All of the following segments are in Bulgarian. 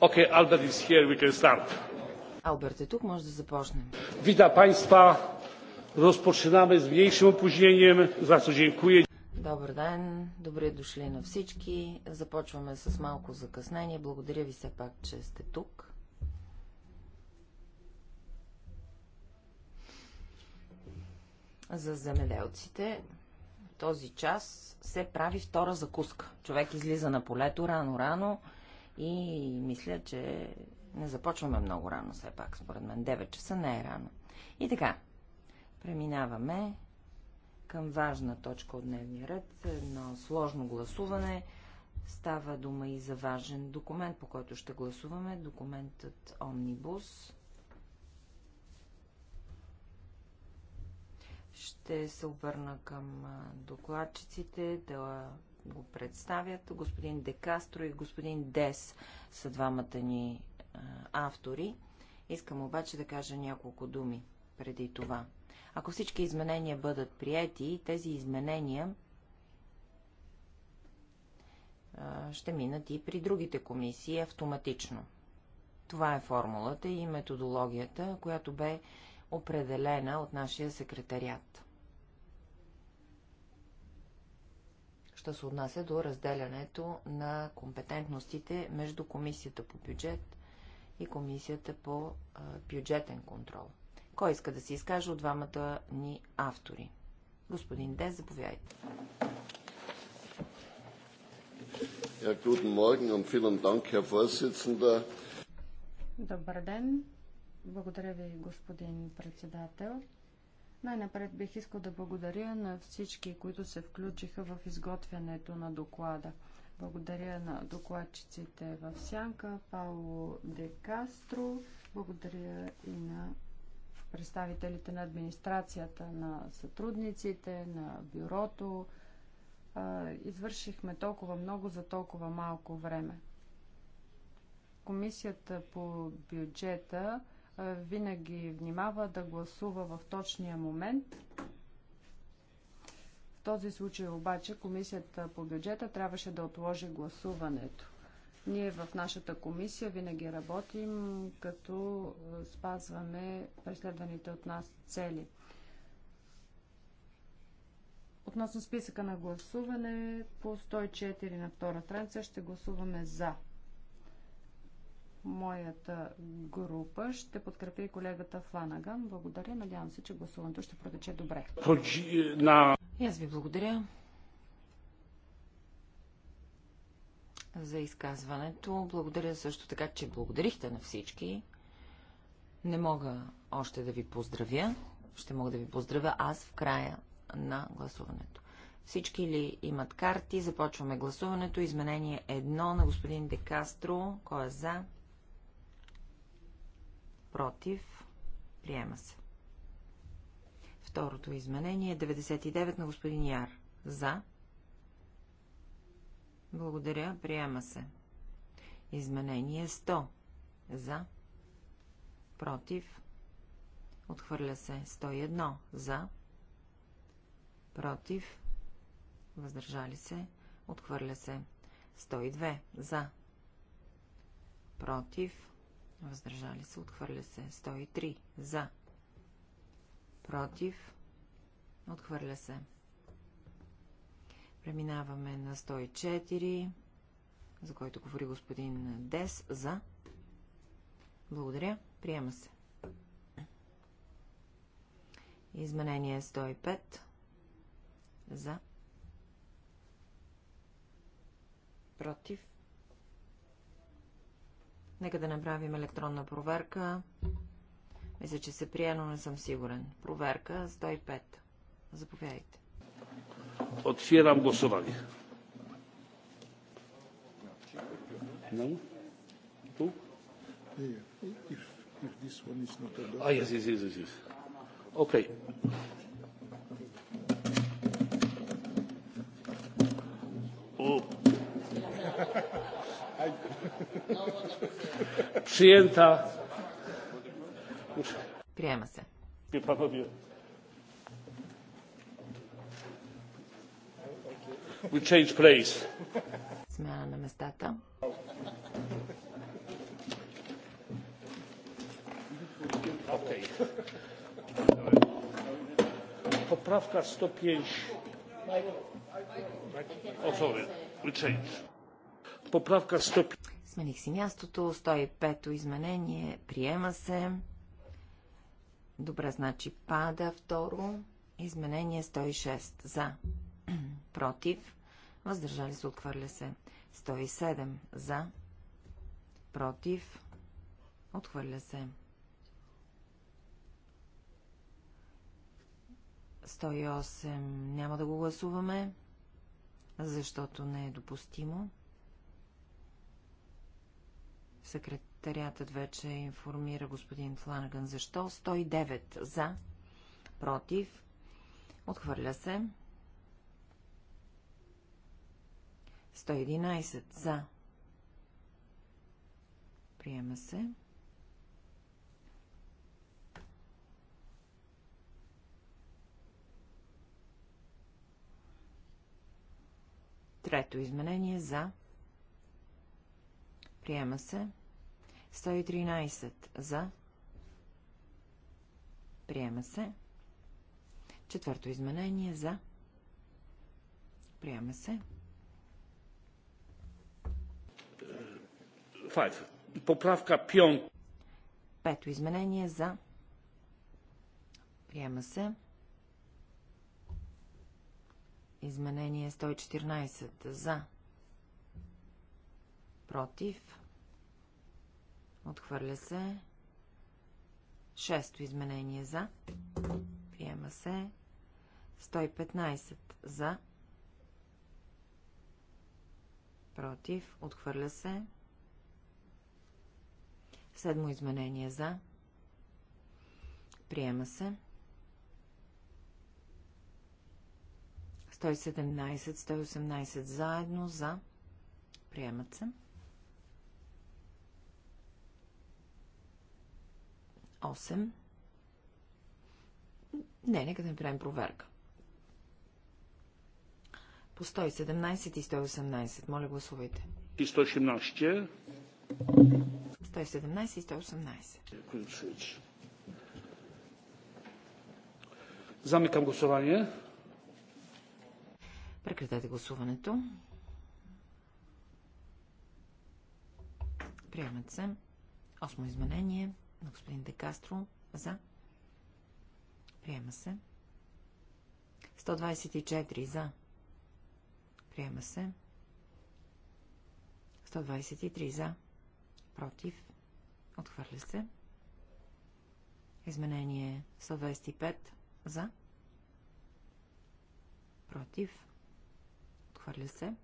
Окей, okay, Albert is here, we can start. Алберт е тук, може да започнем. Witam Państwa. Rozpoczynamy z mniejszym opóźnieniem, za co dziękuję. Добър ден, добре дошли на всички. Започваме с малко закъснение. Благодаря ви все пак, че сте тук. За земеделците този час се прави втора закуска. Човек излиза на полето рано-рано, и мисля, че не започваме много рано, все пак, според мен. 9 часа не е рано. И така, преминаваме към важна точка от дневния ред, едно сложно гласуване. Става дума и за важен документ, по който ще гласуваме, документът Омнибус. Ще се обърна към докладчиците да го представят. Господин Декастро и господин Дес са двамата ни автори. Искам обаче да кажа няколко думи преди това. Ако всички изменения бъдат приети, тези изменения ще минат и при другите комисии автоматично. Това е формулата и методологията, която бе определена от нашия секретарият. що се отнася до разделянето на компетентностите между Комисията по бюджет и Комисията по а, бюджетен контрол. Кой иска да се изкаже от двамата ни автори? Господин Дес, заповядайте. Добър ден. Благодаря ви, господин председател. Най-напред бих искал да благодаря на всички, които се включиха в изготвянето на доклада. Благодаря на докладчиците в Сянка, Пауло Де Кастро, благодаря и на представителите на администрацията, на сътрудниците, на бюрото. Извършихме толкова много за толкова малко време. Комисията по бюджета винаги внимава да гласува в точния момент. В този случай обаче комисията по бюджета трябваше да отложи гласуването. Ние в нашата комисия винаги работим, като спазваме преследваните от нас цели. Относно списъка на гласуване по 104 на втора страница ще гласуваме за моята група ще подкрепи колегата Фланаган. Благодаря. Надявам се, че гласуването ще протече добре. И аз ви благодаря за изказването. Благодаря също така, че благодарихте на всички. Не мога още да ви поздравя. Ще мога да ви поздравя аз в края на гласуването. Всички ли имат карти? Започваме гласуването. Изменение едно на господин Декастро. Кой е за? против, приема се. Второто изменение е 99 на господин Яр. За. Благодаря, приема се. Изменение 100. За. Против. Отхвърля се 101. За. Против. Въздържали се. Отхвърля се 102. За. Против въздържали се, отхвърля се. 103 за, против, отхвърля се. Преминаваме на 104, за който говори господин Дес, за. Благодаря, приема се. Изменение 105 за, против, Нека да направим електронна проверка. Мисля, че се прие, но не съм сигурен. Проверка 105. Заповядайте. Отвирам гласуване. А, Two? Yeah. If, if this one is not yes, yes, yes, yes. Okay. Przyjęta. Приема се. We change place. Смяна на местата. Okay. Poprawka 105. oh, sorry, we change. Поправка 105. Смених си мястото. 105-то изменение. Приема се. Добре, значи пада. Второ. Изменение 106. За. Против. Въздържали се. Отхвърля се. 107. За. Против. Отхвърля се. 108. Няма да го гласуваме, защото не е допустимо. Секретариатът вече информира господин Фланаган защо. 109 за, против, отхвърля се. 111 за. Приема се. Трето изменение за. Приема се. 113 за. Приема се. Четвърто изменение за. Приема се. Поправка пион. Пето изменение за. Приема се. Изменение 114 за. Против. Отхвърля се. Шесто изменение за. Приема се. 115 за. Против. Отхвърля се. Седмо изменение за. Приема се. 117, 118 заедно за. Приемат се. 8. Не, нека да направим проверка. По 117 и 118. Моля, гласувайте. И 118. 117 и 118. Замикам гласование. Прекратете гласуването. Приемат се. Осмо изменение на господин Декастро. За. Приема се. 124 за. Приема се. 123 за. Против. Отхвърля се. Изменение 125 за. Против. Отхвърля се.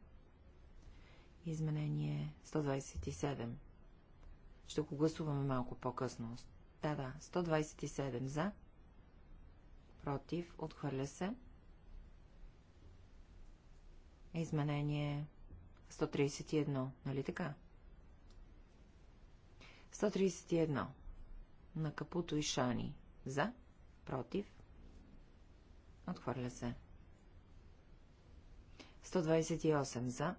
Изменение 127 ще го гласуваме малко по-късно. Да, да, 127 за. Против, отхвърля се. Изменение 131, нали така? 131. На Капуто и Шани. За. Против. Отхвърля се. 128. За.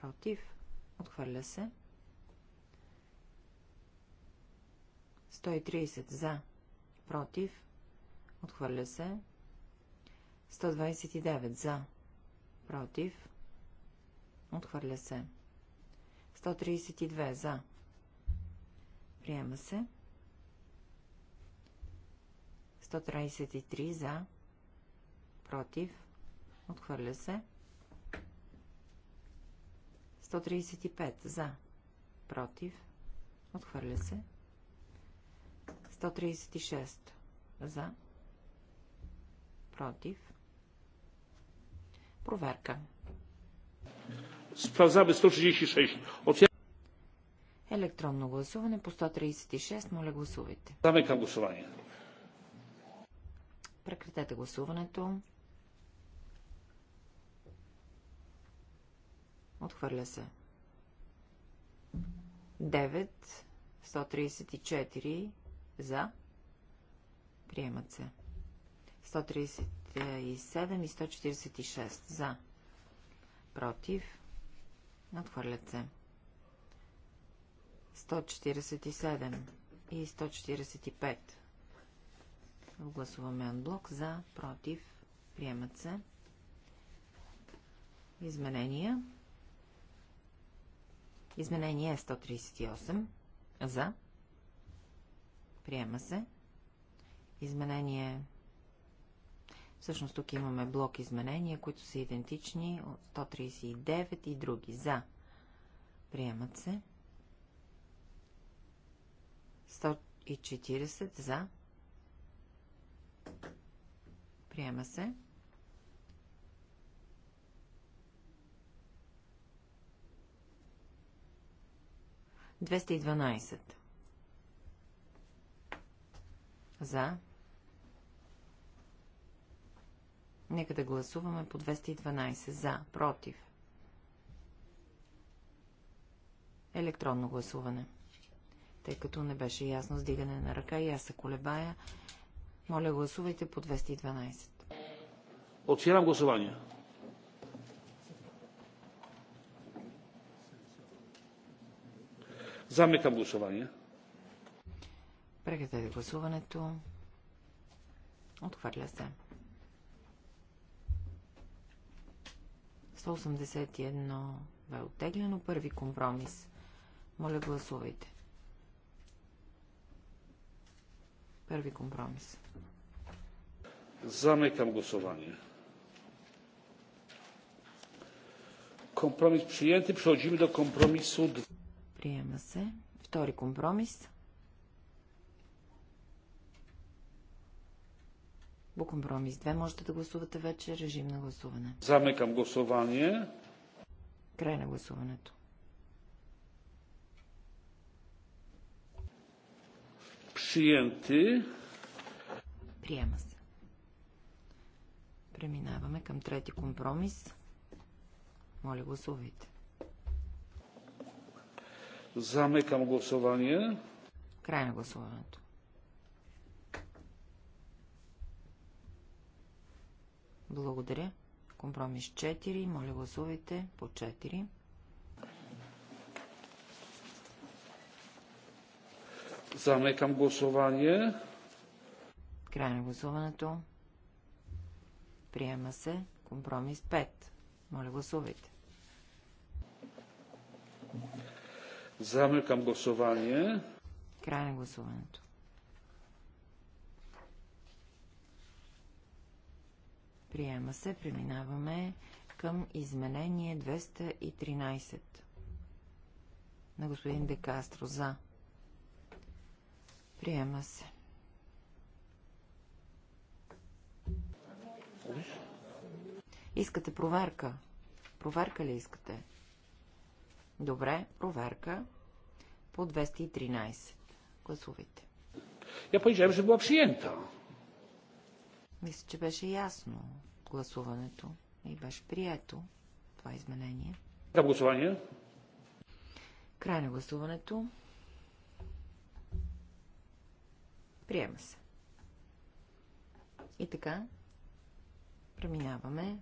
Против. Отхвърля се. 129. 130 за, против, отхвърля се. 129 за, против, отхвърля се. 132 за, приема се. 133 за, против, отхвърля се. 135 за, против, отхвърля се. 136 за, против, проверка. Справзаме 136. Отвя... Електронно гласуване по 136. Моля гласувайте. към гласуване. Прекратете гласуването. Отхвърля се. 9, 134 за. Приемат се. 137 и 146. За. Против. Надхвърлят се. 147 и 145. Гласуваме анблок. За. Против. Приемат се. Изменения. Изменение 138. За. Приема се. Изменение. Всъщност тук имаме блок изменения, които са идентични от 139 и други. За. Приемат се. 140 за. Приема се. Двеста и дванайсет. За. Нека да гласуваме по 212. За. Против. Електронно гласуване. Тъй като не беше ясно сдигане на ръка и аз се колебая, моля гласувайте по 212. Отвирам гласуване. Zamykam głosowanie. Прекратете гласуването. Отхвърля се. 181 бе оттеглено. Първи компромис. Моля, гласувайте. Първи компромис. Zamykam głosowanie. Kompromis przyjęty. до do от. Приема се. Втори компромис. По компромис 2 можете да гласувате вече режим на гласуване. Замекам гласуване. Край на гласуването. Przyjęty. Приема се. Преминаваме към трети компромис. Моля, гласувайте. Замекам гласуване. Край на гласуването. Благодаря. Компромис 4. Моля гласувайте по 4. Замекам гласование. Край на гласуването. Приема се компромис 5. Моля гласувайте. Замекам гласование. Край на гласуването. Приема се. Преминаваме към изменение 213 на господин Декастро. За. Приема се. Искате проверка? Проверка ли искате? Добре, проверка по 213. Гласувайте. Я powiedziałem, че była przyjęta. Мисля, че беше ясно гласуването и беше прието това изменение. Да, гласуване. Край на гласуването. Приема се. И така, преминаваме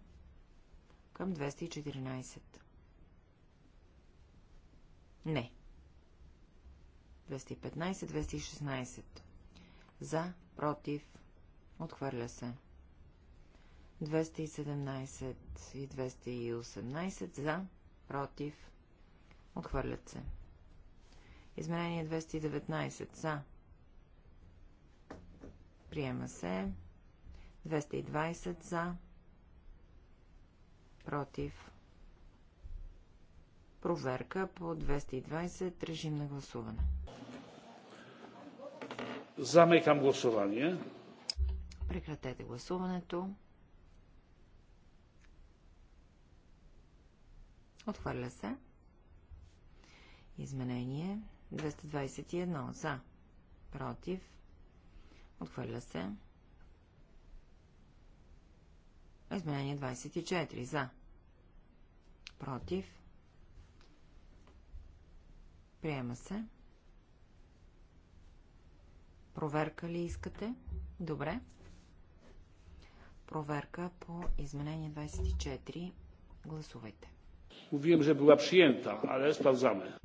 към 214. Не. 215, 216. За, против, Отхвърля се. 217 и 218 за, против, отхвърлят се. Изменение 219 за, приема се. 220 за, против, проверка по 220, режим на гласуване. Замекам гласуване. Прекратете гласуването. Отхвърля се. Изменение 221 за. Против. Отхвърля се. Изменение 24 за. Против. Приема се. Проверка ли искате? Добре. Проверка по изменение 24. Гласувайте. че że била przyjęta, ale спазваме.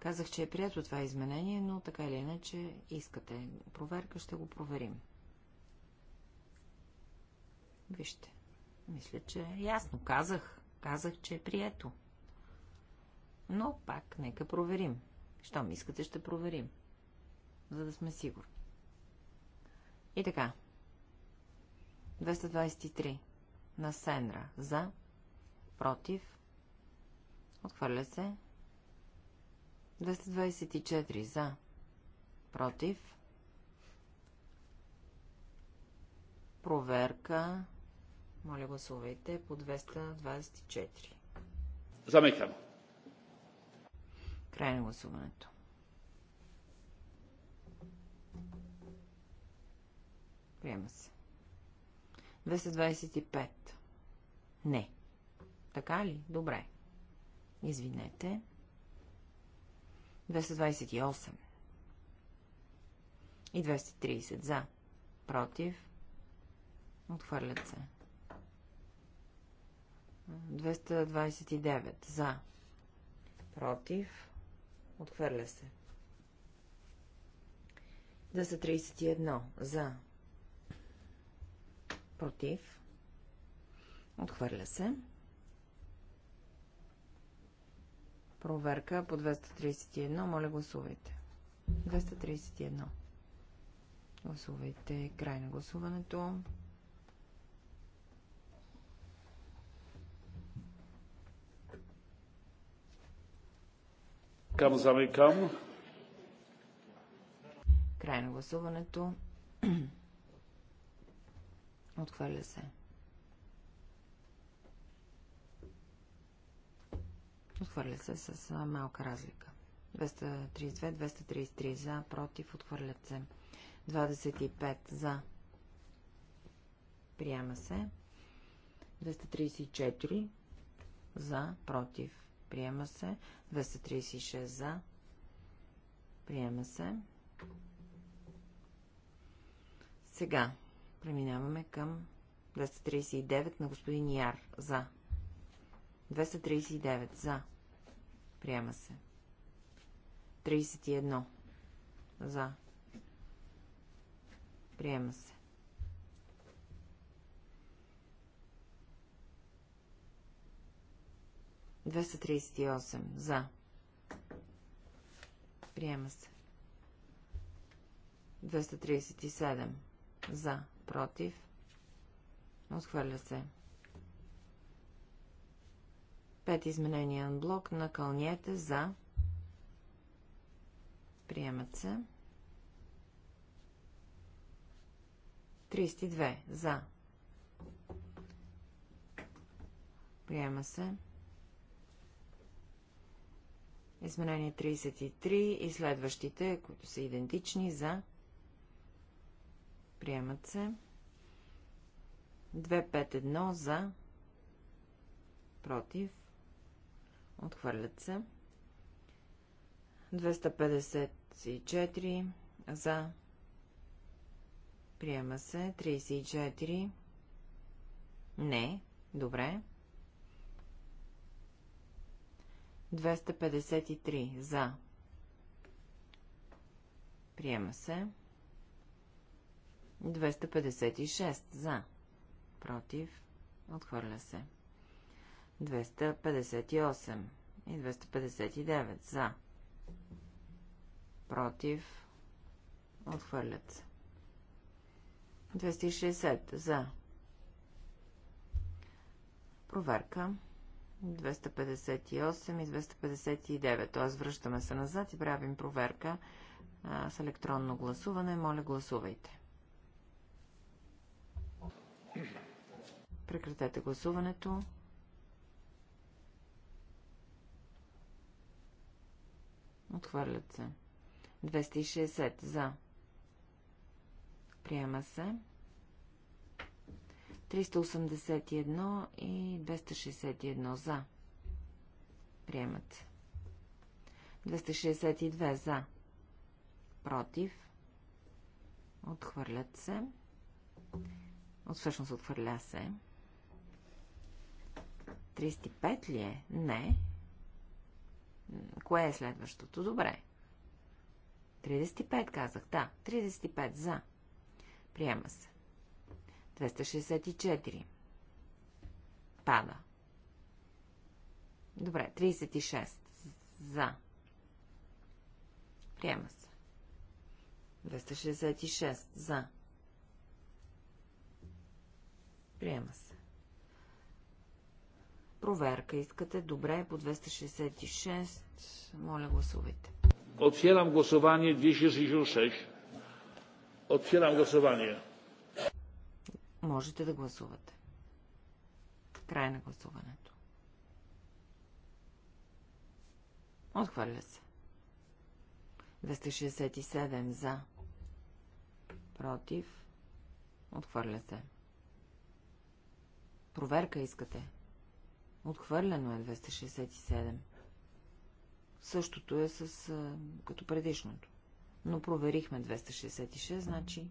Казах, че е прието това изменение, но така или иначе искате проверка, ще го проверим. Вижте, мисля, че е ясно казах. Казах, че е прието. Но пак, нека проверим. Щом искате, ще проверим. За да сме сигурни. И така, 223 на Сенра. За. Против. Отхвърля се. 224 за. Против. Проверка. Моля гласувайте по 224. Замекам. Край на гласуването. Приема се. 225. Не. Така ли? Добре. Извинете. 228. И 230 за. Против. Отхвърлят се. 229 за. Против. Отхвърля се. 231 за против, отхвърля се. Проверка по 231, моля гласувайте. 231. Гласувайте край на гласуването. Към кам. Край на гласуването. Отхвърля се. Отхвърля се с малка разлика. 232, 233 за, против, отхвърлят се. 25 за. Приема се. 234 за, против, приема се. 236 за, приема се. Сега Преминаваме към 239 на господин Яр. За. 239. За. Приема се. 31. За. Приема се. 238 За. Приема се. 237 За. 238. За против, отхвърля се. Пет изменения на блок Накълнете за, приемат се. 32 за, приема се. Изменение 33 и следващите, които са идентични за Приемат се. 251 за. Против. Отхвърлят се. 254 за. Приема се. 34. Не. Добре. 253 за. Приема се. 256 за. Против. Отхвърля се. 258 и 259 за. Против. Отхвърлят се. 260 за. Проверка. 258 и 259. Тоест връщаме се назад и правим проверка а, с електронно гласуване. Моля, гласувайте. 258. Прекратете гласуването. Отхвърлят се. 260 за. Приема се. 381 и 261 за. Приемат се. 262 за. Против. Отхвърлят се. От всъщност отхвърля се. 35 ли е? Не. Кое е следващото? Добре. 35 казах. Да, 35 за. Приема се. 264. Пада. Добре, 36 за. Приема се. 266 за. Приема се. Проверка искате. Добре, по 266. Моля, гласувайте. Отвирам гласование 266. Отвирам гласование. Можете да гласувате. Край на гласуването. Отхвърля се. 267 за. Против. Отхвърля се. Проверка искате. Отхвърлено е 267. Същото е с, а, като предишното. Но проверихме 266, значи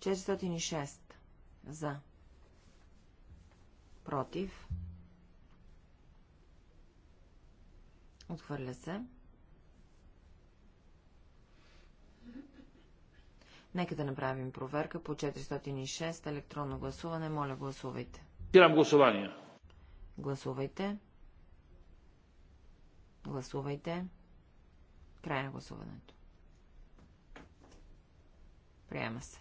406 за. Против. Отхвърля се. Нека да направим проверка по 406 електронно гласуване. Моля, гласувайте. Спирам гласувания. Гласувайте. Гласувайте. Край на гласуването. Приема се.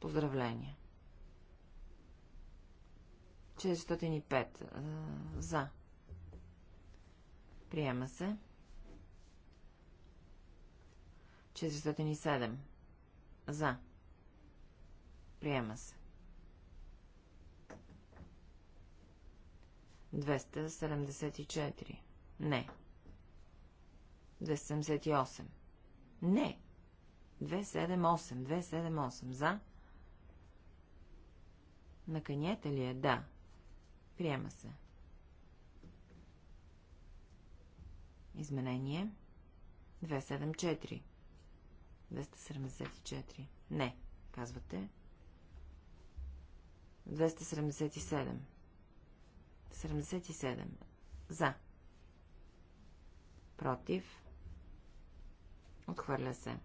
Поздравления. 405. Е, за. Приема се. 407. За. Приема се. 274. Не. 278. Не. 278. 278. За. Наканете ли е? Да. Приема се. Изменение 274. 274. Не, казвате. 277. 77. За. Против. Отхвърля се.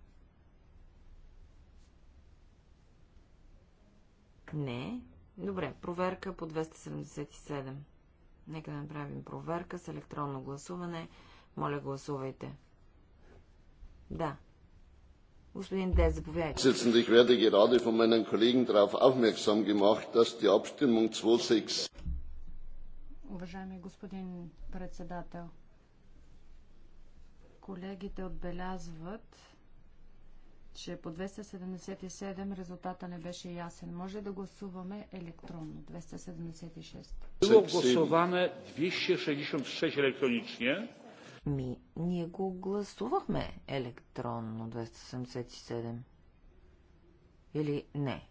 Не. Добре, проверка по 277. Нека да направим проверка с електронно гласуване. Моля, гласувайте. Да. Господин Дез, заповядайте. Ich werde gerade von meinen Kollegen darauf aufmerksam gemacht, dass die Abstimmung 26... Уважаеми господин председател, колегите отбелязват, че по 277 резултата не беше ясен. Може да гласуваме електронно. 276. Било гласуване 266 електронично. Ми, ние го гласувахме електронно 277. Или не?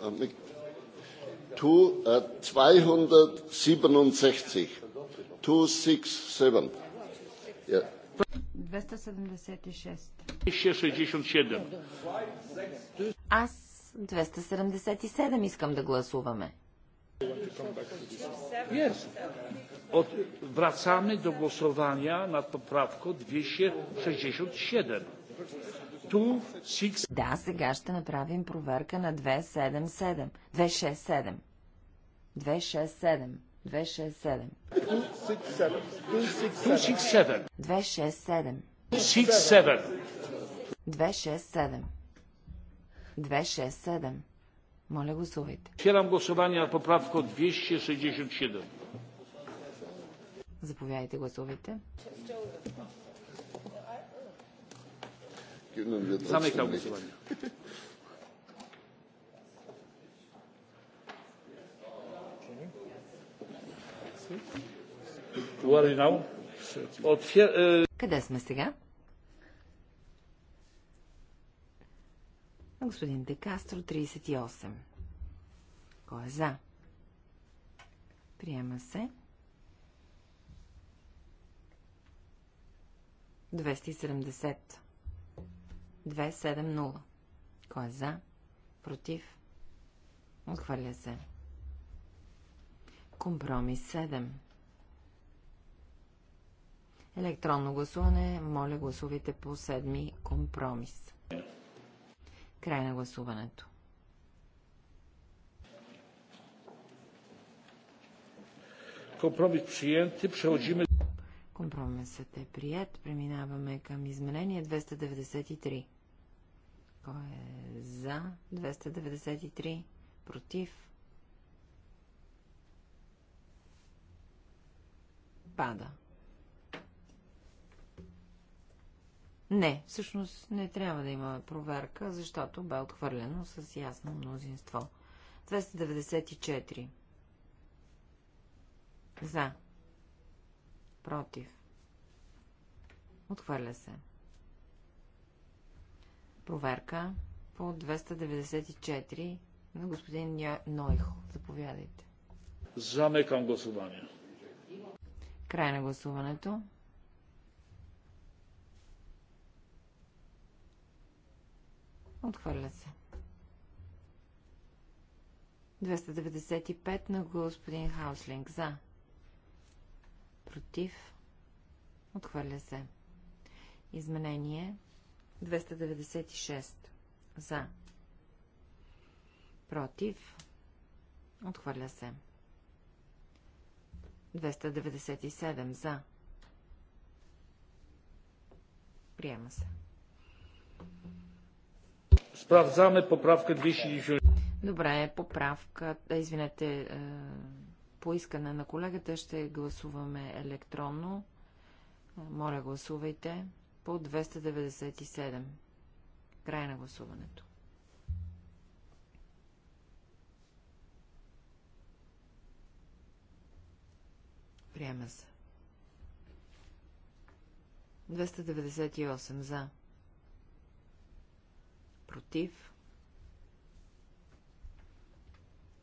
267. 267. Yeah. 276. Аз 277 искам да гласуваме. Yes wracamy do głosowania nad poprawką 267. Tu six... Да, сега ще направим проверка на 267. 267. 267. 267. 267. 267. 267. 267. 267. 267. 267. 267. 267. 267. 267. 267. Заповядайте, гласувайте. Замикам гласуване. Е, Къде сме сега? Господин Декастро, 38. Кой е за? Приема се. 270. 270. Кой е за? Против? Отхвърля се. Компромис 7. Електронно гласуване. Моля гласувайте по седми компромис. Край на гласуването. Компромис приемте. Преходиме Компромисът е прият. Преминаваме към изменение 293. Кой е за 293? Против? Пада. Не, всъщност не трябва да има проверка, защото бе отхвърлено с ясно мнозинство. 294. За. Против. Отхвърля се. Проверка по 294 на господин Нойхо. Заповядайте. Замекам гласуване. Край на гласуването. Отхвърля се. 295 на господин Хауслинг. За против, отхвърля се. Изменение 296 за, против, отхвърля се. 297 за. Приема се. ме поправка 290. Добре, поправка, е, извинете, е, по искане на колегата ще гласуваме електронно. Моля, гласувайте по 297. Край на гласуването. Приема се. 298 за. Против.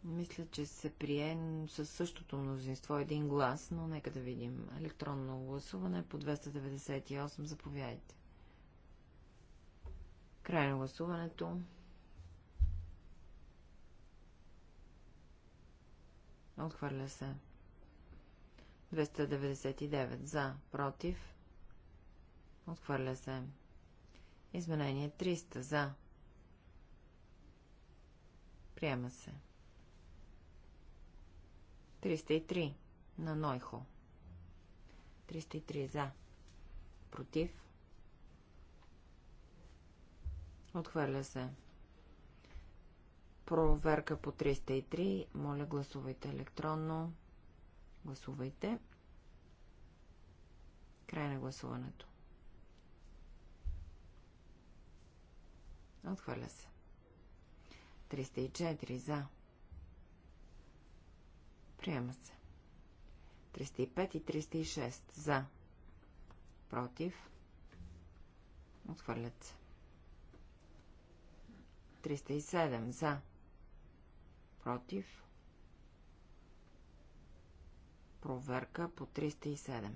Мисля, че се прие със същото мнозинство един глас, но нека да видим. Електронно гласуване по 298. Заповядайте. Край на гласуването. Отхвърля се. 299 за, против. Отхвърля се. Изменение 300 за. Приема се. 303 на Нойхо. 303 за. Против. Отхвърля се. Проверка по 303. Моля, гласувайте електронно. Гласувайте. Край на гласуването. Отхвърля се. 304 за. Приема се. 305 и 306. За. Против. Отхвърлят се. 307. За. Против. Проверка по 307.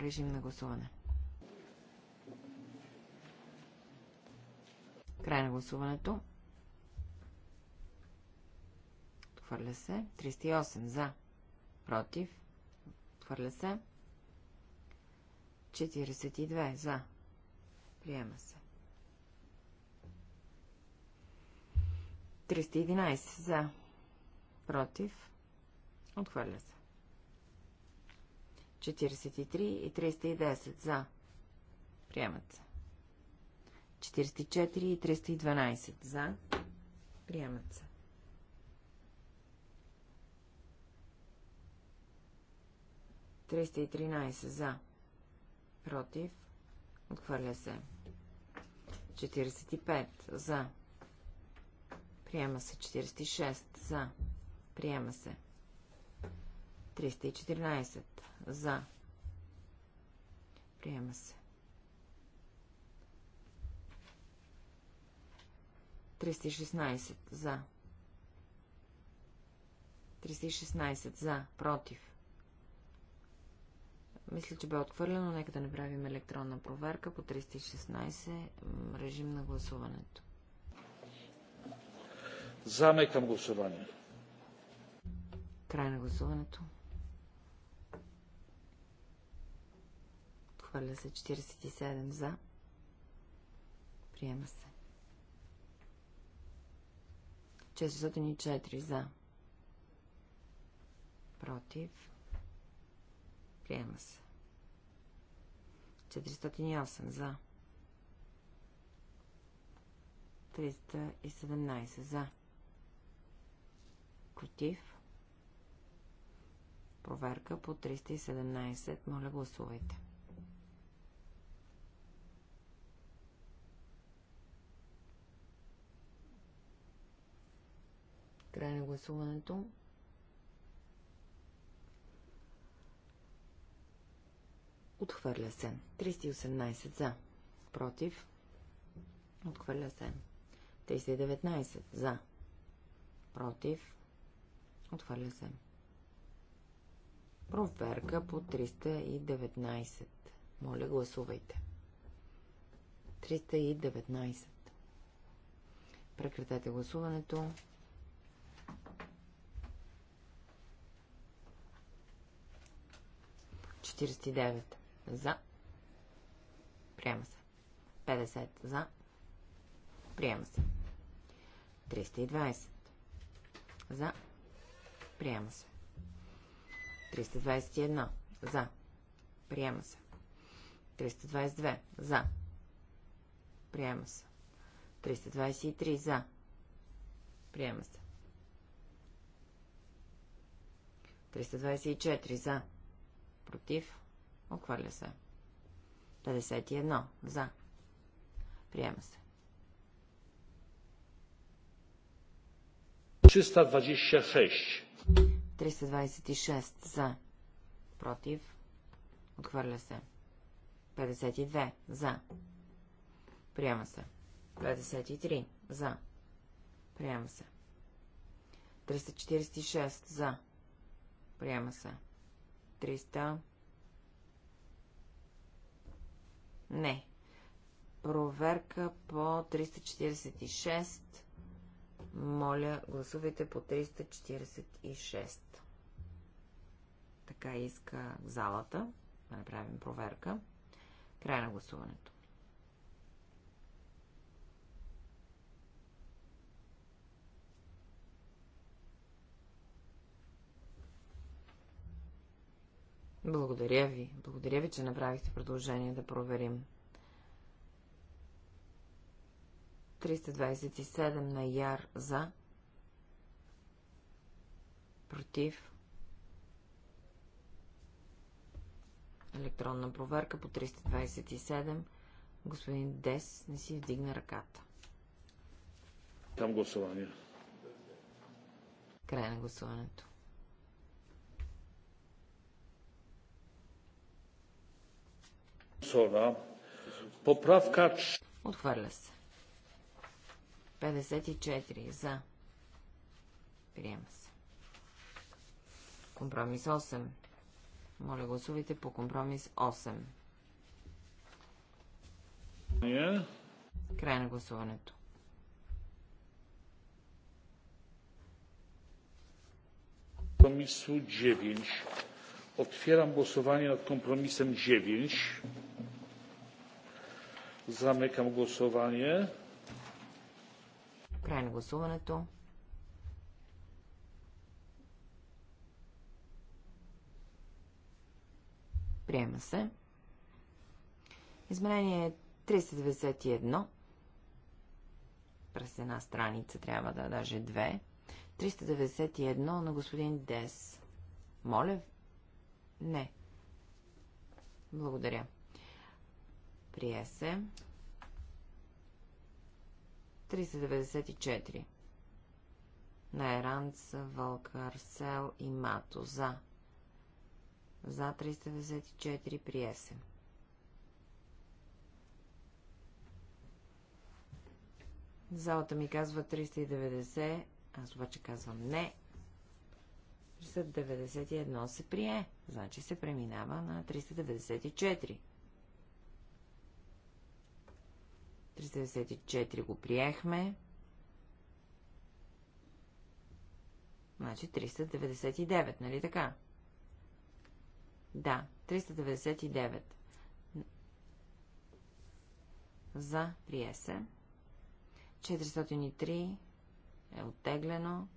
Режим на гласуване. Край на гласуването. Хвърля се. 308 за. Против. Хвърля се. 42 за. Приема се. 311 за. Против. Отхвърля се. 43 и 310 за. Приемат се. 44 и 312 за. Приемат се. 313 за. Против. Отхвърля се. 45 за. Приема се 46 за. Приема се. 314 за. Приема се. 316 за. 316 за. Против. Мисля, че бе отхвърлено. Нека да направим електронна проверка по 316 режим на гласуването. към гласуване. Край на гласуването. Хвърля се 47 за. Приема се. 604 за. Против. Приема се. 408 за. 317 за. Против. Проверка по 317. Моля, гласувайте. Край на гласуването. Отхвърля се. 318 за. Против. Отхвърля се. 319 за. Против. Отхвърля се. Проверка по 319. Моля, гласувайте. 319. Прекратете гласуването. Четиридесет за. Приема се. 50. За. Приема се. 320. За. Приема се. 321. За. Приема се. 322. За. Приема се. 323. За. Приема се. 324. За. Против. Отхвърля се. 51. За. Приема се. 326. 326. За. Против. Отхвърля се. 52. За. Приема се. 53. За. Приема се. 346. За. Приема се. 300. Не. Проверка по 346. Моля, гласувайте по 346. Така иска залата. Да направим проверка. Край на гласуването. Благодаря ви. Благодаря ви, че направихте предложение да проверим. 327 на яр за. Против. Електронна проверка по 327. Господин Дес не си вдигна ръката. Там гласуване. Край на гласуването. Поправка... Отхвърля се. 54. За. Приема се. Компромис 8. Моля, гласувайте по компромис 8. Е. Край на гласуването. Компромису 9. Отварям гласование над компромисом 9. Замекам гласование. Край на гласуването. Приема се. Изменение 391. През една страница трябва да даже две. 391 на господин Дес. Моля? Не. Благодаря. Прие се. 394. На Еранц, Арсел и Мато. За. За 394. Прие се. Залата ми казва 390, аз обаче казвам не. 391 се прие, значи се преминава на 394. 394 го приехме. Значи 399, нали така? Да, 399. За прие се. 403 е оттеглено.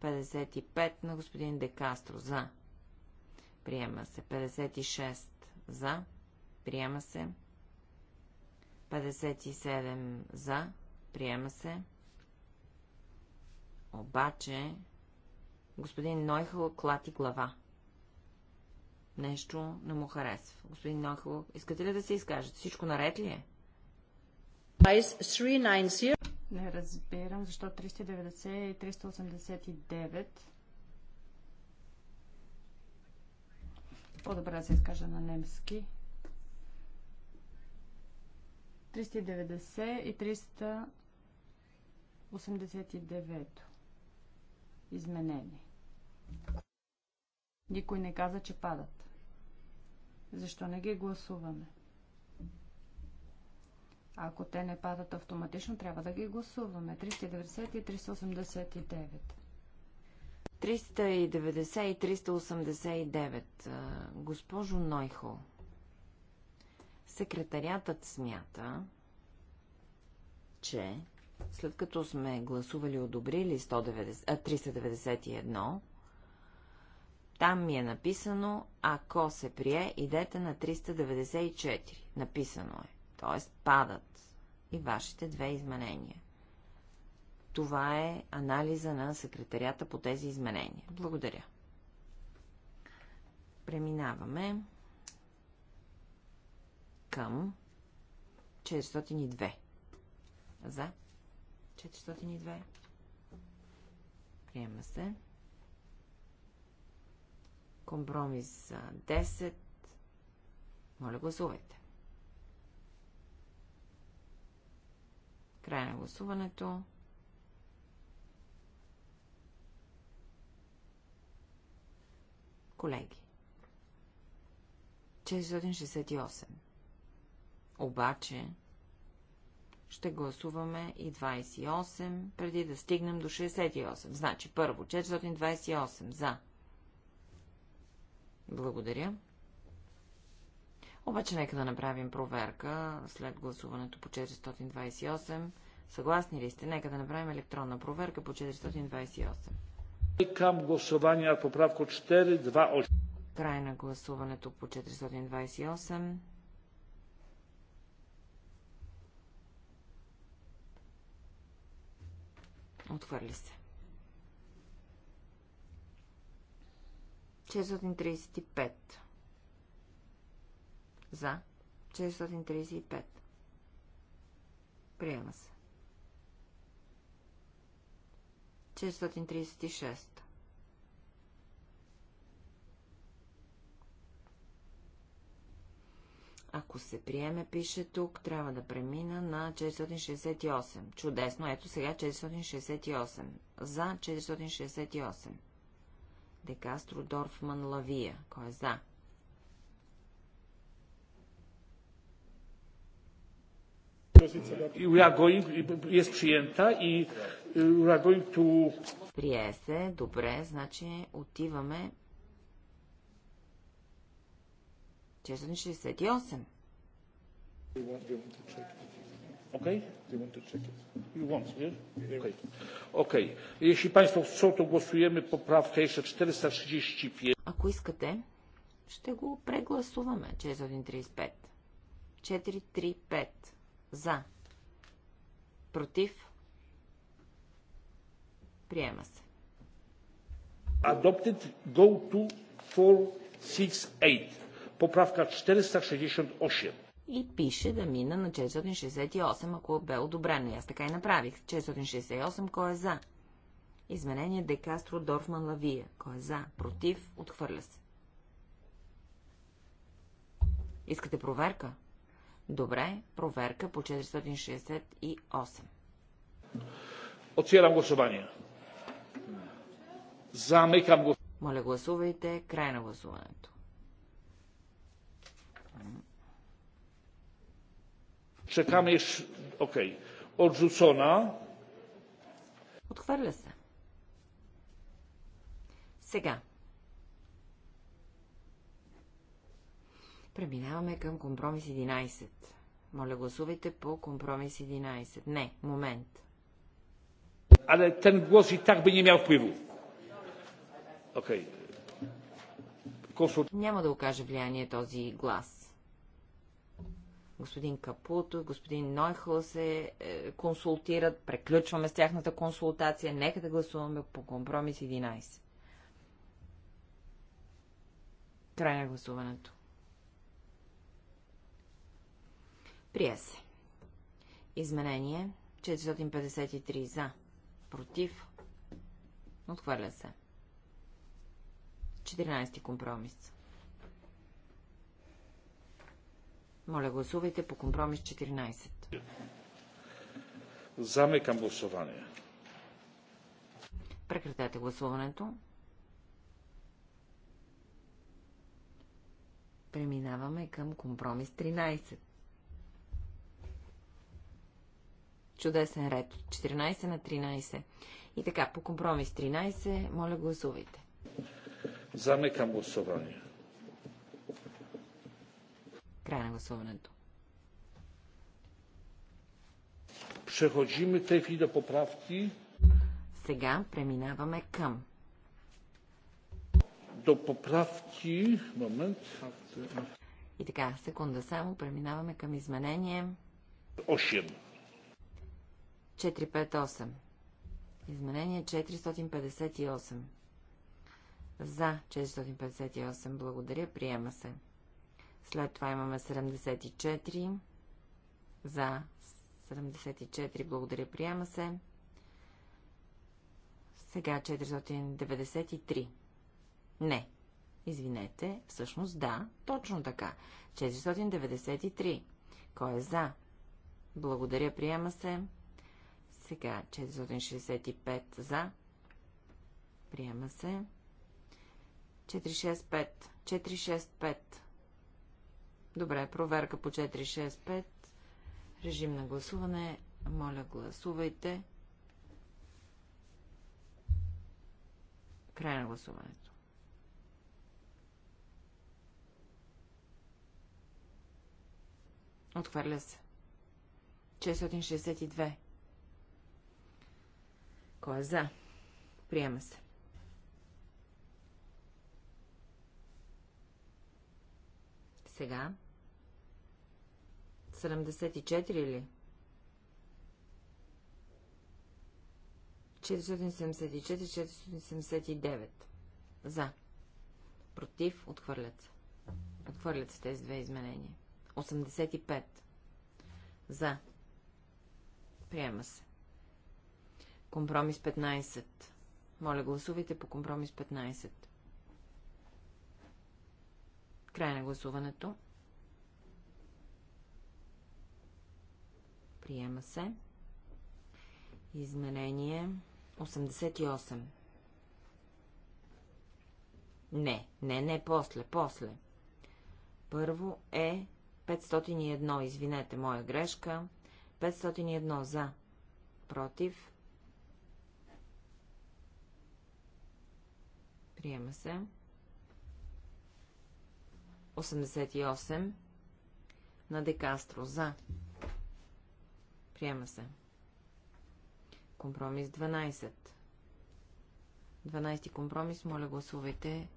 55 на господин Декастро за. Приема се. 56 за. Приема се. 57 за, приема се. Обаче, господин Нойхъл клати глава. Нещо не му харесва. Господин Нойхъл, искате ли да се изкажете? Всичко наред ли е? Не разбирам, защо 390 и 389. По-добре да се изкажа на немски. 390 и 389 изменение. Никой не каза, че падат. Защо не ги гласуваме? Ако те не падат автоматично, трябва да ги гласуваме. 390 и 389. 390 и 389. Госпожо Нойхо, Секретариатът смята, че след като сме гласували одобрили 190, 391, там ми е написано, ако се прие, идете на 394. Написано е. Тоест падат и вашите две изменения. Това е анализа на секретарията по тези изменения. Благодаря. Преминаваме към 402. За 402. Приема се. Компромис 10. Моля, гласувайте. Край на гласуването. Колеги. 668. Обаче ще гласуваме и 28, преди да стигнем до 68. Значи първо 428 за. Благодаря. Обаче нека да направим проверка след гласуването по 428. Съгласни ли сте? Нека да направим електронна проверка по 428. Към гласуване на поправка 428. Край на гласуването по 428. Отвърли се. 635. За. 635. Приема се. 636. Ако се приеме, пише тук, трябва да премина на 468. Чудесно, ето сега 468. За 468. Декастро Дорфман Лавия. Кой е за? Uh, Прие се, добре, значи отиваме Честен 68. Okay? Okay. Okay. Jeśli Państwo chcą, to głosujemy poprawkę jeszcze 435. Ако искате, ще го прегласуваме. 435. 435. За. Против. Приема се. Adopted go to 468. Поправка 468. И пише да мина на 468, ако бе одобрено. И аз така и направих. 468, кой е за? Изменение Декастро Дорфман Лавия. Кой е за? Против? Отхвърля се. Искате проверка? Добре, проверка по 468. Отсирам гласование. Замикам го. Моля гласувайте край на гласуването. czekamy jeszcze... Окей. odrzucona Отхвърля се. Сега. Преминаваме към компромис 11. Моля, гласувайте по компромис 11. Не, момент. Але тен глас и так би не miał впливу. Окей. Няма да окаже влияние този глас господин Капуто, господин Нойхъл се е, консултират, преключваме с тяхната консултация, нека да гласуваме по компромис 11. Край на гласуването. Прие се. Изменение 453 за. Против. Отхвърля се. 14 компромис. Моля, гласувайте по компромис 14. Замекам гласуване. Прекратете гласуването. Преминаваме към компромис 13. Чудесен ред. 14 на 13. И така, по компромис 13, моля гласувайте. Замекам гласуване. Край на гласуването. Преходиме тези да поправки. Сега преминаваме към. До поправки. Момент. И така, секунда само, преминаваме към изменение. 8. 458. Изменение 458. За 458. Благодаря, приема се. След това имаме 74 за 74. Благодаря, приема се. Сега 493. Не. Извинете, всъщност да, точно така. 493. Кой е за? Благодаря, приема се. Сега 465 за. Приема се. 465. 465. Добре, проверка по 465. Режим на гласуване. Моля, гласувайте. Край на гласуването. Отхвърля се. 662. Кой е за? Приема се. сега? 74 или? 474-479. За. Против. Отхвърлят се. Отхвърлят се тези две изменения. 85. За. Приема се. Компромис 15. Моля, гласувайте по компромис 15. Край на гласуването. Приема се. Изменение 88. Не, не, не, после, после. Първо е 501, извинете, моя грешка. 501 за, против. Приема се. 88 на Декастро. За. Приема се. Компромис 12. 12 компромис. Моля, гласувайте.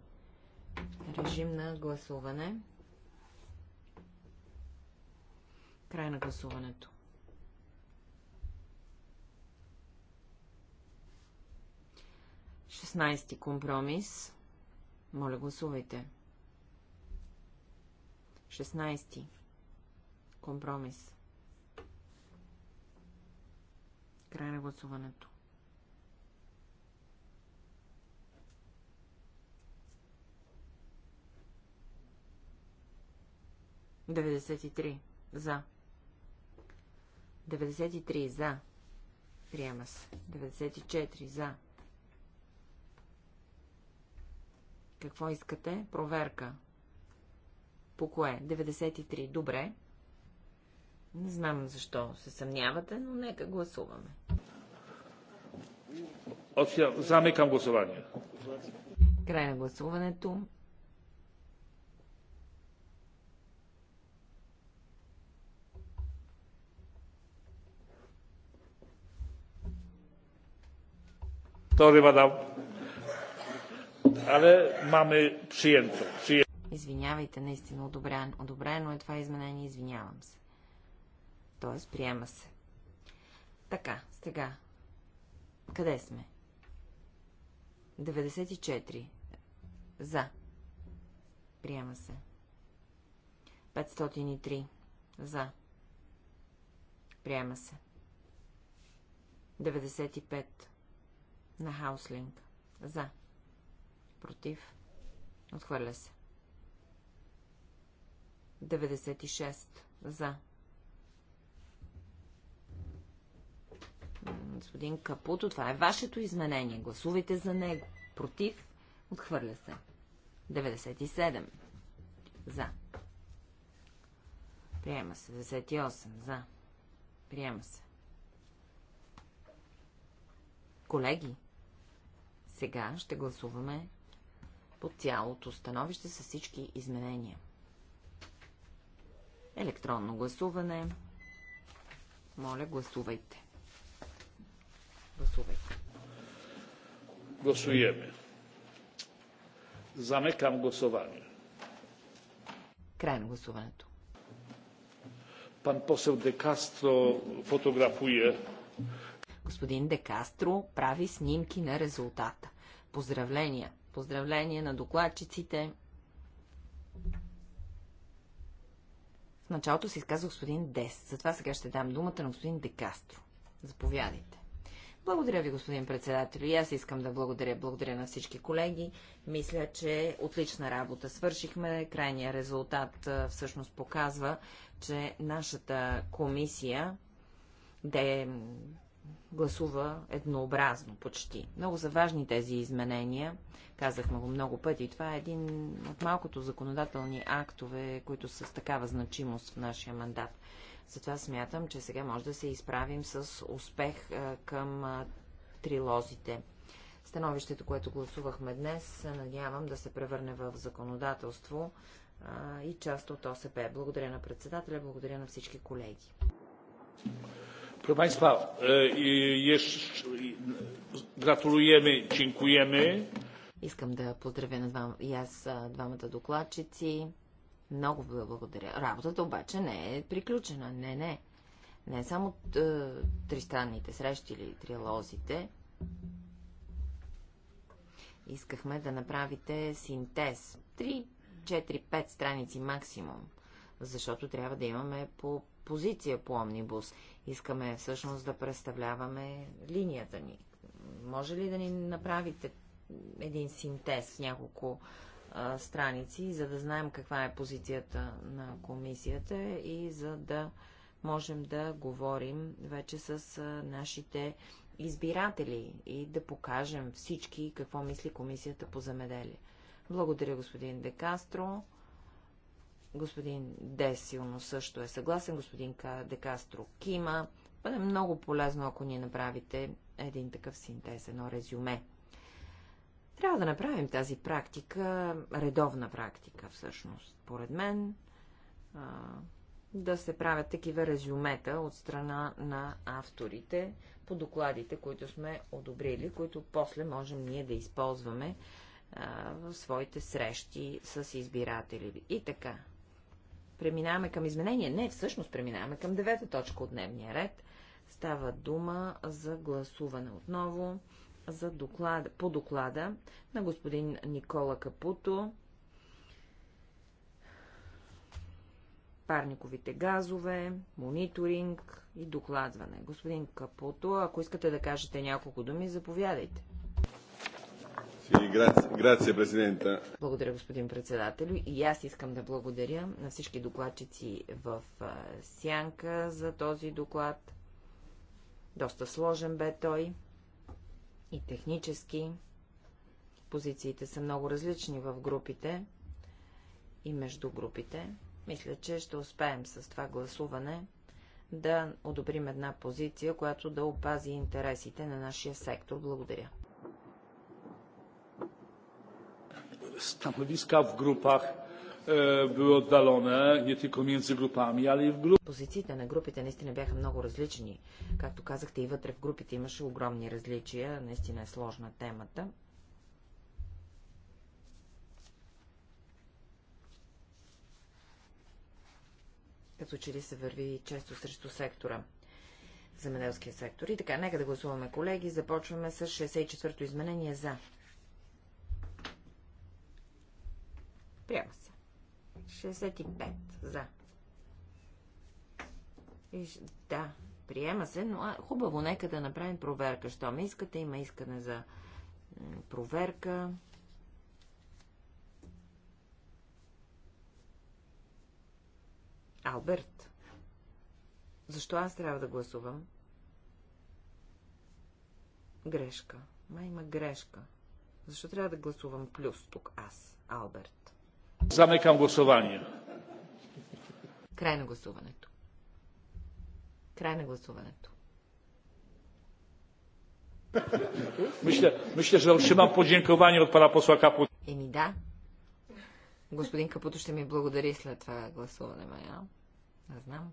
Режим на гласуване. Край на гласуването. Шестнайсти компромис. Моля, гласувайте. 16. Компромис. Край на гласуването. Деветдесет и три. За. 93 за. Приема се. 94 за. Какво искате? Проверка. По кое? 93. Добре. Не знам защо се съмнявате, но нека гласуваме. към гласуване. Край на гласуването. Тори, madam. Але маме przyjęto. Извинявайте, наистина одобрено. Одобрено е това изменение, извинявам се. Тоест, приема се. Така, сега. Къде сме? 94. За. Приема се. 503. За. Приема се. 95. На Хауслинг. За. Против. Отхвърля се. 96 за. Господин Капуто, това е вашето изменение. Гласувайте за него. Против? Отхвърля се. 97 за. Приема се. 98 за. Приема се. Колеги, сега ще гласуваме по цялото становище с всички изменения. Електронно гласуване. Моля, гласувайте. Гласувайте. Гласуваме. Замекам гласуване. Край на гласуването. Пан посел Де Кастро фотографуе. Господин Де Кастро прави снимки на резултата. Поздравления! Поздравления на докладчиците! началото се изказа господин Дес. Затова сега ще дам думата на господин Декастро. Заповядайте. Благодаря ви, господин председател. И аз искам да благодаря. Благодаря на всички колеги. Мисля, че отлична работа свършихме. Крайният резултат всъщност показва, че нашата комисия де гласува еднообразно почти. Много са важни тези изменения. Казахме го много пъти. Това е един от малкото законодателни актове, които са с такава значимост в нашия мандат. Затова смятам, че сега може да се изправим с успех към трилозите. Становището, което гласувахме днес, се надявам да се превърне в законодателство и част от ОСП. Благодаря на председателя, благодаря на всички колеги. Proszę Państwa, e, gratulujemy, dziękujemy. Искам да поздравя на двам, и аз двамата докладчици. Много ви благодаря. Работата обаче не е приключена. Не, не. Не е само е, тристранните срещи или триалозите. Искахме да направите синтез. 3, 4, 5 страници максимум. Защото трябва да имаме по позиция по омнибус. Искаме всъщност да представляваме линията ни. Може ли да ни направите един синтез в няколко а, страници, за да знаем каква е позицията на комисията и за да можем да говорим вече с а, нашите избиратели и да покажем всички какво мисли комисията по замеделие. Благодаря, господин Декастро. Господин Десилно също е съгласен, господин Декастро Кима. Бъде много полезно, ако ни направите един такъв синтез, едно резюме. Трябва да направим тази практика, редовна практика всъщност, поред мен, да се правят такива резюмета от страна на авторите по докладите, които сме одобрили, които после можем ние да използваме в своите срещи с избиратели. И така, преминаваме към изменение. Не, всъщност преминаваме към девета точка от дневния ред. Става дума за гласуване отново за доклад, по доклада на господин Никола Капуто. парниковите газове, мониторинг и докладване. Господин Капуто, ако искате да кажете няколко думи, заповядайте президента. Благодаря, господин председател, И аз искам да благодаря на всички докладчици в Сянка за този доклад. Доста сложен бе той и технически. Позициите са много различни в групите и между групите. Мисля, че ще успеем с това гласуване да одобрим една позиция, която да опази интересите на нашия сектор. Благодаря. stanowiska w grupach e, były oddalone, nie tylko między групами, ale и в групи. Позициите на групите наистина бяха много различни. Както казахте, и вътре в групите имаше огромни различия. Наистина е сложна темата. Като че ли се върви често срещу сектора, земеделския сектор. И така, нека да гласуваме, колеги. Започваме с 64-то изменение за. Приема се. 65 за. Виж, да, приема се, но хубаво, нека да направим проверка. Що ме искате, има искане за проверка. Алберт. Защо аз трябва да гласувам? Грешка. Ма има грешка. Защо трябва да гласувам плюс тук аз, Алберт? Замекам гласование. Край на гласуването. Край на гласуването. Мисля, мисля, че ще имам podziękowanie от pana посла Капут. Еми да. Господин Капуто ще ми благодари след това гласуване, Майя. Не знам.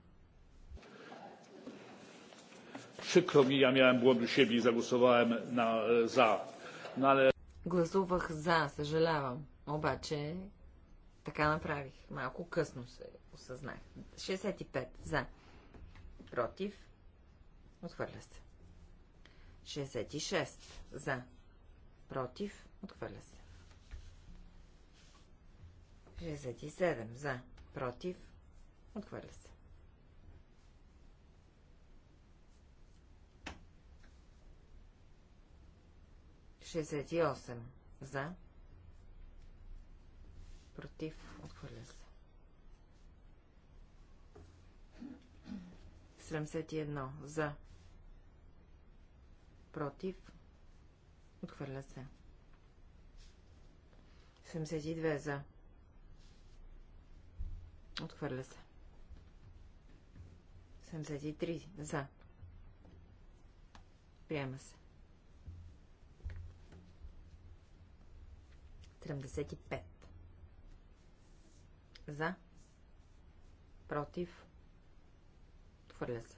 Шикро ми, я мяем błąd u siebie i zagłosowałem na, e, za. Гласувах за, съжалявам. Обаче така направих. Малко късно се осъзнах. 65 за. Против. Отхвърля се. 66 за. Против. Отхвърля се. 67 за. Против. Отхвърля се. 68 за против, отхвърля се. 71 за, против, отхвърля се. 72 за, отхвърля се. 73 за, приема се. 75 за. Против. Отхвърля се.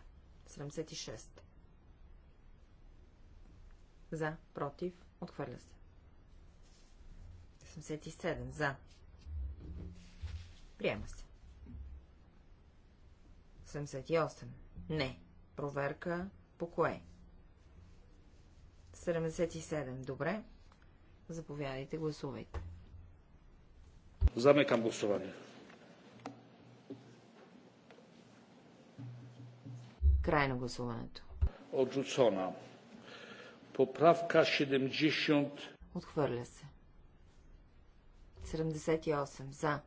76. За. Против. Отхвърля се. 77. За. Приема се. 78. Не. Проверка по кое? 77. Добре. Заповядайте, гласувайте. Замекам гласуване. Край на гласуването. Отжуцона. Поправка 70. Отхвърля се. 78. За.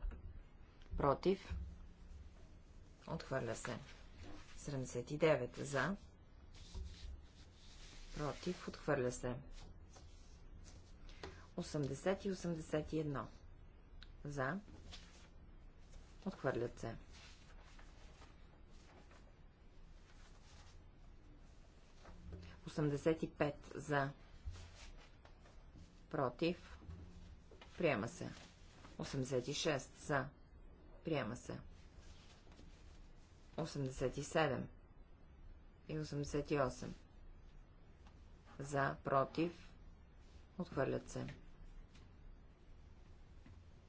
Против. Отхвърля се. 79. За. Против. Отхвърля се. 80 и 81. За. Отхвърлят се. 85 за. Против. Приема се. 86 за. Приема се. 87 и 88 за, против, отхвърлят се.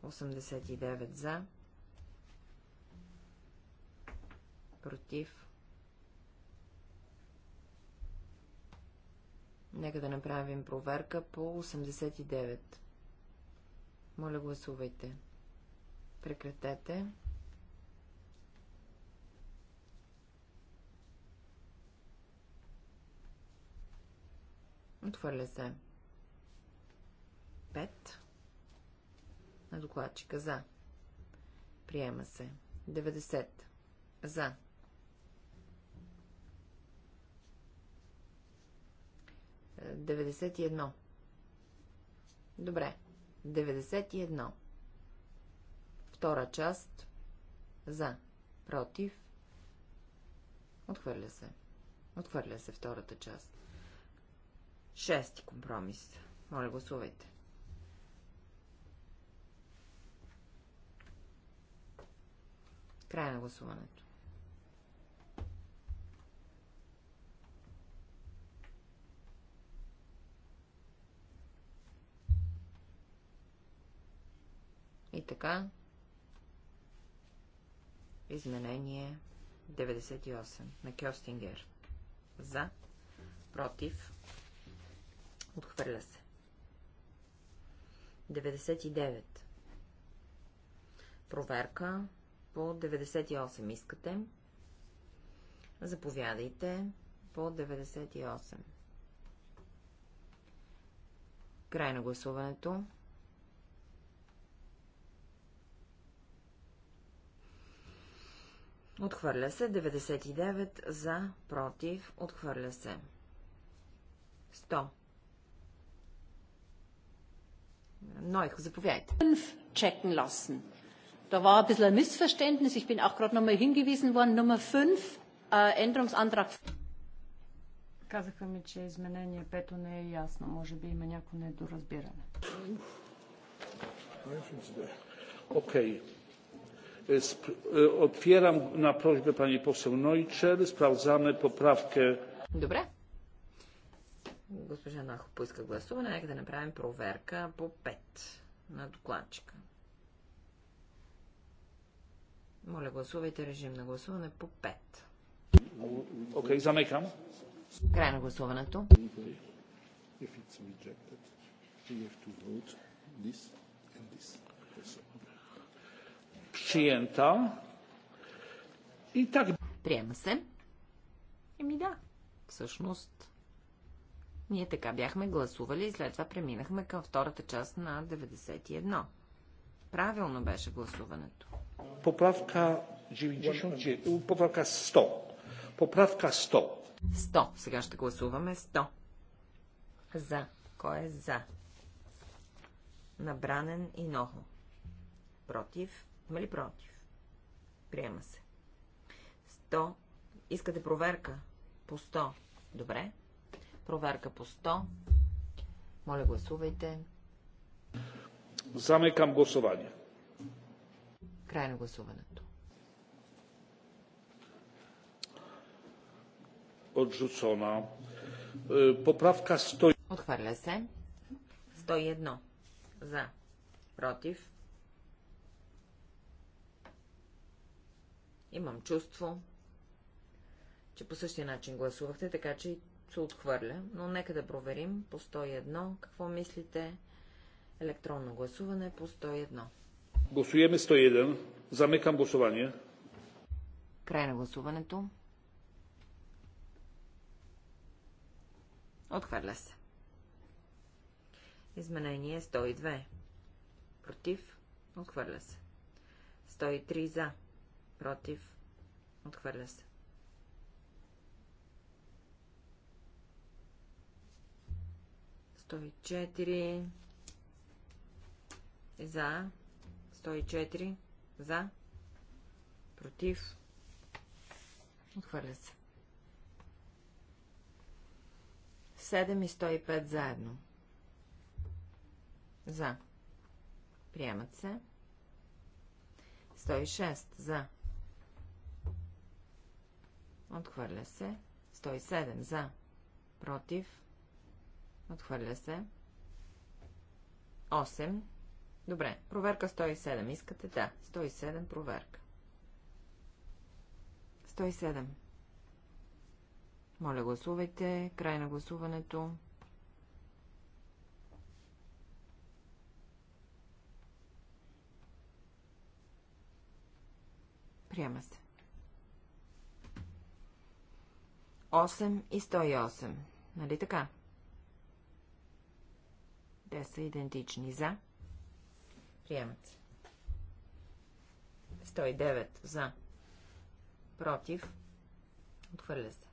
89 за, против, Нека да направим проверка по 89. Моля, гласувайте. Прекратете. Отвърля се. 5. На докладчика за. Приема се. 90. За. 91. Добре. 91. Втора част. За. Против. Отхвърля се. Отхвърля се втората част. Шести компромис. Моля, гласувайте. Край на гласуването. така, изменение 98 на Кьостингер. За, против, отхвърля се. 99. Проверка по 98 искате. Заповядайте по 98. Край на гласуването. Отхвърля се. 99 за, против, отхвърля се. 100. Нойх, заповядайте. Checken lassen. Da war ein bisschen ein Missverständnis. Ich bin auch gerade nochmal hingewiesen worden. Nummer 5, äh, Änderungsantrag. Казаха ми, че изменение пето не е ясно. Може би има някакво недоразбиране. Окей. Okay. E, otwieram na prośbę pani poseł Neuchel. Sprawdzamy poprawkę. Добре. Госпожа Нахо поиска гласуване. Нека да направим проверка по 5 на докладчика. Моля, гласувайте режим на гласуване по 5. Окей, okay, замекам. Край на гласуването. If it's rejected, we have to vote this and this przyjęta. I tak. Приема се. Еми да, всъщност. Ние така бяхме гласували и след това преминахме към втората част на 91. Правилно беше гласуването. Поправка 90, поправка 100. Поправка 100. 100. Сега ще гласуваме 100. За. Кой е за? Набранен и нохо. Против. Има ли против? Приема се. 100. Искате проверка по 100. Добре. Проверка по 100. Моля, гласувайте. Замекам гласуване. Край на гласуването. Odrzucona. Е, поправка 100. Отхвърля се. 101. За. Против. Имам чувство, че по същия начин гласувахте, така че се отхвърля, но нека да проверим по 101 какво мислите. Електронно гласуване по 101. Гласуваме 101. Замекам гласуване. Край на гласуването. Отхвърля се. Изменение 102. Против. Отхвърля се. 103 за против, отхвърля се. Сто четири за, 104 за, против, отхвърля се. 7 и 105 заедно. За. Приемат се. 106 за. Отхвърля се. 107 за. Против. Отхвърля се. 8. Добре. Проверка 107. Искате? Да. 107 проверка. 107. Моля, гласувайте. Край на гласуването. Приема се. 8 и 108. Нали така? Те са идентични. За. Приемат се. 109. За. Против. Отхвърля се.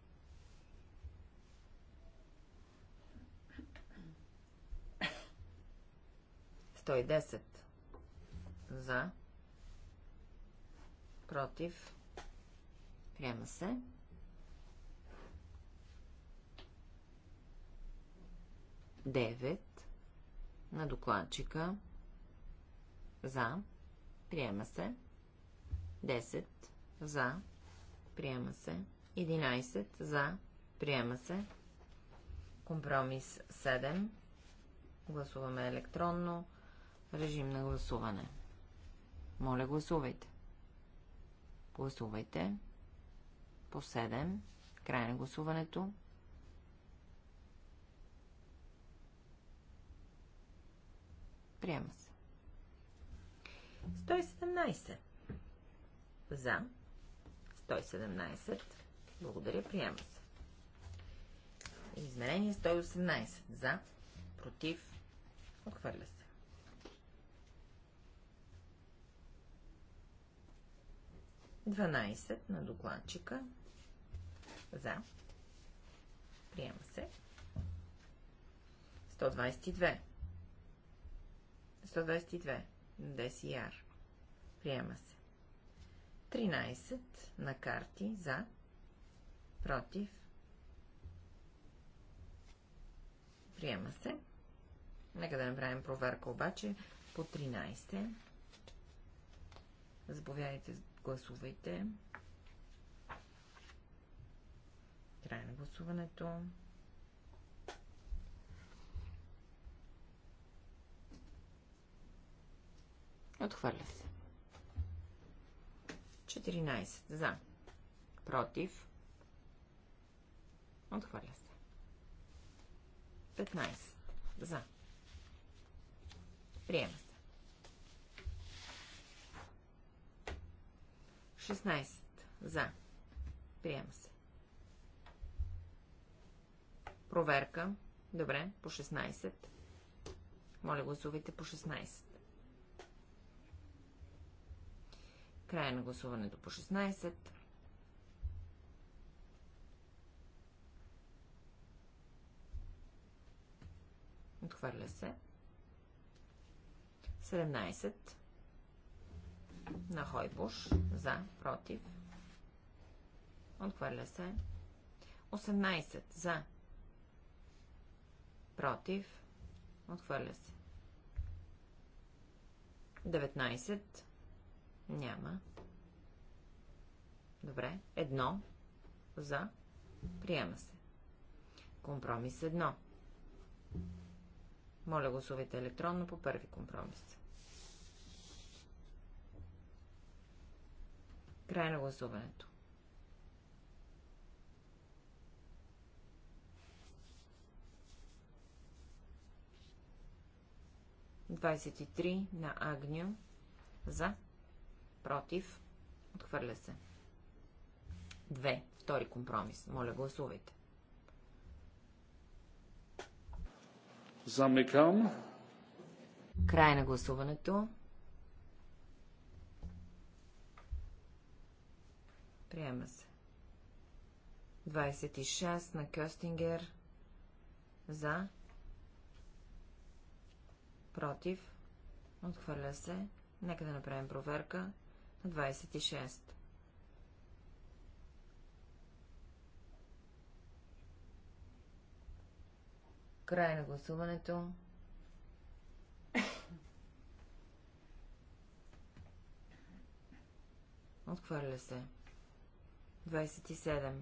Сто и десет. За. Против. Приема се. 9 на докладчика. За. Приема се. 10 за. Приема се. 11 за. Приема се. Компромис 7. Гласуваме електронно. Режим на гласуване. Моля, гласувайте. Гласувайте. По 7. Край на гласуването. Приема се. 117. За. 117. Благодаря. Приема се. Измерение 118. За. Против. Отхвърля се. Дванайсет на докладчика. За. Приема се. 122. 122. DCR. Приема се. 13 на карти за, против, приема се. Нека да направим проверка обаче по 13. Заповядайте, гласувайте. Край на гласуването. Отхвърля се. 14. За. Против. Отхвърля се. 15. За. Приема се. 16. За. Приема се. Проверка. Добре, по 16. Моля, гласувайте по 16. Края на гласуването по 16. Отхвърля се. 17. На Хойбуш. За. Против. Отхвърля се. 18. За. Против. Отхвърля се. 19. Няма. Добре. Едно. За. Приема се. Компромис едно. Моля гласувайте електронно по първи компромис. Край на гласуването. Двадесет и три на Агню. За. Против. Отхвърля се. Две, Втори компромис. Моля, гласувайте. Замикам. Край на гласуването. Приема се. 26 на Кюстингер. За. Против. Отхвърля се. Нека да направим проверка. 26. Край на гласуването. Отхвърля се. 27.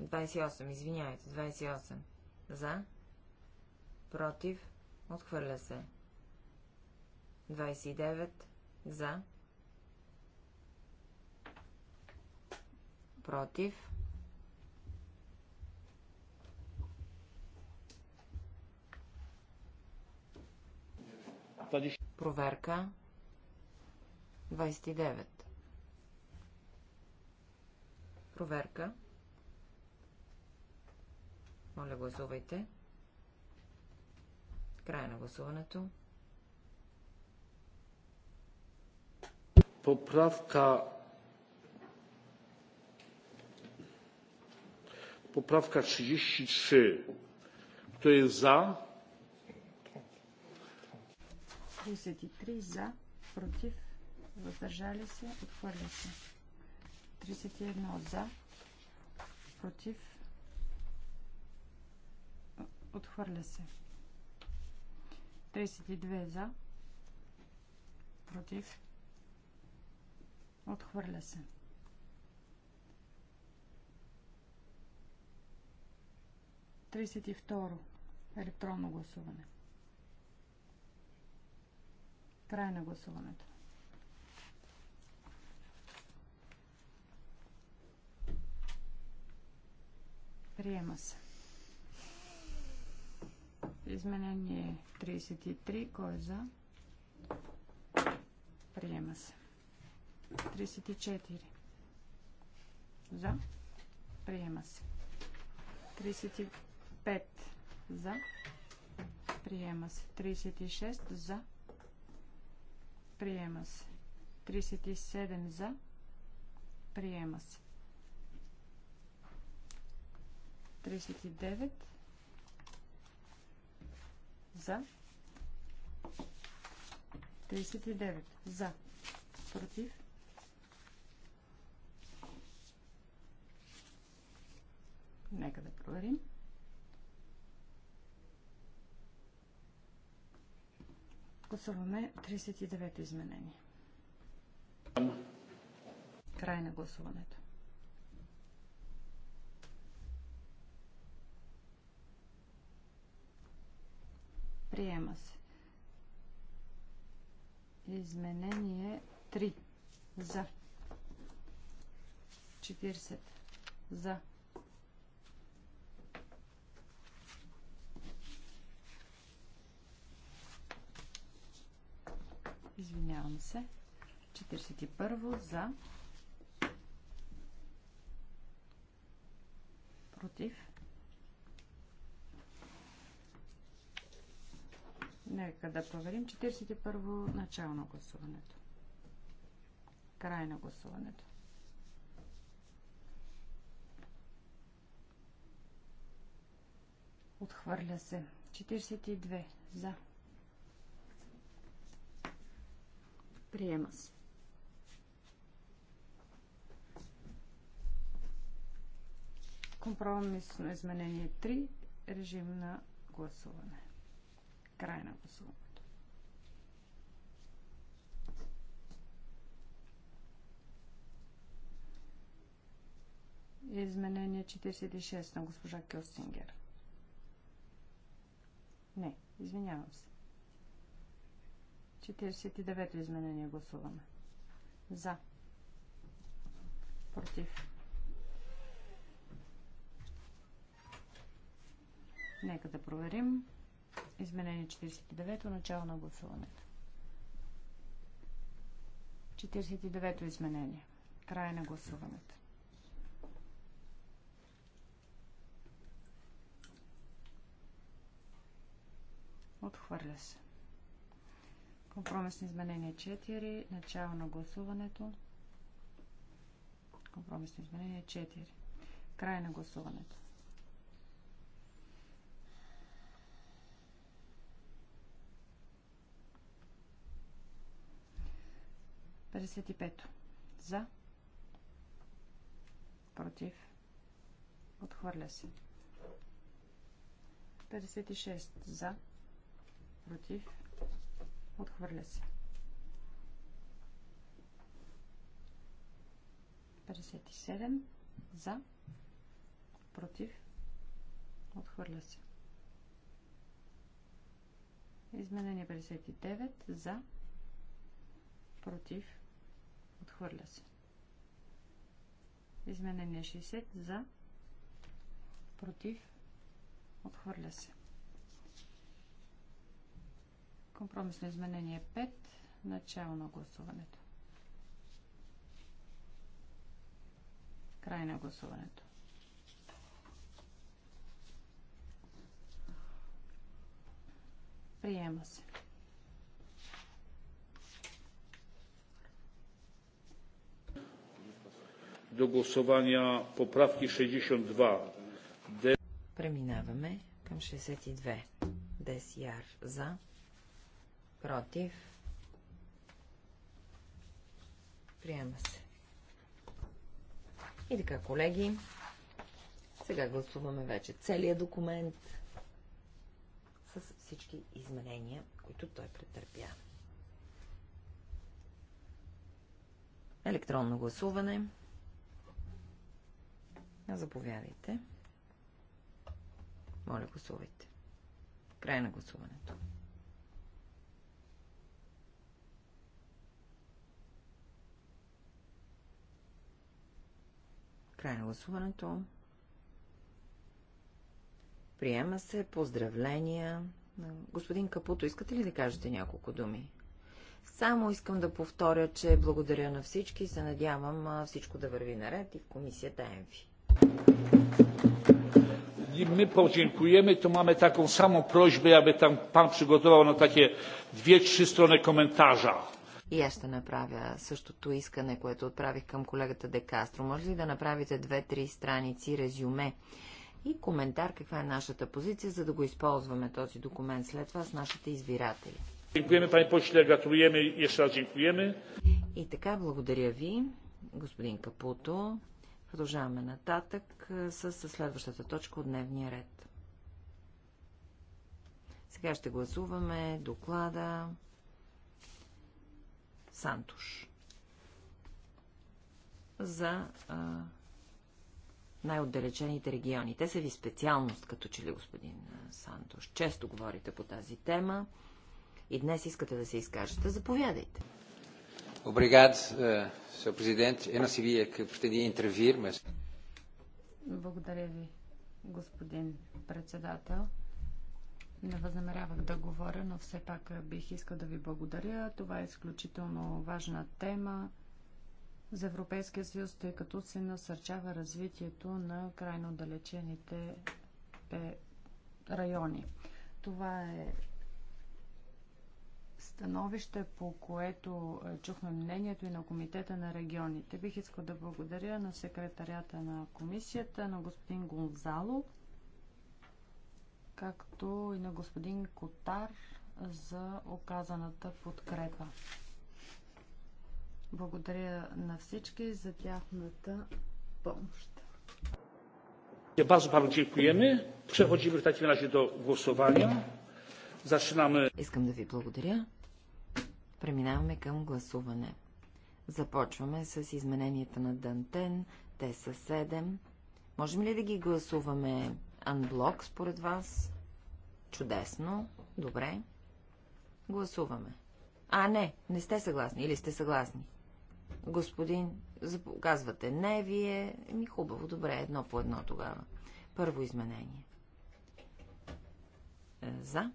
Двадесет и извинявайте, 28. За, против, Отхвърля се. 29 за. Против. Проверка. 29. Проверка. Моля, гласувайте. 29. Край на гласуването. Поправка Поправка 33. Кто е за? 33 за, против, въздържали се, отхвърля се. 31 за, против, отхвърля се. 32 за. Против. Отхвърля се. Тридесет и второ. Електронно гласуване. Край на гласуването. Приема се. Изменение 33. Кой е за? Приема се. 34. За. Приема се. 35. За. Приема се. 36. За. Приема се. 37. За. Приема се. 39. За. 39. За. Против. Нека да проверим. Гласуваме 39 изменение. Край на гласуването. Приема се. Изменение 3. За. 40. За. Извинявам се. 41 за. Против. Нека да проверим 41-во начало на гласуването. Край на гласуването. Отхвърля се. 42 за. Приема се. Компромисно изменение 3. Режим на гласуване. Край на гласуването. Изменение 46 на госпожа Кюстингер. Не, извинявам се. 49-то изменение гласуваме. За. Против. Нека да проверим. Изменение 49-то, начало на гласуването. 49-то изменение. Край на гласуването. Отхвърля се. Компромисно изменение 4. Начало на гласуването. Компромисно изменение 4. Край на гласуването. 55. За. Против. Отхвърля се. 56. За. Против. Отхвърля се. 57. За. Против. Отхвърля се. Изменение 59. За. Против. Отхвърля се. Изменение 60 за. Против. Отхвърля се. Компромисно изменение 5. Начало на гласуването. Край на гласуването. Приема се. до głosowania поправки 62. Де... Преминаваме към 62. Десяр за, против, приема се. И така, колеги, сега гласуваме вече целия документ с всички изменения, които той претърпя. Електронно гласуване. Заповядайте. Моля, гласувайте. Край на гласуването. Край на гласуването. Приема се поздравления. Господин Капуто, искате ли да кажете няколко думи? Само искам да повторя, че благодаря на всички и се надявам всичко да върви наред и в комисията ЕМФИ my podziękujemy to mamy taką samą prośbę aby tam pan przygotował na takie dwie trzy strony komentarza. И аз ще направя същото искане, което отправих към колегата Де Кастро. Може ли да направите две-три страници резюме и коментар каква е нашата позиция, за да го използваме този документ след това с нашите избиратели? Дякуваме, пани почле, гратулиеме и ще раз дякуваме. И така, благодаря ви, господин Капуто. Продължаваме нататък с следващата точка от дневния ред. Сега ще гласуваме доклада Сантуш за най-отдалечените региони. Те са ви специалност, като че ли, господин Сантош. Често говорите по тази тема и днес искате да се изкажете. Заповядайте. Obrigado, eh, Sr. Presidente. Eu não sabia que pretendia intervir, mas... Благодаря ви, господин председател. Не възнамерявах да говоря, но все пак е, бих искал да ви благодаря. Това е изключително важна тема за Европейския съюз, тъй като се насърчава развитието на крайно далечените е, райони. Това е становище, по което е, чухме мнението и на Комитета на регионите. Бих искал да благодаря на секретарята на комисията, на господин Гонзало, както и на господин Котар за оказаната подкрепа. Благодаря на всички за тяхната помощ. Bardzo panu dziękujemy. Przechodzimy w takim razie do głosowania. Zaczynamy. Искам да ви благодаря преминаваме към гласуване. Започваме с измененията на Дантен. Те са 7. Можем ли да ги гласуваме анблок според вас? Чудесно. Добре. Гласуваме. А, не, не сте съгласни. Или сте съгласни? Господин, казвате не, вие... Ми хубаво, добре, едно по едно тогава. Първо изменение. Е, за.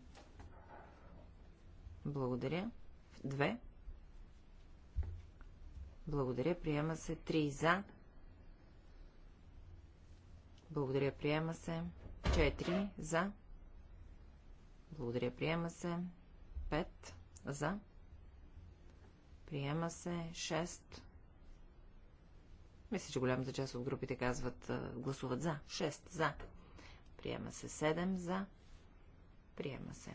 Благодаря. 2. Благодаря, приема се. 3 за. Благодаря, приема се. 4 за. Благодаря, приема се. 5 за. Приема се. 6. Мисля, че голямата част от групите казват, гласуват за. 6 за. Приема се 7 за. Приема се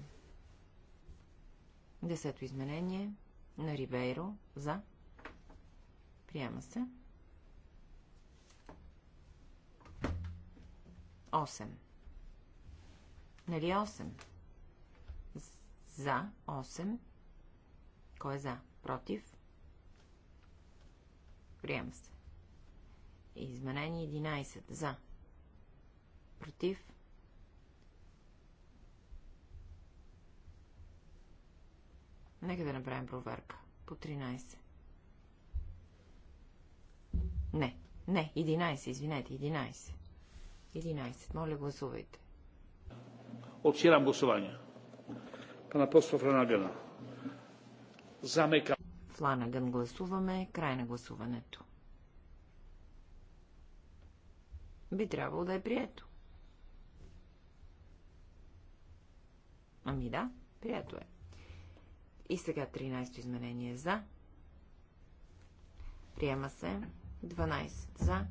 Десето изменение на Рибейро за. Приема се. 8. Нали 8? Е за 8. Кой е за? Против? Приема се. Изменение 11. За. Против? Нека да направим проверка. По 13. Не, не, 11, извинете, 11. 11. Моля, гласувайте. Отсирам гласуване. Пана Постов Франагана. Замека. Фланаган гласуваме. Край на гласуването. Би трябвало да е прието. Ами да, прието е. И сега 13 изменение за. Приема се. 12 за.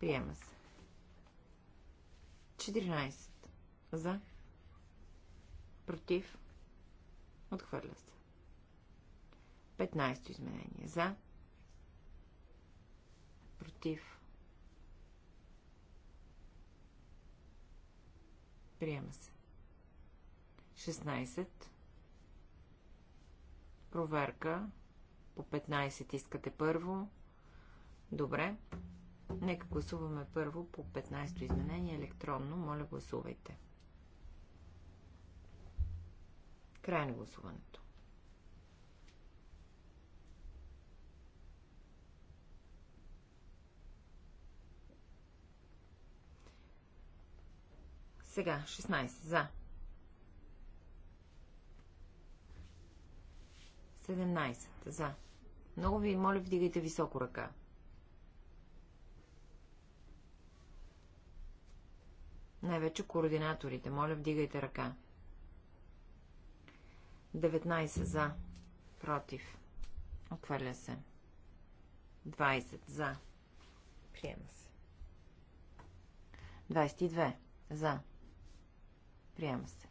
Приема се. 14 за. Против. Отхвърля се. 15 изменение за. Против. Приема се. 16 Проверка. По 15 искате първо. Добре. Нека гласуваме първо по 15-то изменение електронно. Моля, гласувайте. Край на гласуването. Сега, 16 за. 17. За. Много ви моля, вдигайте високо ръка. Най-вече координаторите. Моля, вдигайте ръка. 19 за. Против. Отхвърля се. 20 за. Приема се. 22 за. Приема се.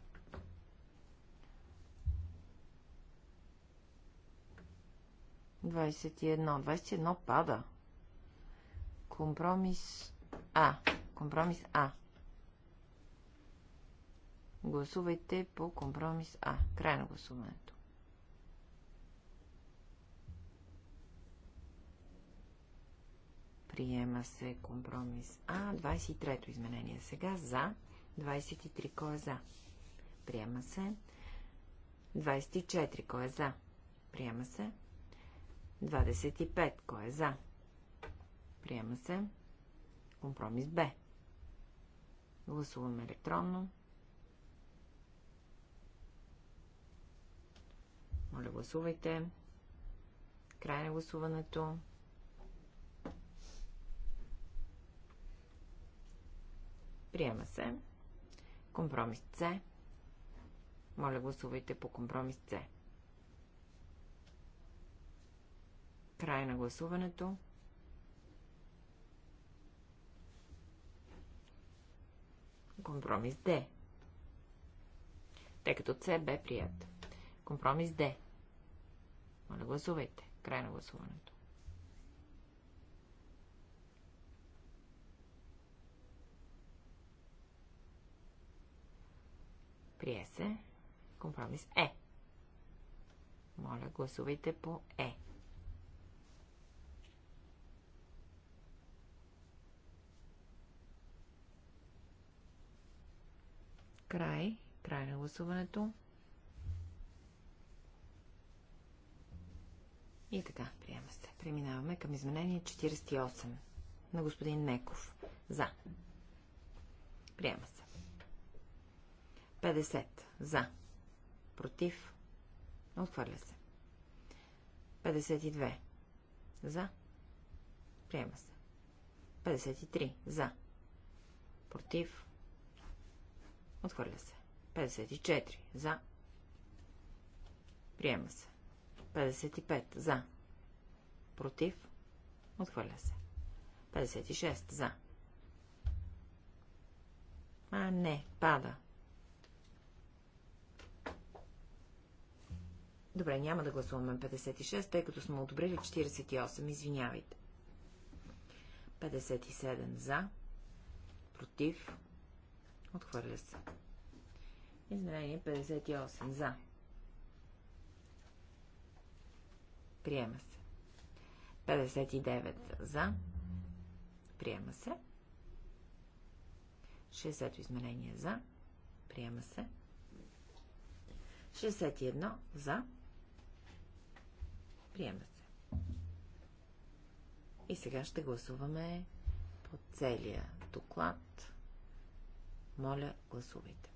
21. 21 пада. Компромис А. Компромис А. Гласувайте по компромис А. Край на гласуването. Приема се компромис А. 23-то изменение сега. За. 23. Кой е за? Приема се. 24. Кой е за? Приема се. 25. Кой е за? Приема се. Компромис Б. Гласуваме електронно. Моля, гласувайте. Край на гласуването. Приема се. Компромис С. Моля, гласувайте по компромис С. Край на гласуването. Компромис Д. Тъй като С бе прият. Компромис Д. Моля, гласувайте. Край на гласуването. Прие се. Компромис Е. Моля, гласувайте по Е. Край. Край на гласуването. И така, приема се. Преминаваме към изменение 48 на господин Неков. За. Приема се. 50. За. Против. Отхвърля се. 52. За. Приема се. 53. За. Против. Отхвърля се. 54. За. Приема се. 55. За. Против. Отхвърля се. 56. За. А, не. Пада. Добре, няма да гласуваме 56, тъй като сме одобрили 48. Извинявайте. 57 за. Против. Отхвърля се. Изменение 58. За. Приема се. 59. За. Приема се. 60 изменение за. Приема се. 61 за. Приема се. И сега ще гласуваме по целия доклад. Моля, гласувайте.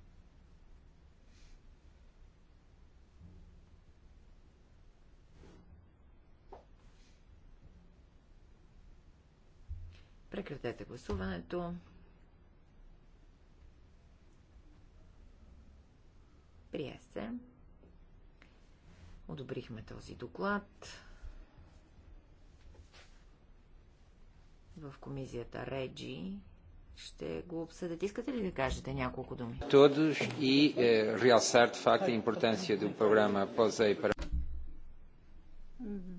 Прекратете гласуването. Прие се. Одобрихме този доклад. В комисията Реджи ще го обсъдят. Искате ли да кажете няколко думи? Todos и realçar de facto a importância do programa POSEI para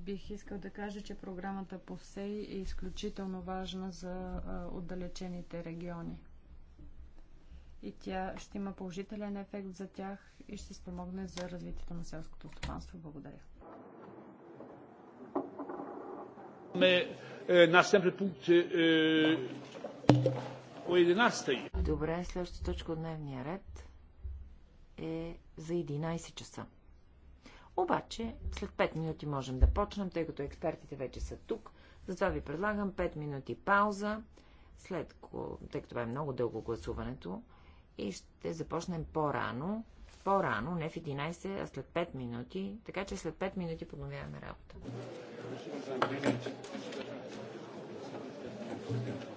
Бих искал да кажа, че програмата ПОСЕЙ е изключително важна за отдалечените региони. И тя ще има положителен ефект за тях и ще спомогне за развитието на селското стопанство. Благодаря. Następny punkt е, 11. Добре, следващата точка от дневния ред е за 11 часа. Обаче, след 5 минути можем да почнем, тъй като експертите вече са тук. Затова ви предлагам 5 минути пауза, след ко... тъй като това е много дълго гласуването. И ще започнем по-рано. По-рано, не в 11, а след 5 минути. Така че след 5 минути подновяваме работа. Thank you.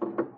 Thank you.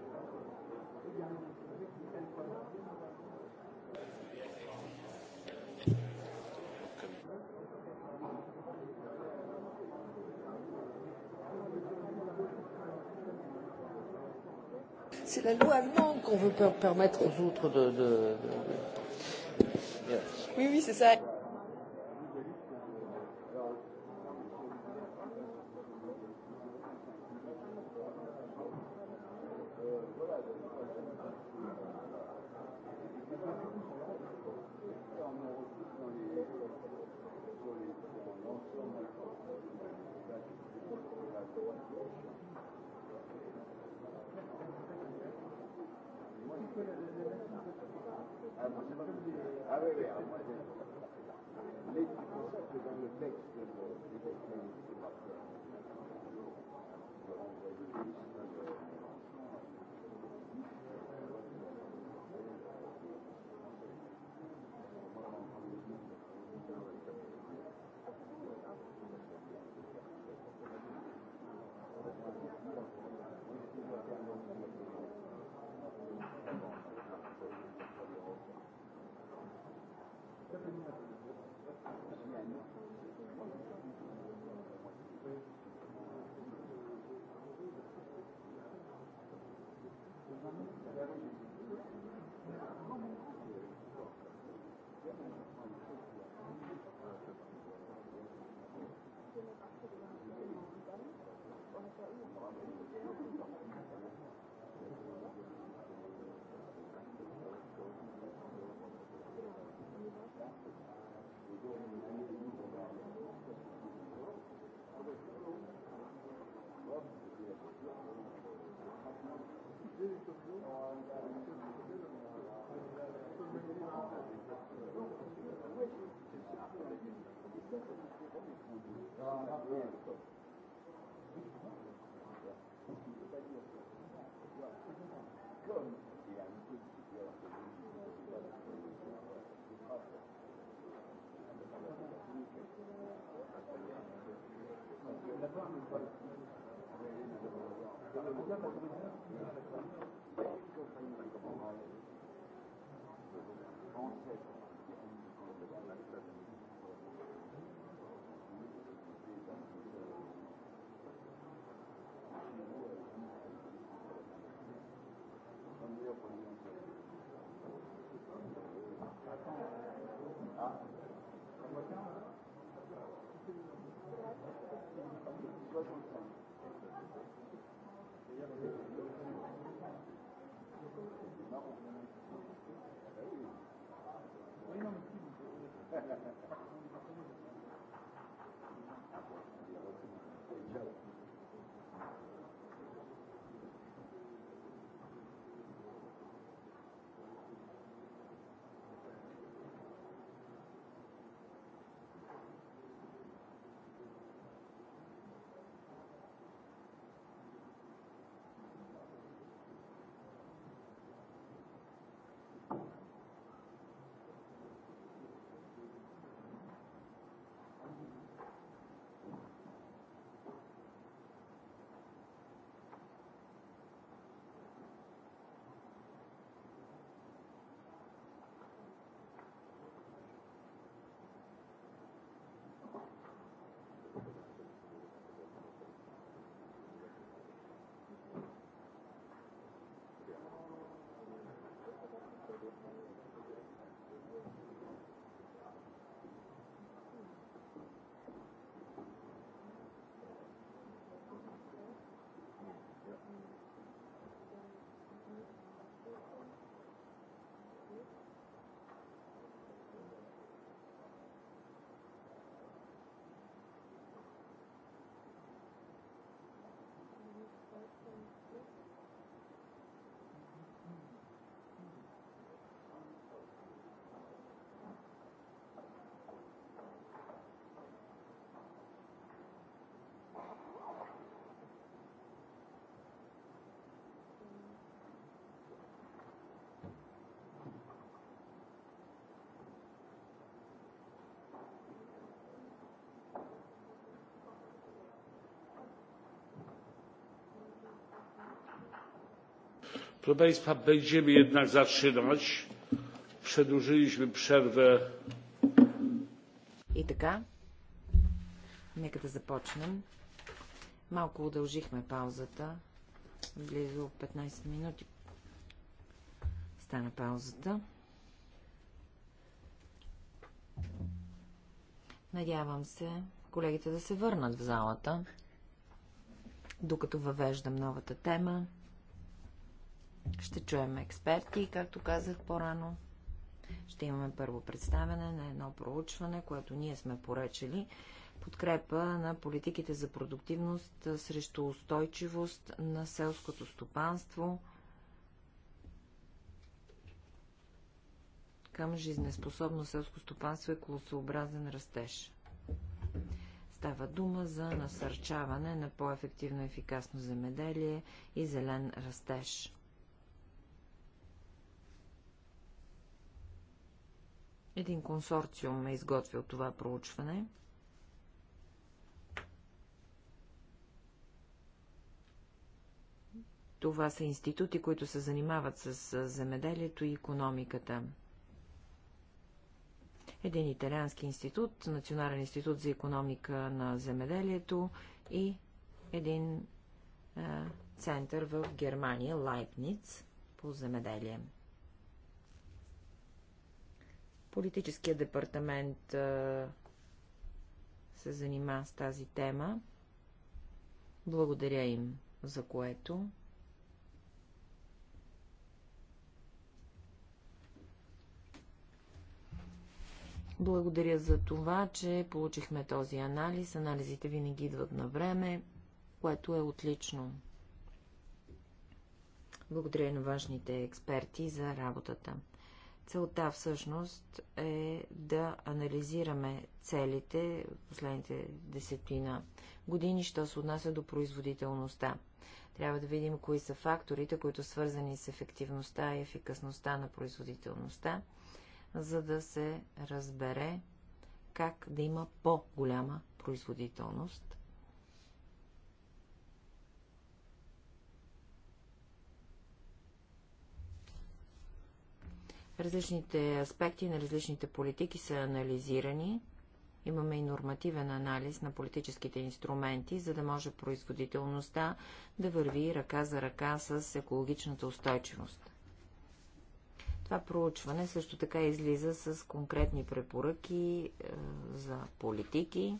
la loi allemande qu'on veut permettre aux autres de. de, de... Oui, oui, c'est ça. Voilà, reflects Да, да, да. No. Proszę Państwa, będziemy jednak zatrzymać. Przedłużyliśmy przerwę. И така, нека да започнем. Малко удължихме паузата, близо 15 минути стана паузата. Надявам се колегите да се върнат в залата, докато въвеждам новата тема. Ще чуем експерти, както казах по-рано. Ще имаме първо представяне на едно проучване, което ние сме поръчали. Подкрепа на политиките за продуктивност срещу устойчивост на селското стопанство към жизнеспособно селско стопанство и колосообразен растеж. Става дума за насърчаване на по-ефективно и ефикасно земеделие и зелен растеж. Един консорциум е изготвил това проучване. Това са институти, които се занимават с земеделието и економиката. Един италиански институт, Национален институт за економика на земеделието и един е, център в Германия, Лайпниц, по земеделие. Политическия департамент се занима с тази тема. Благодаря им за което. Благодаря за това, че получихме този анализ. Анализите винаги идват на време, което е отлично. Благодаря на важните експерти за работата. Целта всъщност е да анализираме целите в последните десетина години, що се отнася до производителността. Трябва да видим кои са факторите, които свързани с ефективността и ефикасността на производителността, за да се разбере как да има по-голяма производителност Различните аспекти на различните политики са анализирани. Имаме и нормативен анализ на политическите инструменти, за да може производителността да върви ръка за ръка с екологичната устойчивост. Това проучване също така излиза с конкретни препоръки е, за политики,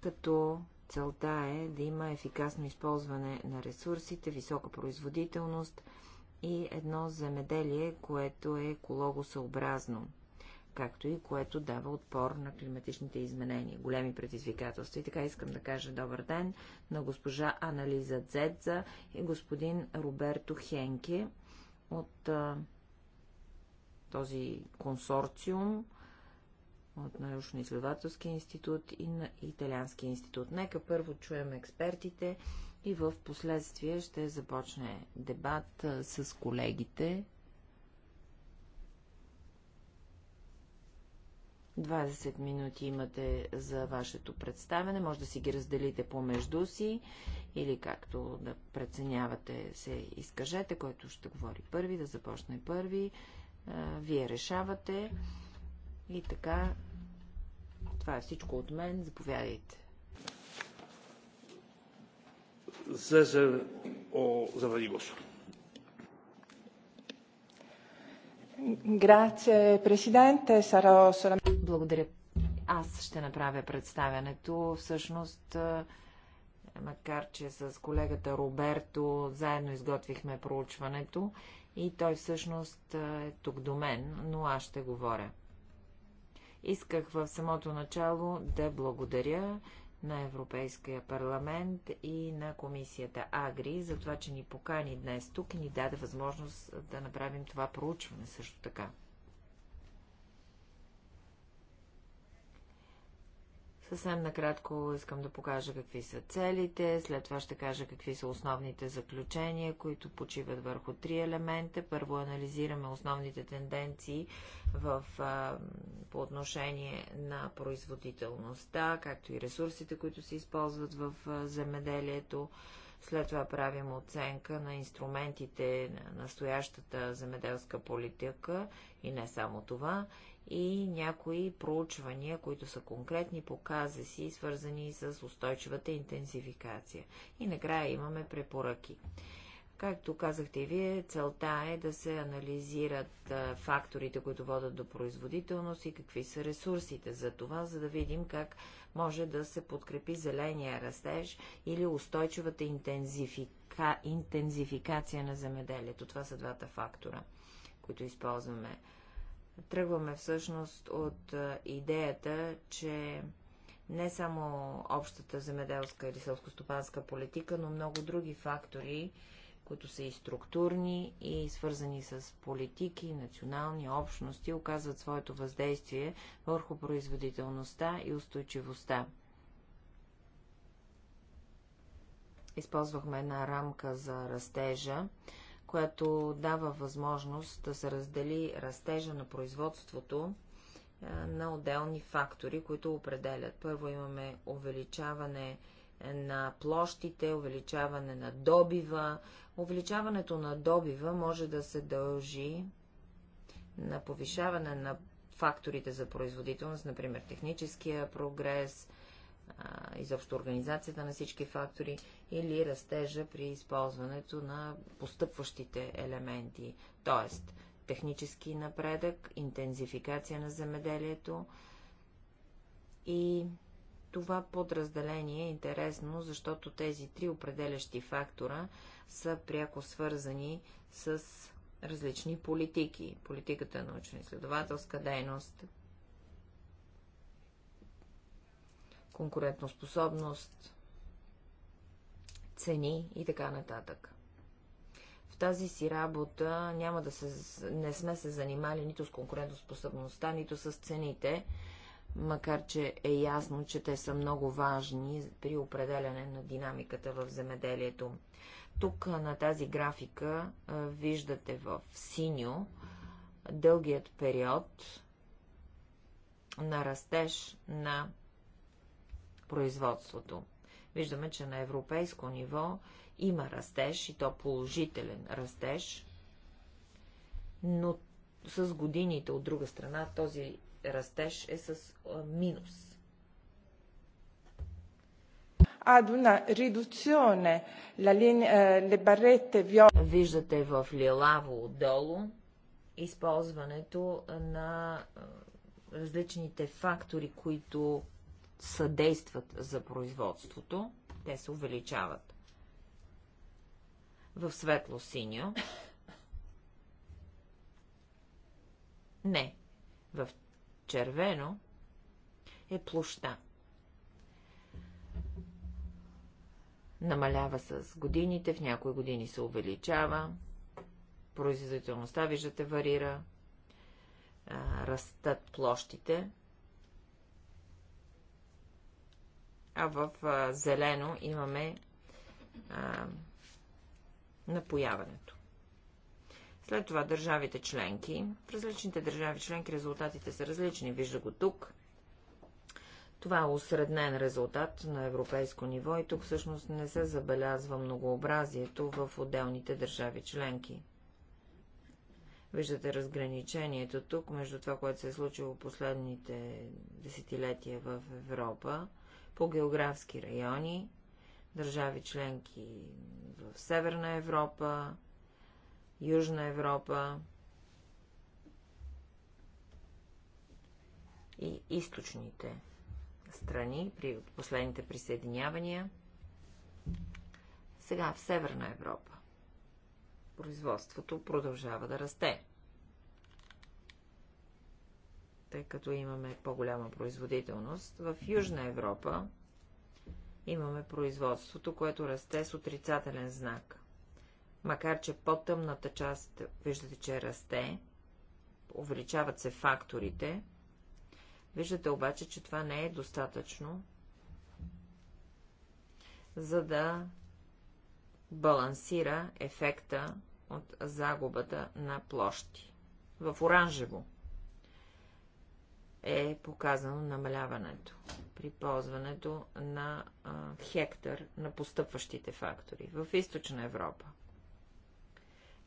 като целта е да има ефикасно използване на ресурсите, висока производителност – и едно земеделие, което е екологосъобразно, както и което дава отпор на климатичните изменения. Големи предизвикателства. И така искам да кажа добър ден на госпожа Анализа Дзедза и господин Роберто Хенке от а, този консорциум, от научно-изследователския институт и на Италианския институт. Нека първо чуем експертите и в последствие ще започне дебат с колегите. 20 минути имате за вашето представене. Може да си ги разделите помежду си или както да преценявате се изкажете, който ще говори първи, да започне първи. Вие решавате. И така, това е всичко от мен. Заповядайте wzeze o zabranie Благодаря. Аз ще направя представянето. Всъщност, е, макар че с колегата Роберто заедно изготвихме проучването и той всъщност е, е тук до мен, но аз ще говоря. Исках в самото начало да благодаря на Европейския парламент и на комисията Агри, за това, че ни покани днес тук и ни даде възможност да направим това проучване също така. Съвсем накратко искам да покажа какви са целите, след това ще кажа какви са основните заключения, които почиват върху три елемента. Първо анализираме основните тенденции в, по отношение на производителността, както и ресурсите, които се използват в земеделието. След това правим оценка на инструментите на настоящата земеделска политика и не само това и някои проучвания, които са конкретни по си, свързани с устойчивата интензификация. И накрая имаме препоръки. Както казахте и вие, целта е да се анализират факторите, които водят до производителност и какви са ресурсите за това, за да видим как може да се подкрепи зеления растеж или устойчивата интензифика... интензификация на земеделието. Това са двата фактора, които използваме. Тръгваме всъщност от идеята, че не само общата земеделска или селскостопанска политика, но много други фактори, които са и структурни, и свързани с политики, национални общности, оказват своето въздействие върху производителността и устойчивостта. Използвахме една рамка за растежа, което дава възможност да се раздели растежа на производството на отделни фактори, които определят. Първо имаме увеличаване на площите, увеличаване на добива. Увеличаването на добива може да се дължи на повишаване на факторите за производителност, например техническия прогрес, изобщо организацията на всички фактори или растежа при използването на постъпващите елементи, т.е. технически напредък, интензификация на земеделието и това подразделение е интересно, защото тези три определящи фактора са пряко свързани с различни политики. Политиката на научно-изследователска дейност, конкурентоспособност, цени и така нататък. В тази си работа няма да се, не сме се занимали нито с конкурентоспособността, нито с цените, макар че е ясно, че те са много важни при определяне на динамиката в земеделието. Тук на тази графика виждате в синьо дългият период на растеж на производството. Виждаме, че на европейско ниво има растеж и то положителен растеж, но с годините от друга страна този растеж е с минус. Ad una riduzione la eh, le barrette Виждате в лилаво отдолу използването на различните фактори, които съдействат за производството, те се увеличават. В светло-синьо. Не. В червено е площа. Намалява с годините, в някои години се увеличава, производителността, виждате, варира, растат площите, а в а, зелено имаме а, напояването. След това държавите членки. В различните държави членки резултатите са различни. Вижда го тук. Това е осреднен резултат на европейско ниво и тук всъщност не се забелязва многообразието в отделните държави членки. Виждате разграничението тук между това, което се е случило последните десетилетия в Европа по географски райони, държави членки в Северна Европа, Южна Европа и източните страни при последните присъединявания. Сега в Северна Европа производството продължава да расте тъй като имаме по-голяма производителност. В Южна Европа имаме производството, което расте с отрицателен знак. Макар, че по-тъмната част виждате, че расте, увеличават се факторите, виждате обаче, че това не е достатъчно, за да балансира ефекта от загубата на площи. В оранжево е показано намаляването при ползването на а, хектар на постъпващите фактори в източна Европа.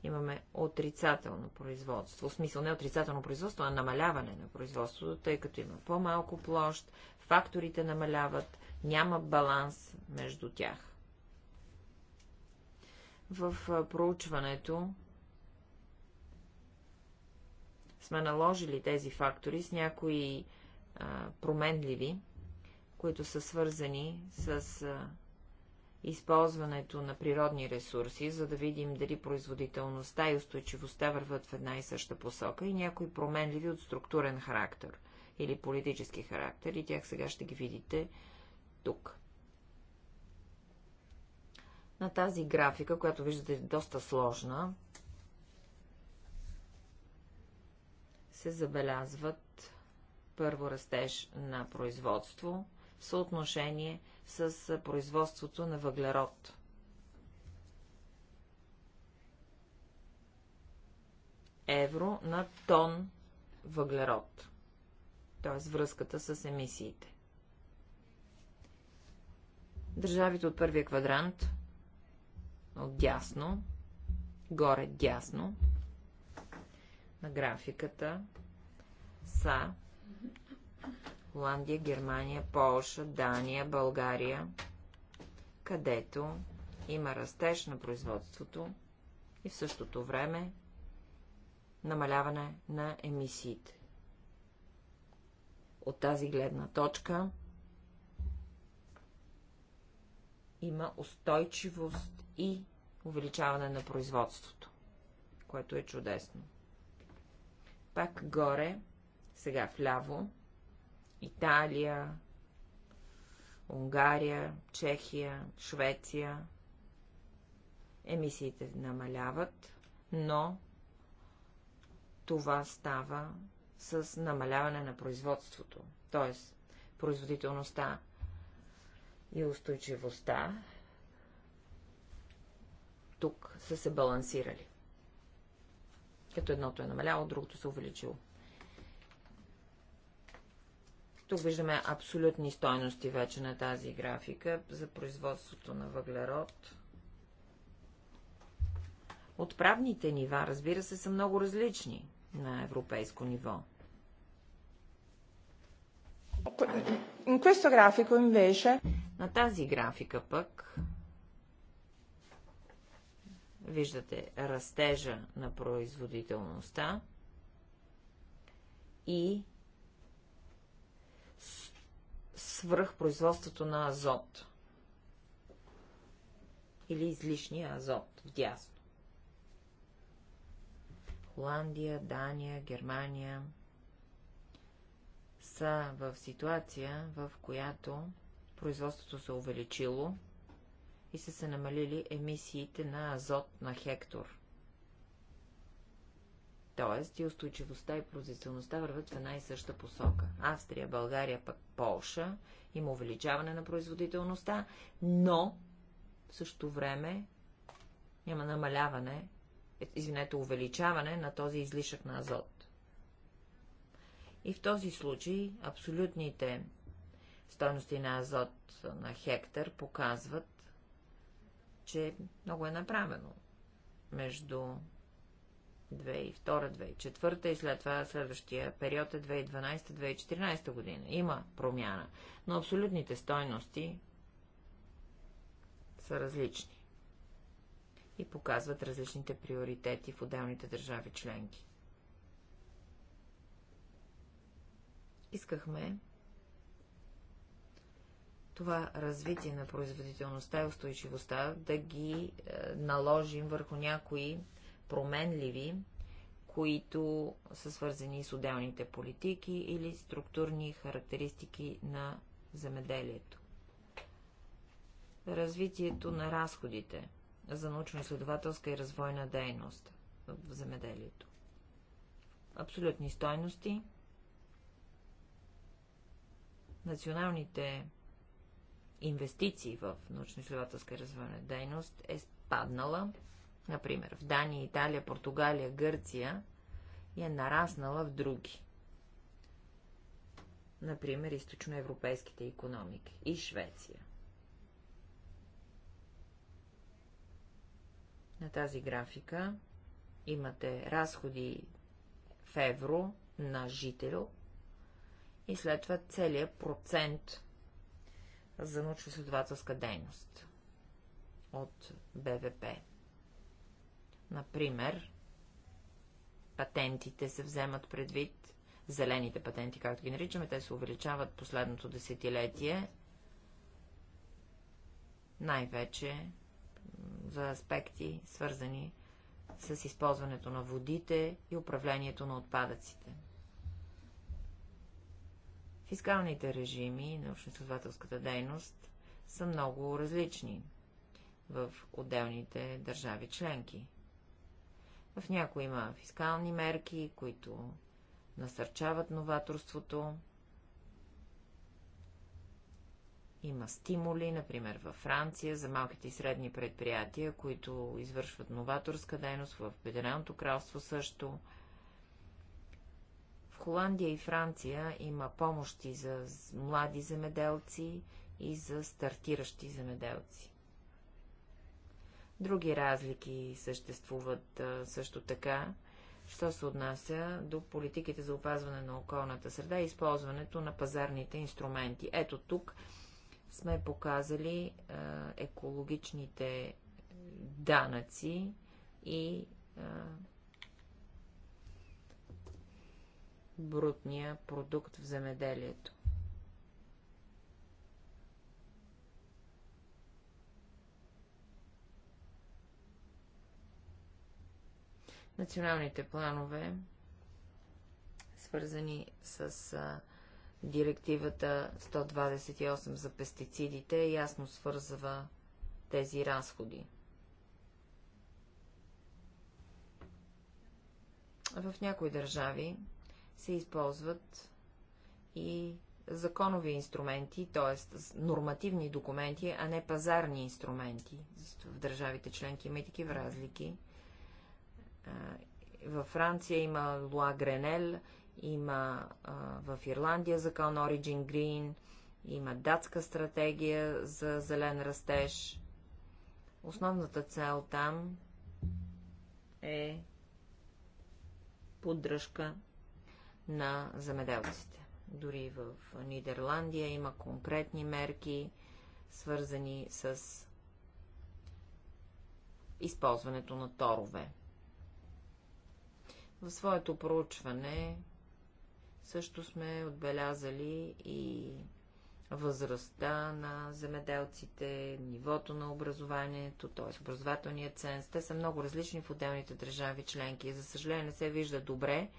Имаме отрицателно производство, в смисъл не отрицателно производство, а намаляване на производството, тъй като има по-малко площ, факторите намаляват, няма баланс между тях. В проучването сме наложили тези фактори с някои а, променливи, които са свързани с а, използването на природни ресурси, за да видим дали производителността и устойчивостта върват в една и съща посока и някои променливи от структурен характер или политически характер и тях сега ще ги видите тук. На тази графика, която виждате е доста сложна, се забелязват първо растеж на производство в съотношение с производството на въглерод. Евро на тон въглерод, т.е. връзката с емисиите. Държавите от първия квадрант, от дясно, горе дясно, на графиката са Холандия, Германия, Полша, Дания, България, където има растеж на производството и в същото време намаляване на емисиите. От тази гледна точка има устойчивост и увеличаване на производството, което е чудесно. Пак горе, сега вляво, Италия, Унгария, Чехия, Швеция. Емисиите намаляват, но това става с намаляване на производството, т.е. производителността и устойчивостта тук са се балансирали като едното е намаляло, другото се увеличило. Тук виждаме абсолютни стойности вече на тази графика за производството на въглерод. Отправните нива, разбира се, са много различни на европейско ниво. На тази графика пък Виждате растежа на производителността и свръхпроизводството на азот или излишния азот в дясно. Холандия, Дания, Германия са в ситуация, в която производството се е увеличило и са се намалили емисиите на азот на хектор. Тоест и устойчивостта и производителността върват в една и съща посока. Австрия, България, пък Полша има увеличаване на производителността, но в същото време няма намаляване, извинете, увеличаване на този излишък на азот. И в този случай абсолютните стойности на азот на хектар показват, че много е направено между 2002-2004 и след това следващия период е 2012-2014 година. Има промяна, но абсолютните стойности са различни и показват различните приоритети в отделните държави членки. Искахме това развитие на производителността и устойчивостта да ги е, наложим върху някои променливи, които са свързани с отделните политики или структурни характеристики на земеделието. Развитието на разходите за научно-изследователска и развойна дейност в земеделието. Абсолютни стойности. Националните инвестиции в научно-изследователска развойна дейност е спаднала, например, в Дания, Италия, Португалия, Гърция и е нараснала в други. Например, източноевропейските економики и Швеция. На тази графика имате разходи в евро на жител и след това целият процент за научно-следователска дейност от БВП. Например, патентите се вземат предвид, зелените патенти, както ги наричаме, те се увеличават последното десетилетие, най-вече за аспекти, свързани с използването на водите и управлението на отпадъците. Фискалните режими и научно-изследователската дейност са много различни в отделните държави членки. В някои има фискални мерки, които насърчават новаторството. Има стимули, например във Франция, за малките и средни предприятия, които извършват новаторска дейност, в Федералното кралство също – Холандия и Франция има помощи за млади земеделци и за стартиращи земеделци. Други разлики съществуват също така, що се отнася до политиките за опазване на околната среда и използването на пазарните инструменти. Ето тук сме показали екологичните данъци и брутния продукт в земеделието. Националните планове, свързани с а, директивата 128 за пестицидите, ясно свързва тези разходи. В някои държави се използват и законови инструменти, т.е. нормативни документи, а не пазарни инструменти. В държавите членки има и такива разлики. Във Франция има Луа Гренел, има в Ирландия закон Origin Green, има датска стратегия за зелен растеж. Основната цел там е поддръжка на земеделците. Дори в Нидерландия има конкретни мерки, свързани с използването на торове. В своето проучване също сме отбелязали и възрастта на земеделците, нивото на образованието, т.е. образователният ценз. Те са много различни в отделните държави членки. За съжаление не се вижда добре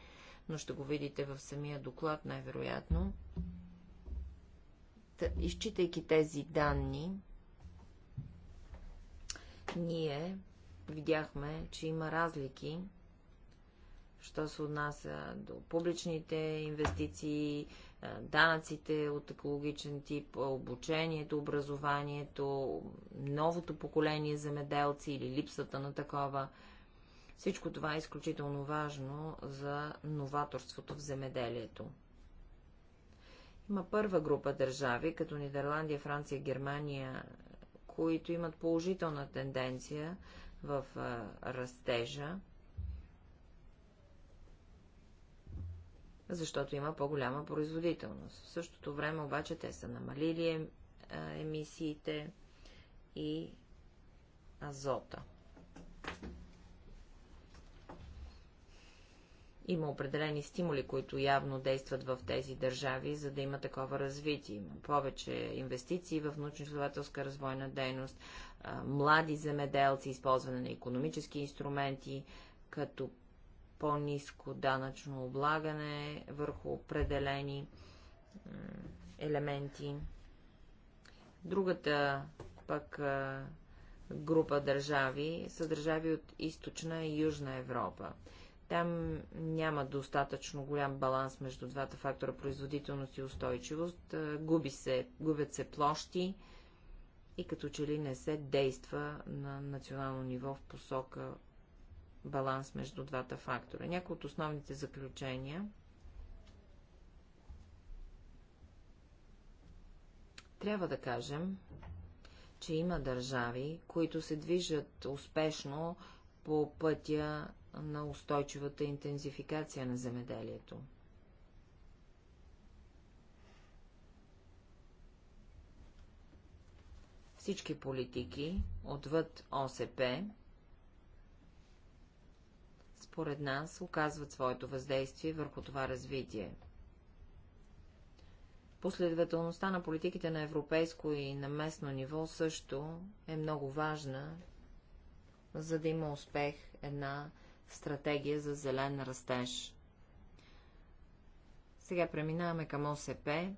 но ще го видите в самия доклад най-вероятно. Изчитайки тези данни, ние видяхме, че има разлики, що се отнася до публичните инвестиции, данъците от екологичен тип, обучението, образованието, новото поколение земеделци или липсата на такова – всичко това е изключително важно за новаторството в земеделието. Има първа група държави, като Нидерландия, Франция, Германия, които имат положителна тенденция в растежа, защото има по-голяма производителност. В същото време обаче те са намалили емисиите и азота. Има определени стимули, които явно действат в тези държави, за да има такова развитие. Има повече инвестиции в научно-изследователска развойна дейност, млади земеделци, използване на економически инструменти, като по-низко данъчно облагане върху определени елементи. Другата пък група държави са държави от източна и южна Европа. Там няма достатъчно голям баланс между двата фактора производителност и устойчивост. Е, губи се, губят се площи и като че ли не се действа на национално ниво в посока баланс между двата фактора. Някои от основните заключения трябва да кажем, че има държави, които се движат успешно по пътя на устойчивата интензификация на земеделието. Всички политики, отвъд ОСП, според нас, оказват своето въздействие върху това развитие. Последователността на политиките на европейско и на местно ниво също е много важна, за да има успех една стратегия за зелен растеж. Сега преминаваме към ОСП.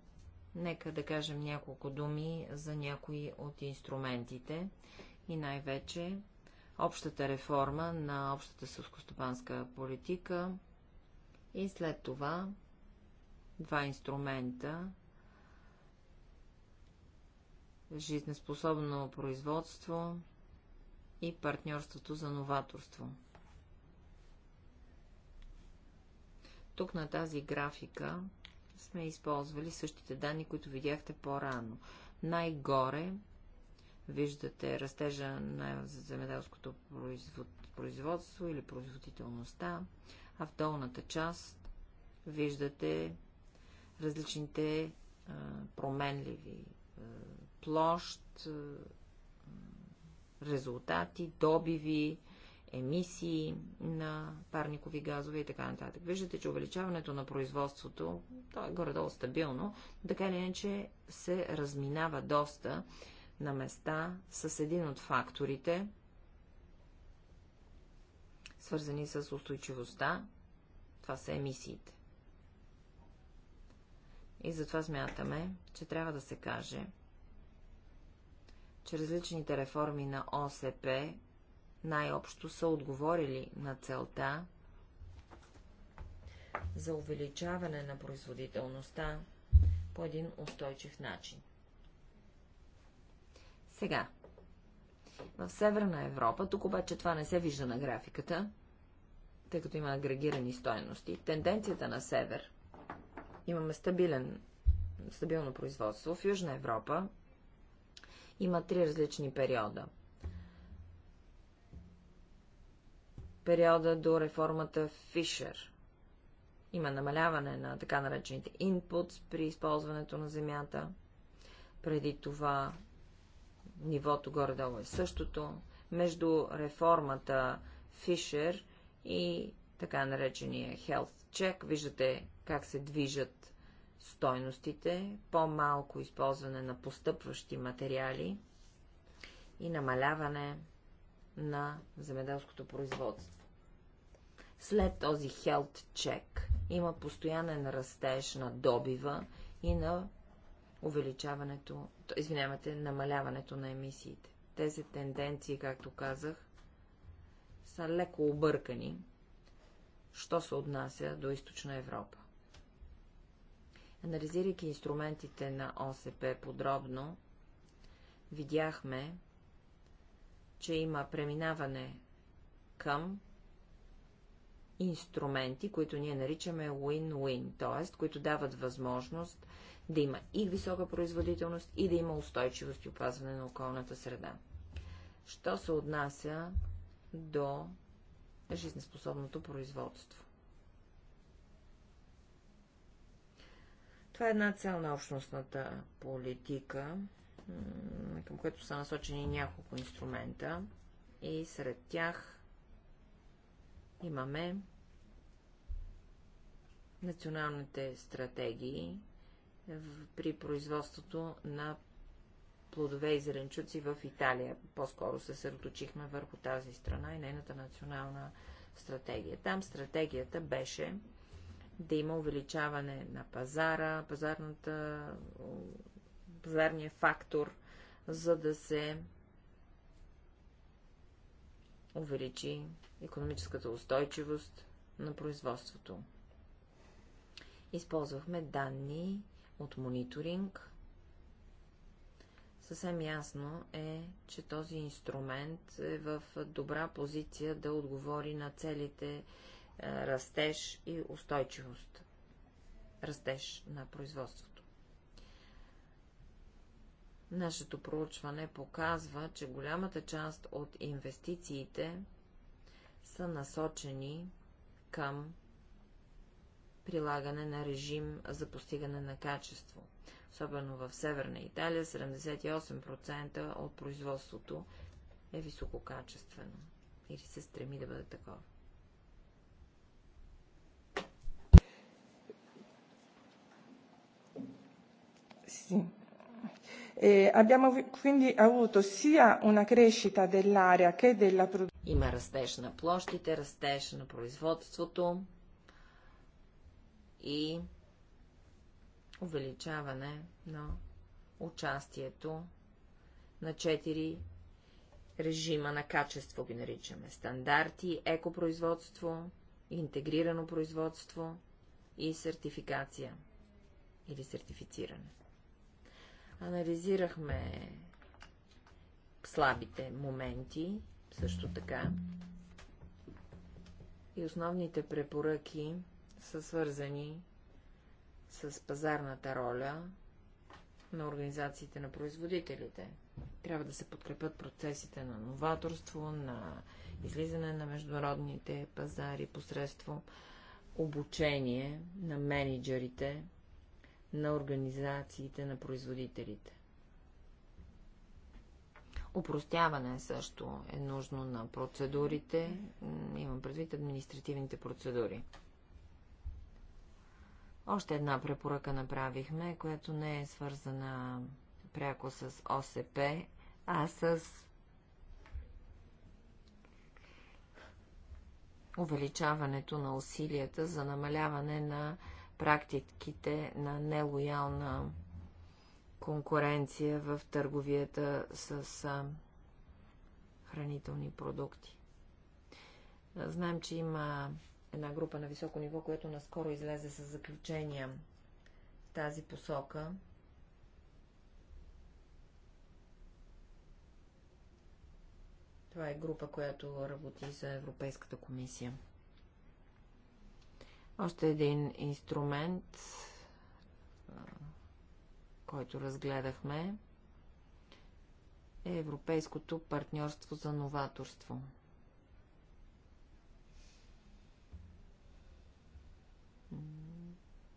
Нека да кажем няколко думи за някои от инструментите и най-вече общата реформа на общата сълскостопанска политика и след това два инструмента жизнеспособно производство и партньорството за новаторство. Тук на тази графика сме използвали същите данни, които видяхте по-рано. Най-горе виждате растежа на земеделското производство или производителността, а в долната част виждате различните а, променливи а, площ, а, резултати, добиви, емисии на парникови газове и така нататък. Виждате, че увеличаването на производството, то е горе-долу стабилно, така или иначе се разминава доста на места с един от факторите, свързани с устойчивостта, това са емисиите. И затова смятаме, че трябва да се каже, че различните реформи на ОСП най-общо са отговорили на целта за увеличаване на производителността по един устойчив начин. Сега. В Северна Европа, тук обаче това не се вижда на графиката, тъй като има агрегирани стоености, тенденцията на север. Имаме стабилен, стабилно производство. В Южна Европа има три различни периода – периода до реформата Фишер. Има намаляване на така наречените inputs при използването на земята. Преди това нивото горе-долу е същото. Между реформата Фишер и така наречения Health Check виждате как се движат стойностите, по-малко използване на постъпващи материали и намаляване на земеделското производство. След този хелт чек има постоянен растеж на добива и на увеличаването, извинявате, намаляването на емисиите. Тези тенденции, както казах, са леко объркани, що се отнася до източна Европа. Анализирайки инструментите на ОСП подробно, видяхме, че има преминаване към инструменти, които ние наричаме win-win, т.е. които дават възможност да има и висока производителност, и да има устойчивост и опазване на околната среда. Що се отнася до жизнеспособното производство? Това е една цел на общностната политика, към която са насочени няколко инструмента и сред тях Имаме националните стратегии при производството на плодове и зеленчуци в Италия. По-скоро се съсредоточихме върху тази страна и нейната национална стратегия. Там стратегията беше да има увеличаване на пазара, пазарната, пазарния фактор, за да се увеличи економическата устойчивост на производството. Използвахме данни от мониторинг. Съвсем ясно е, че този инструмент е в добра позиция да отговори на целите е, растеж и устойчивост. Растеж на производството. Нашето проучване показва, че голямата част от инвестициите са насочени към прилагане на режим за постигане на качество. Особено в Северна Италия 78% от производството е висококачествено или се стреми да бъде такова. Sim. Eh, abbiamo quindi avuto sia una crescita dell'area che della produzione. Има растеж на площите, растеж на производството и увеличаване на участието на четири режима на качество ги наричаме. Стандарти, екопроизводство, интегрирано производство и сертификация или сертифициране. Анализирахме слабите моменти, също така. И основните препоръки са свързани с пазарната роля на организациите на производителите. Трябва да се подкрепят процесите на новаторство, на излизане на международните пазари посредство, обучение на менеджерите на организациите на производителите. Опростяване също е нужно на процедурите, имам предвид административните процедури. Още една препоръка направихме, която не е свързана пряко с ОСП, а с увеличаването на усилията за намаляване на практиките на нелоялна конкуренция в търговията с а, хранителни продукти. Знаем, че има една група на високо ниво, която наскоро излезе с заключения в тази посока. Това е група, която работи за Европейската комисия. Още един инструмент, който разгледахме, е Европейското партньорство за новаторство.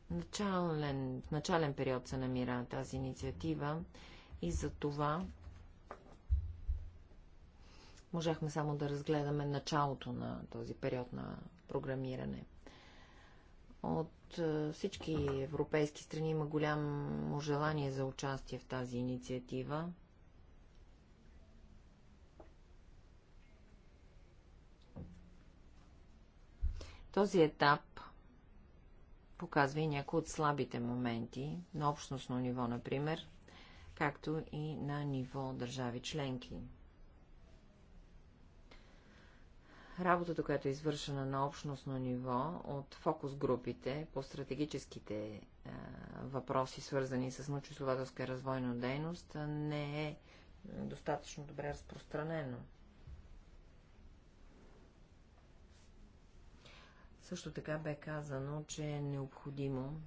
Начален, в начален период се намира тази инициатива и за това можахме само да разгледаме началото на този период на програмиране – от е, всички европейски страни има голямо желание за участие в тази инициатива. Този етап показва и някои от слабите моменти, на общностно ниво, например, както и на ниво държави членки. работата, която е извършена на общностно ниво от фокус групите по стратегическите е, въпроси, свързани с научно-изследователска и развойна дейност, не е достатъчно добре разпространено. Също така бе казано, че е необходимо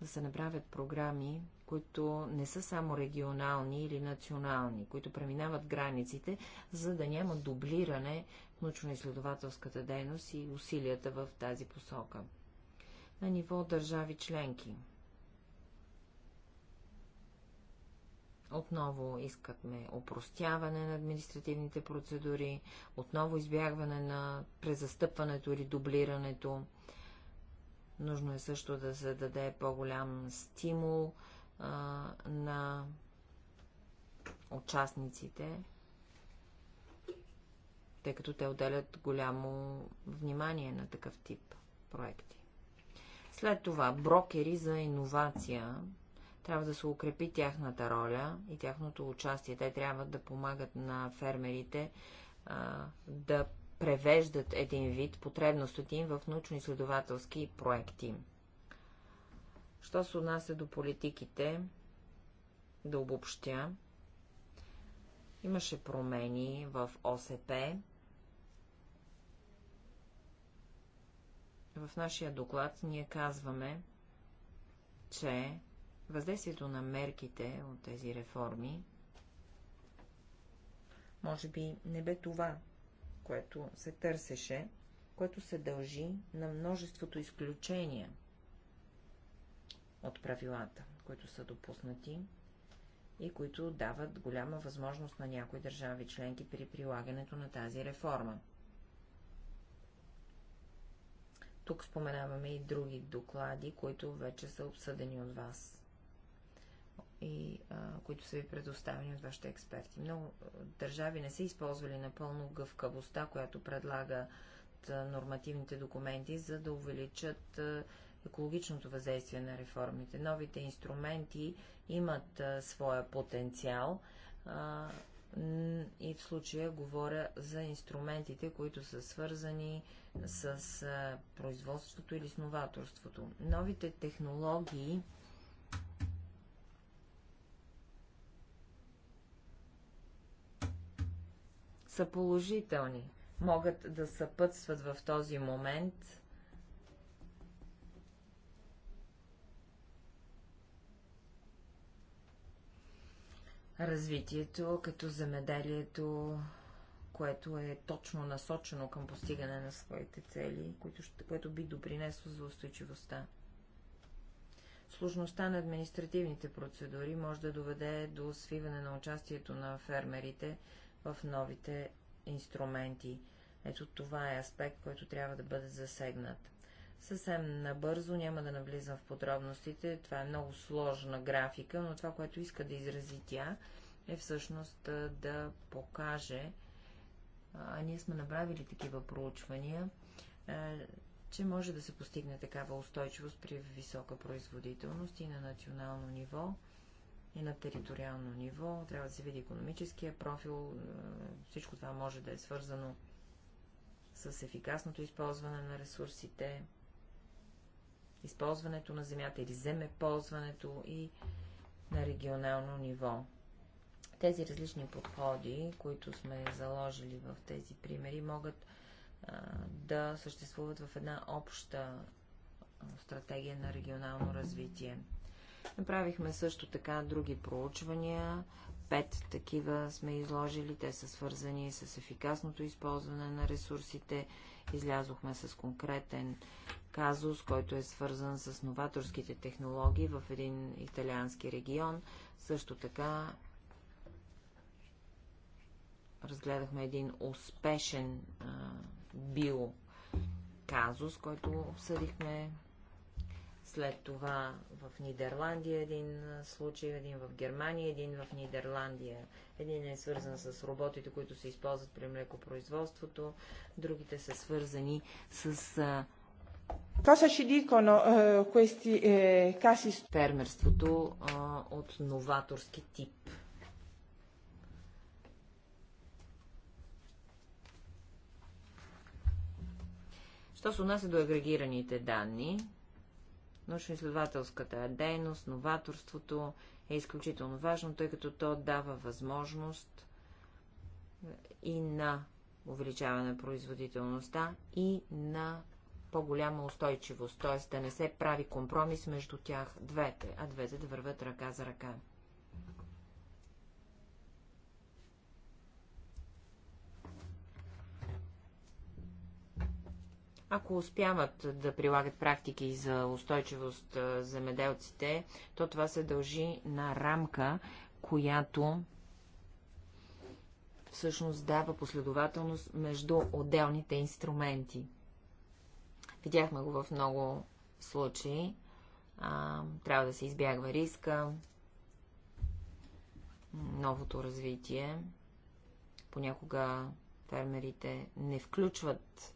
да се направят програми, които не са само регионални или национални, които преминават границите, за да няма дублиране в научно-изследователската дейност и усилията в тази посока. На ниво държави членки. Отново искахме опростяване на административните процедури, отново избягване на презастъпването или дублирането. Нужно е също да се даде по-голям стимул а, на участниците, тъй като те отделят голямо внимание на такъв тип проекти. След това, брокери за иновация. Трябва да се укрепи тяхната роля и тяхното участие. Те трябва да помагат на фермерите а, да превеждат един вид потребностите им в научно-изследователски проекти. Що се отнася до политиките, да обобщя, имаше промени в ОСП. В нашия доклад ние казваме, че въздействието на мерките от тези реформи може би не бе това, което се търсеше, което се дължи на множеството изключения – от правилата, които са допуснати и които дават голяма възможност на някои държави членки при прилагането на тази реформа. Тук споменаваме и други доклади, които вече са обсъдени от вас и а, които са ви предоставени от вашите експерти. Много държави не са използвали напълно гъвкавостта, която предлагат нормативните документи, за да увеличат а, екологичното въздействие на реформите. Новите инструменти имат а, своя потенциал а, и в случая говоря за инструментите, които са свързани с а, производството или с новаторството. Новите технологии са положителни, могат да съпътстват в този момент развитието, като замеделието, което е точно насочено към постигане на своите цели, което, ще, което би допринесло за устойчивостта. Сложността на административните процедури може да доведе до свиване на участието на фермерите в новите инструменти. Ето това е аспект, който трябва да бъде засегнат. Съвсем набързо, няма да навлизам в подробностите, това е много сложна графика, но това, което иска да изрази тя, е всъщност да покаже, а ние сме направили такива проучвания, че може да се постигне такава устойчивост при висока производителност и на национално ниво, и на териториално ниво. Трябва да се види економическия профил. Всичко това може да е свързано с ефикасното използване на ресурсите, използването на земята или земеползването и на регионално ниво. Тези различни подходи, които сме заложили в тези примери, могат а, да съществуват в една обща стратегия на регионално развитие. Направихме също така други проучвания. Пет такива сме изложили. Те са свързани с ефикасното използване на ресурсите Излязохме с конкретен казус, който е свързан с новаторските технологии в един италиански регион. Също така разгледахме един успешен а, био казус, който обсъдихме след това в Нидерландия един случай, един в Германия, един в Нидерландия. Един е свързан с роботите, които се използват при млекопроизводството, другите са свързани с Cosa ci dicono uh, questi uh, casi? Фермерството uh, от новаторски тип. Що се отнася до агрегираните данни, научно-изследователската дейност, новаторството е изключително важно, тъй като то дава възможност и на увеличаване на производителността и на по-голяма устойчивост, т.е. да не се прави компромис между тях двете, а двете да върват ръка за ръка. Ако успяват да прилагат практики за устойчивост земеделците, то това се дължи на рамка, която всъщност дава последователност между отделните инструменти. Видяхме го в много случаи. А, трябва да се избягва риска, новото развитие. Понякога фермерите не включват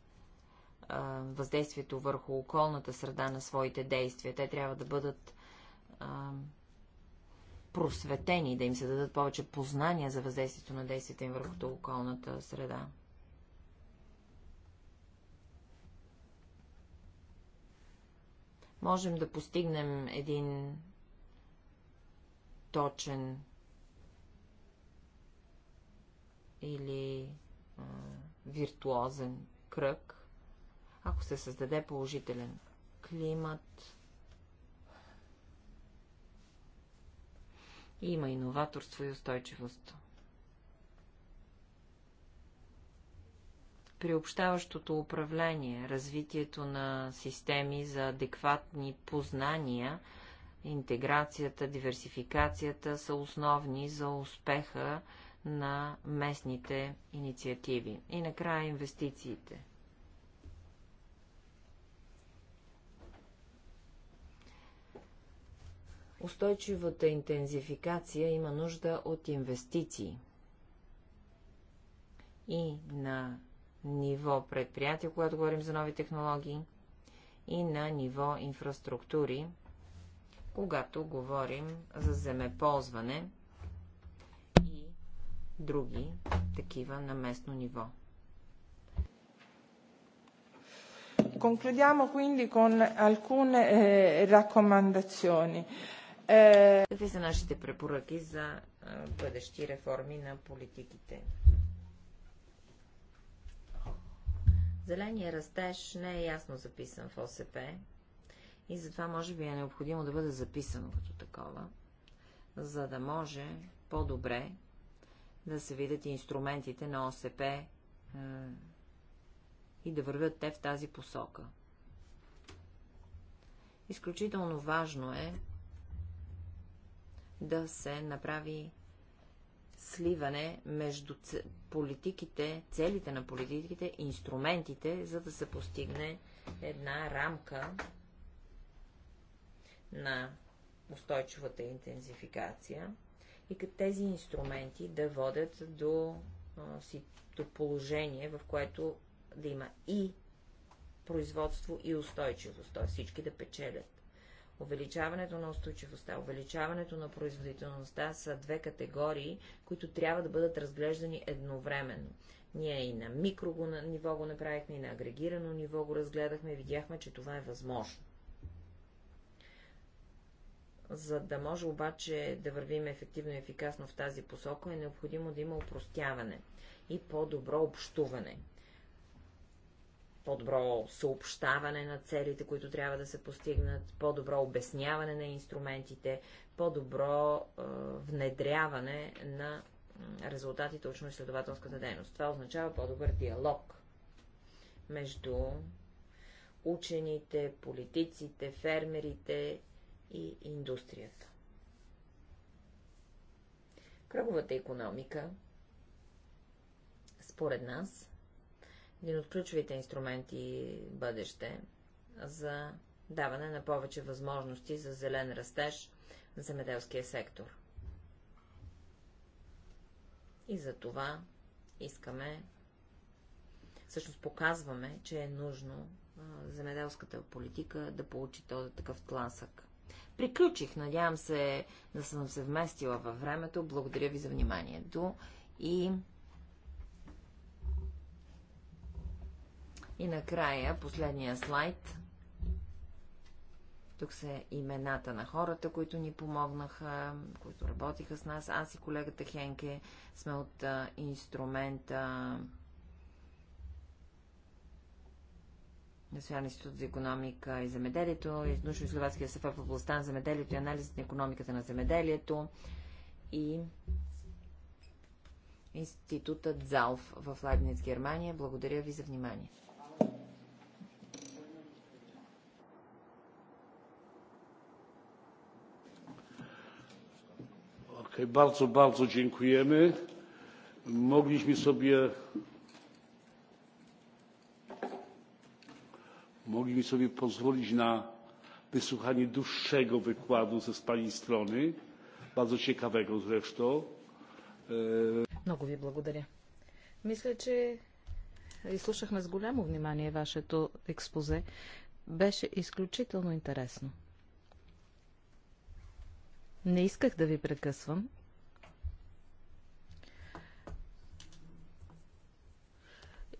а, въздействието върху околната среда на своите действия. Те трябва да бъдат а, просветени, да им се дадат повече познания за въздействието на действията им върху околната среда. Можем да постигнем един точен или а, виртуозен кръг, ако се създаде положителен климат. Има иноваторство и устойчивост. приобщаващото управление, развитието на системи за адекватни познания, интеграцията, диверсификацията са основни за успеха на местните инициативи. И накрая инвестициите. Устойчивата интензификация има нужда от инвестиции. И на ниво предприятие, когато говорим за нови технологии, и на ниво инфраструктури, когато говорим за земеползване и други такива на местно ниво. Concludiamo quindi con alcune eh, raccomandazioni. Eh, е, Какви са нашите препоръки за бъдещи реформи на политиките? Зеления растеж не е ясно записан в ОСП и затова може би е необходимо да бъде записано като такова, за да може по-добре да се видят инструментите на ОСП е, и да вървят те в тази посока. Изключително важно е да се направи сливане между политиките, целите на политиките, инструментите, за да се постигне една рамка на устойчивата интензификация и като тези инструменти да водят до, до положение, в което да има и производство и устойчивост, т.е. всички да печелят. Увеличаването на устойчивостта, увеличаването на производителността са две категории, които трябва да бъдат разглеждани едновременно. Ние и на микро го, на ниво го направихме, и на агрегирано ниво го разгледахме и видяхме, че това е възможно. За да може обаче да вървим ефективно и ефикасно в тази посока, е необходимо да има упростяване и по-добро общуване по-добро съобщаване на целите, които трябва да се постигнат, по-добро обясняване на инструментите, по-добро е, внедряване на резултатите от изследователската дейност. Това означава по-добър диалог между учените, политиците, фермерите и индустрията. Кръговата економика, според нас, един от ключовите инструменти бъдеще за даване на повече възможности за зелен растеж на земеделския сектор. И за това искаме, всъщност показваме, че е нужно земеделската политика да получи този такъв тласък. Приключих, надявам се да съм се вместила във времето. Благодаря ви за вниманието и И накрая, последния слайд. Тук са имената на хората, които ни помогнаха, които работиха с нас. Аз и колегата Хенке сме от инструмента Национален институт за економика и земеделието, Изнаучно-изследователския съвет в областта на земеделието и анализът на економиката на земеделието и институтът ЗАЛФ в Лайбниц, Германия. Благодаря ви за внимание. Bardzo, bardzo dziękujemy. Mogliśmy sobie mogliśmy sobie pozwolić na wysłuchanie dłuższego wykładu ze pani strony, bardzo ciekawego zresztą. Много ви благодаря. Мисля, че изслушахме z голямо внимание to ekspozy. Беше изключително интересно. Не исках да ви прекъсвам.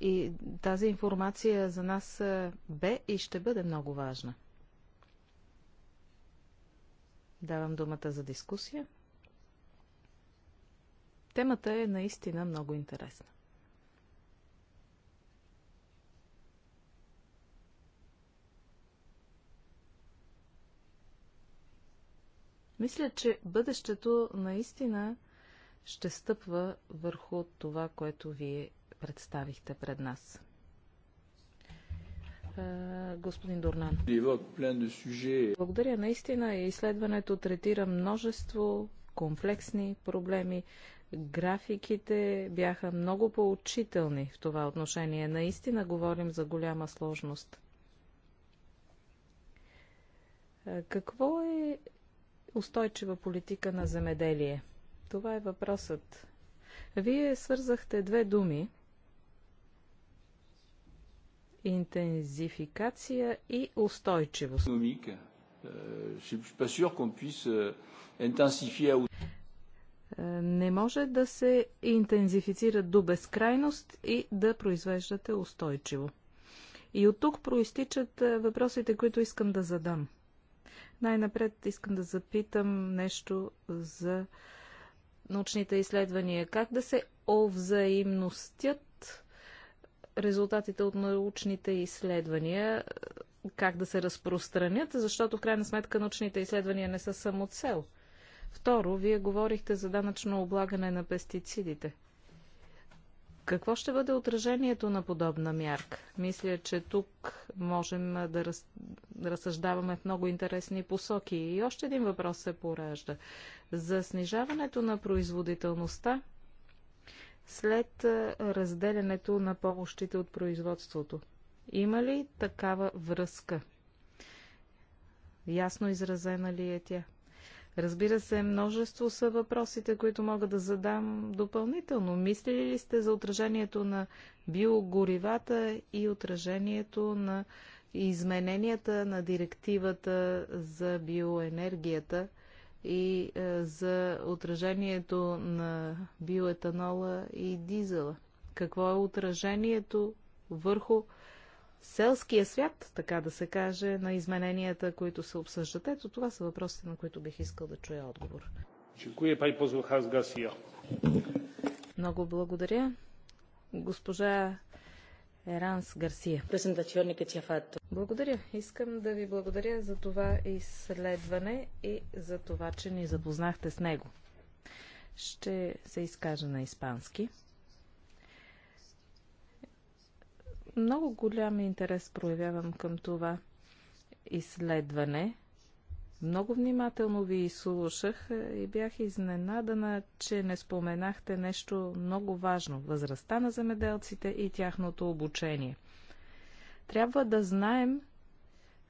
И тази информация за нас е, бе и ще бъде много важна. Давам думата за дискусия. Темата е наистина много интересна. Мисля, че бъдещето наистина ще стъпва върху това, което вие представихте пред нас. Господин Дорнан. Благодаря. Наистина изследването третира множество комплексни проблеми. Графиките бяха много поучителни в това отношение. Наистина говорим за голяма сложност. Какво е устойчива политика на земеделие. Това е въпросът. Вие свързахте две думи интензификация и устойчивост. Е, е, е, не може да се интензифицира до безкрайност и да произвеждате устойчиво. И от тук проистичат въпросите, които искам да задам. Най-напред искам да запитам нещо за научните изследвания. Как да се овзаимностят резултатите от научните изследвания, как да се разпространят, защото в крайна сметка научните изследвания не са само цел. Второ, вие говорихте за данъчно облагане на пестицидите. Какво ще бъде отражението на подобна мярка? Мисля, че тук можем да раз... разсъждаваме в много интересни посоки. И още един въпрос се поражда. За снижаването на производителността след разделянето на помощите от производството. Има ли такава връзка? Ясно изразена ли е тя? Разбира се, множество са въпросите, които мога да задам допълнително. Мислили ли сте за отражението на биогоривата и отражението на измененията на директивата за биоенергията и е, за отражението на биоетанола и дизела? Какво е отражението върху селския свят, така да се каже, на измененията, които се обсъждат. Ето това са въпросите, на които бих искал да чуя отговор. Много благодаря. Госпожа Еранс Гарсия. Благодаря. Искам да ви благодаря за това изследване и за това, че ни запознахте с него. Ще се изкажа на испански. Много голям интерес проявявам към това изследване. Много внимателно ви слушах и бях изненадана, че не споменахте нещо много важно – възрастта на земеделците и тяхното обучение. Трябва да знаем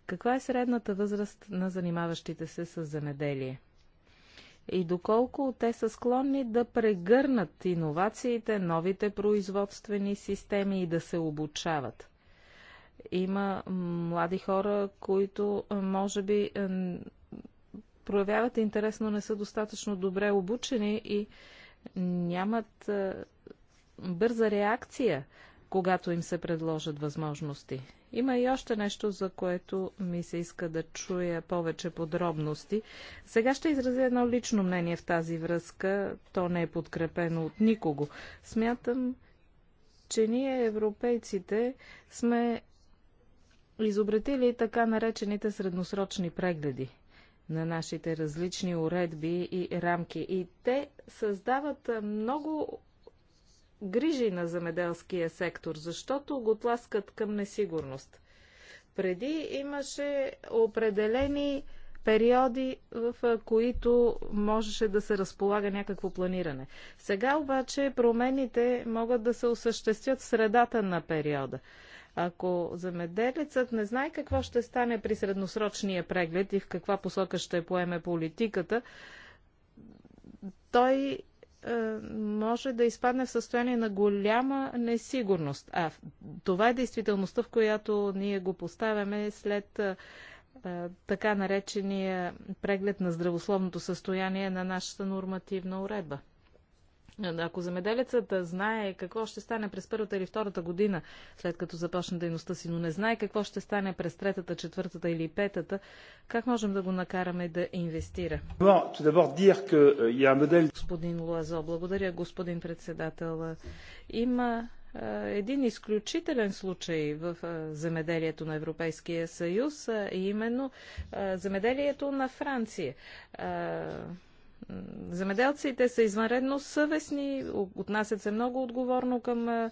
каква е средната възраст на занимаващите се с земеделие – и доколко те са склонни да прегърнат иновациите, новите производствени системи и да се обучават. Има млади хора, които може би проявяват интерес, но не са достатъчно добре обучени и нямат бърза реакция когато им се предложат възможности. Има и още нещо, за което ми се иска да чуя повече подробности. Сега ще изразя едно лично мнение в тази връзка. То не е подкрепено от никого. Смятам, че ние, европейците, сме изобретили така наречените средносрочни прегледи на нашите различни уредби и рамки. И те създават много грижи на замеделския сектор, защото го тласкат към несигурност. Преди имаше определени периоди, в които можеше да се разполага някакво планиране. Сега обаче промените могат да се осъществят в средата на периода. Ако замеделецът не знае какво ще стане при средносрочния преглед и в каква посока ще поеме политиката, той е, може да изпадне в състояние на голяма несигурност. А това е действителността, в която ние го поставяме след е, е, така наречения преглед на здравословното състояние на нашата нормативна уредба. Ако земеделецът знае какво ще стане през първата или втората година, след като започне дейността си, но не знае какво ще стане през третата, четвъртата или петата, как можем да го накараме да инвестира? Euh, господин Луазо, благодаря, господин председател. Има един изключителен случай в земеделието на Европейския съюз, именно земеделието на Франция земеделците са извънредно съвестни, отнасят се много отговорно към е,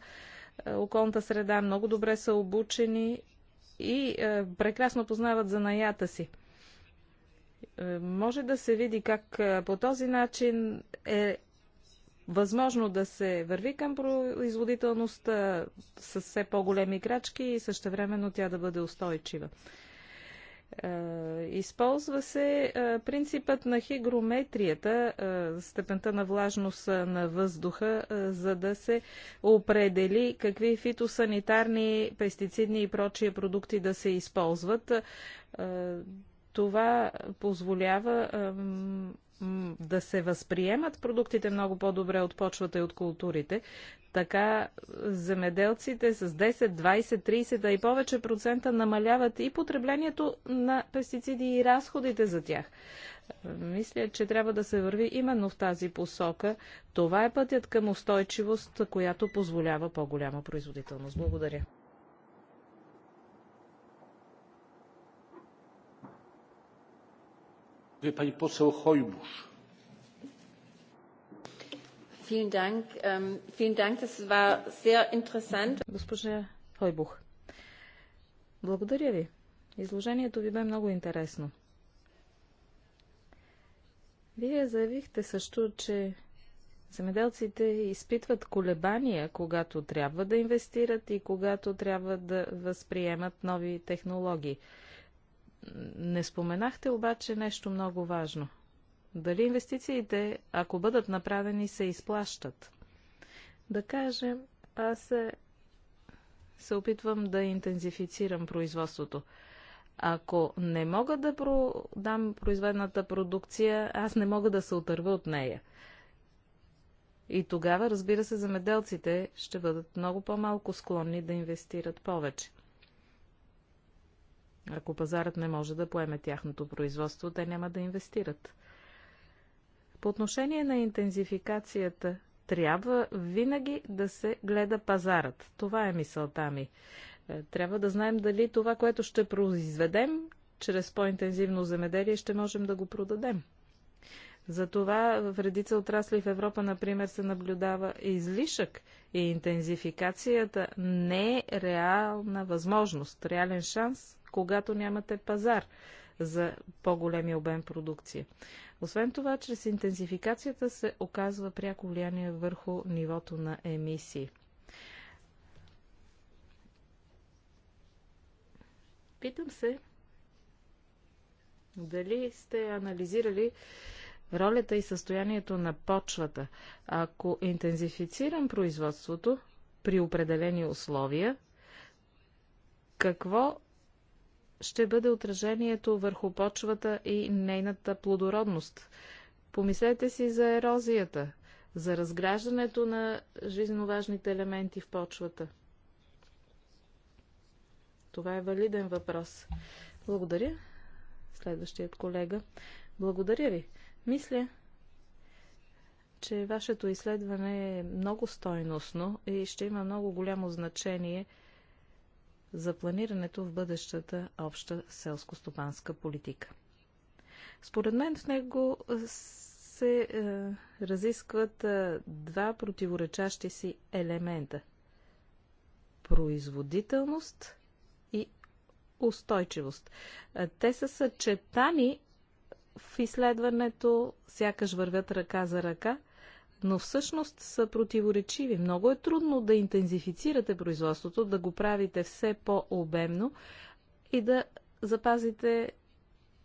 е, околната среда, много добре са обучени и е, прекрасно познават занаята си. Може да се види как по този начин е възможно да се върви към производителността с все по-големи крачки и същевременно тя да бъде устойчива. Е, използва се е, принципът на хигрометрията, е, степента на влажност на въздуха, за да се определи какви фитосанитарни, пестицидни и прочие продукти да се използват. Това позволява да се възприемат продуктите много по-добре от почвата и от културите, така земеделците с 10, 20, 30 да и повече процента намаляват и потреблението на пестициди и разходите за тях. Мисля, че трябва да се върви именно в тази посока. Това е пътят към устойчивост, която позволява по-голяма производителност. Благодаря. pani poseł Hojbusz. Ähm, Госпожа Хойбух, благодаря ви. Изложението ви бе много интересно. Вие заявихте също, че земеделците изпитват колебания, когато трябва да инвестират и когато трябва да възприемат нови технологии. Не споменахте обаче нещо много важно. Дали инвестициите, ако бъдат направени, се изплащат? Да кажем, аз се, се опитвам да интензифицирам производството. Ако не мога да продам произведната продукция, аз не мога да се отърва от нея. И тогава, разбира се, замеделците ще бъдат много по-малко склонни да инвестират повече. Ако пазарът не може да поеме тяхното производство, те няма да инвестират. По отношение на интензификацията, трябва винаги да се гледа пазарът. Това е мисълта ми. Е, трябва да знаем дали това, което ще произведем чрез по-интензивно земеделие, ще можем да го продадем. Затова в редица отрасли в Европа, например, се наблюдава излишък и интензификацията не е реална възможност, реален шанс когато нямате пазар за по-големи обем продукция. Освен това, чрез интензификацията се оказва пряко влияние върху нивото на емисии. Питам се дали сте анализирали ролята и състоянието на почвата. Ако интензифицирам производството при определени условия, какво ще бъде отражението върху почвата и нейната плодородност. Помислете си за ерозията, за разграждането на жизненоважните елементи в почвата. Това е валиден въпрос. Благодаря. Следващият колега. Благодаря ви. Мисля, че вашето изследване е много стойностно и ще има много голямо значение – за планирането в бъдещата обща селско-стопанска политика. Според мен в него се е, разискват е, два противоречащи си елемента производителност и устойчивост. Е, те са съчетани в изследването, сякаш вървят ръка за ръка – но всъщност са противоречиви. Много е трудно да интензифицирате производството, да го правите все по-обемно и да запазите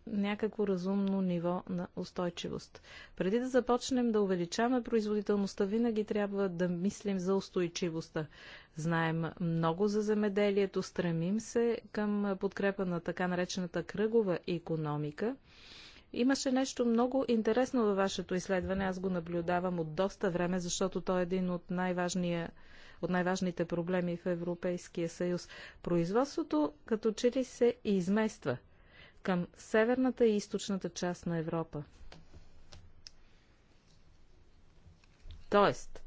някакво разумно ниво на устойчивост. Преди да започнем да увеличаваме производителността, винаги трябва да мислим за устойчивостта. Знаем много за земеделието, стремим се към подкрепа на така наречената кръгова економика. Имаше нещо много интересно във вашето изследване. Аз го наблюдавам от доста време, защото той е един от най-важния от най-важните проблеми в Европейския съюз. Производството като че ли се измества към северната и източната част на Европа. Тоест,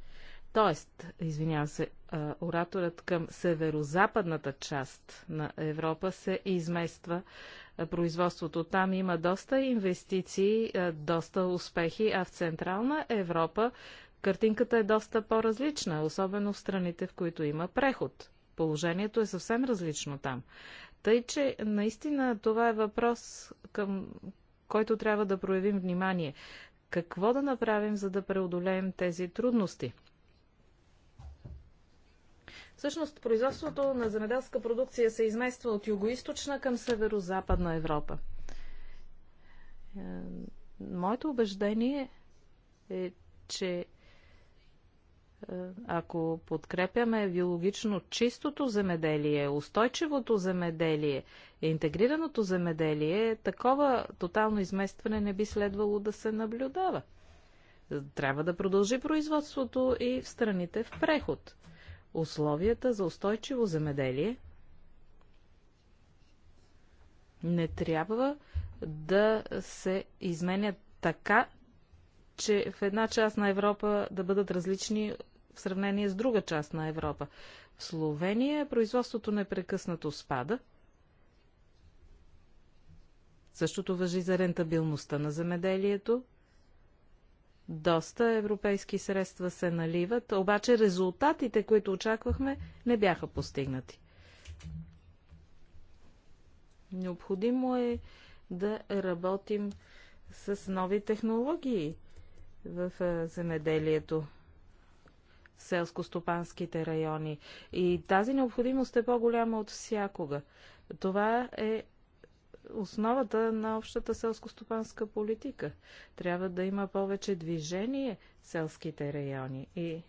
Тоест, извинявам се, ораторът към северо-западната част на Европа се измества производството. Там има доста инвестиции, е, доста успехи, а в Централна Европа картинката е доста по-различна, особено в страните, в които има преход. Положението е съвсем различно там. Тъй, че наистина това е въпрос, към който трябва да проявим внимание. Какво да направим, за да преодолеем тези трудности? Всъщност, производството на земеделска продукция се измества от югоисточна към северо-западна Европа. Е, моето убеждение е, че е, ако подкрепяме биологично чистото земеделие, устойчивото земеделие, интегрираното земеделие, такова тотално изместване не би следвало да се наблюдава. Трябва да продължи производството и в страните в преход – условията за устойчиво земеделие не трябва да се изменят така, че в една част на Европа да бъдат различни в сравнение с друга част на Европа. В Словения производството непрекъснато спада. Същото въжи за рентабилността на земеделието, доста европейски средства се наливат, обаче резултатите, които очаквахме, не бяха постигнати. Необходимо е да работим с нови технологии в земеделието в селско-стопанските райони. И тази необходимост е по-голяма от всякога. Това е основата на общата селско-стопанска политика. Трябва да има повече движение в селските райони и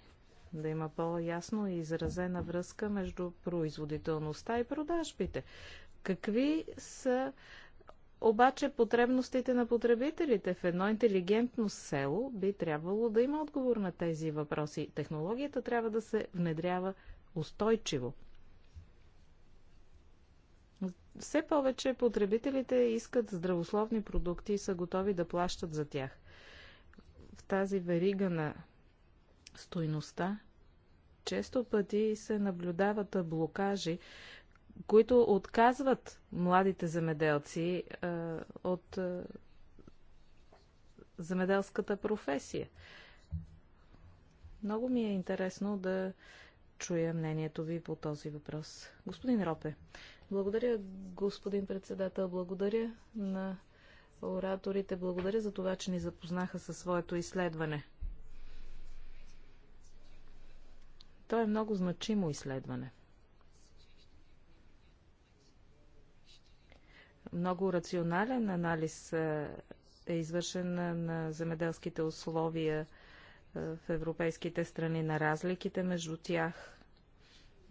да има по-ясно и изразена връзка между производителността и продажбите. Какви са обаче потребностите на потребителите в едно интелигентно село би трябвало да има отговор на тези въпроси. Технологията трябва да се внедрява устойчиво. Все повече потребителите искат здравословни продукти и са готови да плащат за тях. В тази верига на стойността често пъти се наблюдават блокажи, които отказват младите земеделци а, от а, земеделската професия. Много ми е интересно да чуя мнението ви по този въпрос. Господин Ропе, благодаря, господин председател. Благодаря на ораторите. Благодаря за това, че ни запознаха със своето изследване. То е много значимо изследване. Много рационален анализ е, е извършен на земеделските условия е, в европейските страни, на разликите между тях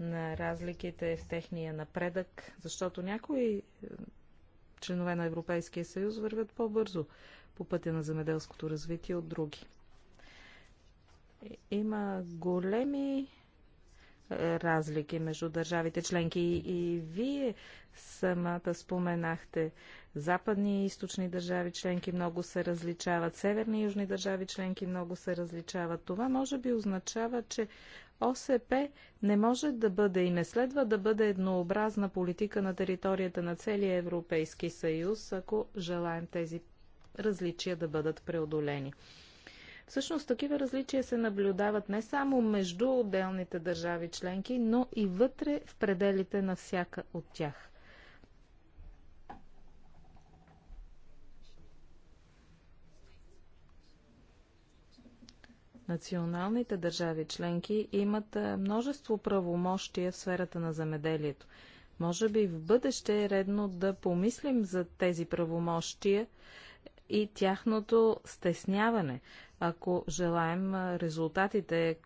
на разликите в техния напредък, защото някои е, членове на Европейския съюз вървят по-бързо по пътя на земеделското развитие от други. Има големи е, разлики между държавите членки. И вие самата споменахте. Западни и източни държави членки много се различават. Северни и южни държави членки много се различават. Това може би означава, че ОСП не може да бъде и не следва да бъде еднообразна политика на територията на целия Европейски съюз, ако желаем тези различия да бъдат преодолени. Всъщност такива различия се наблюдават не само между отделните държави членки, но и вътре в пределите на всяка от тях. Националните държави членки имат е, множество правомощия в сферата на земеделието. Може би в бъдеще е редно да помислим за тези правомощия и тяхното стесняване, ако желаем е, резултатите,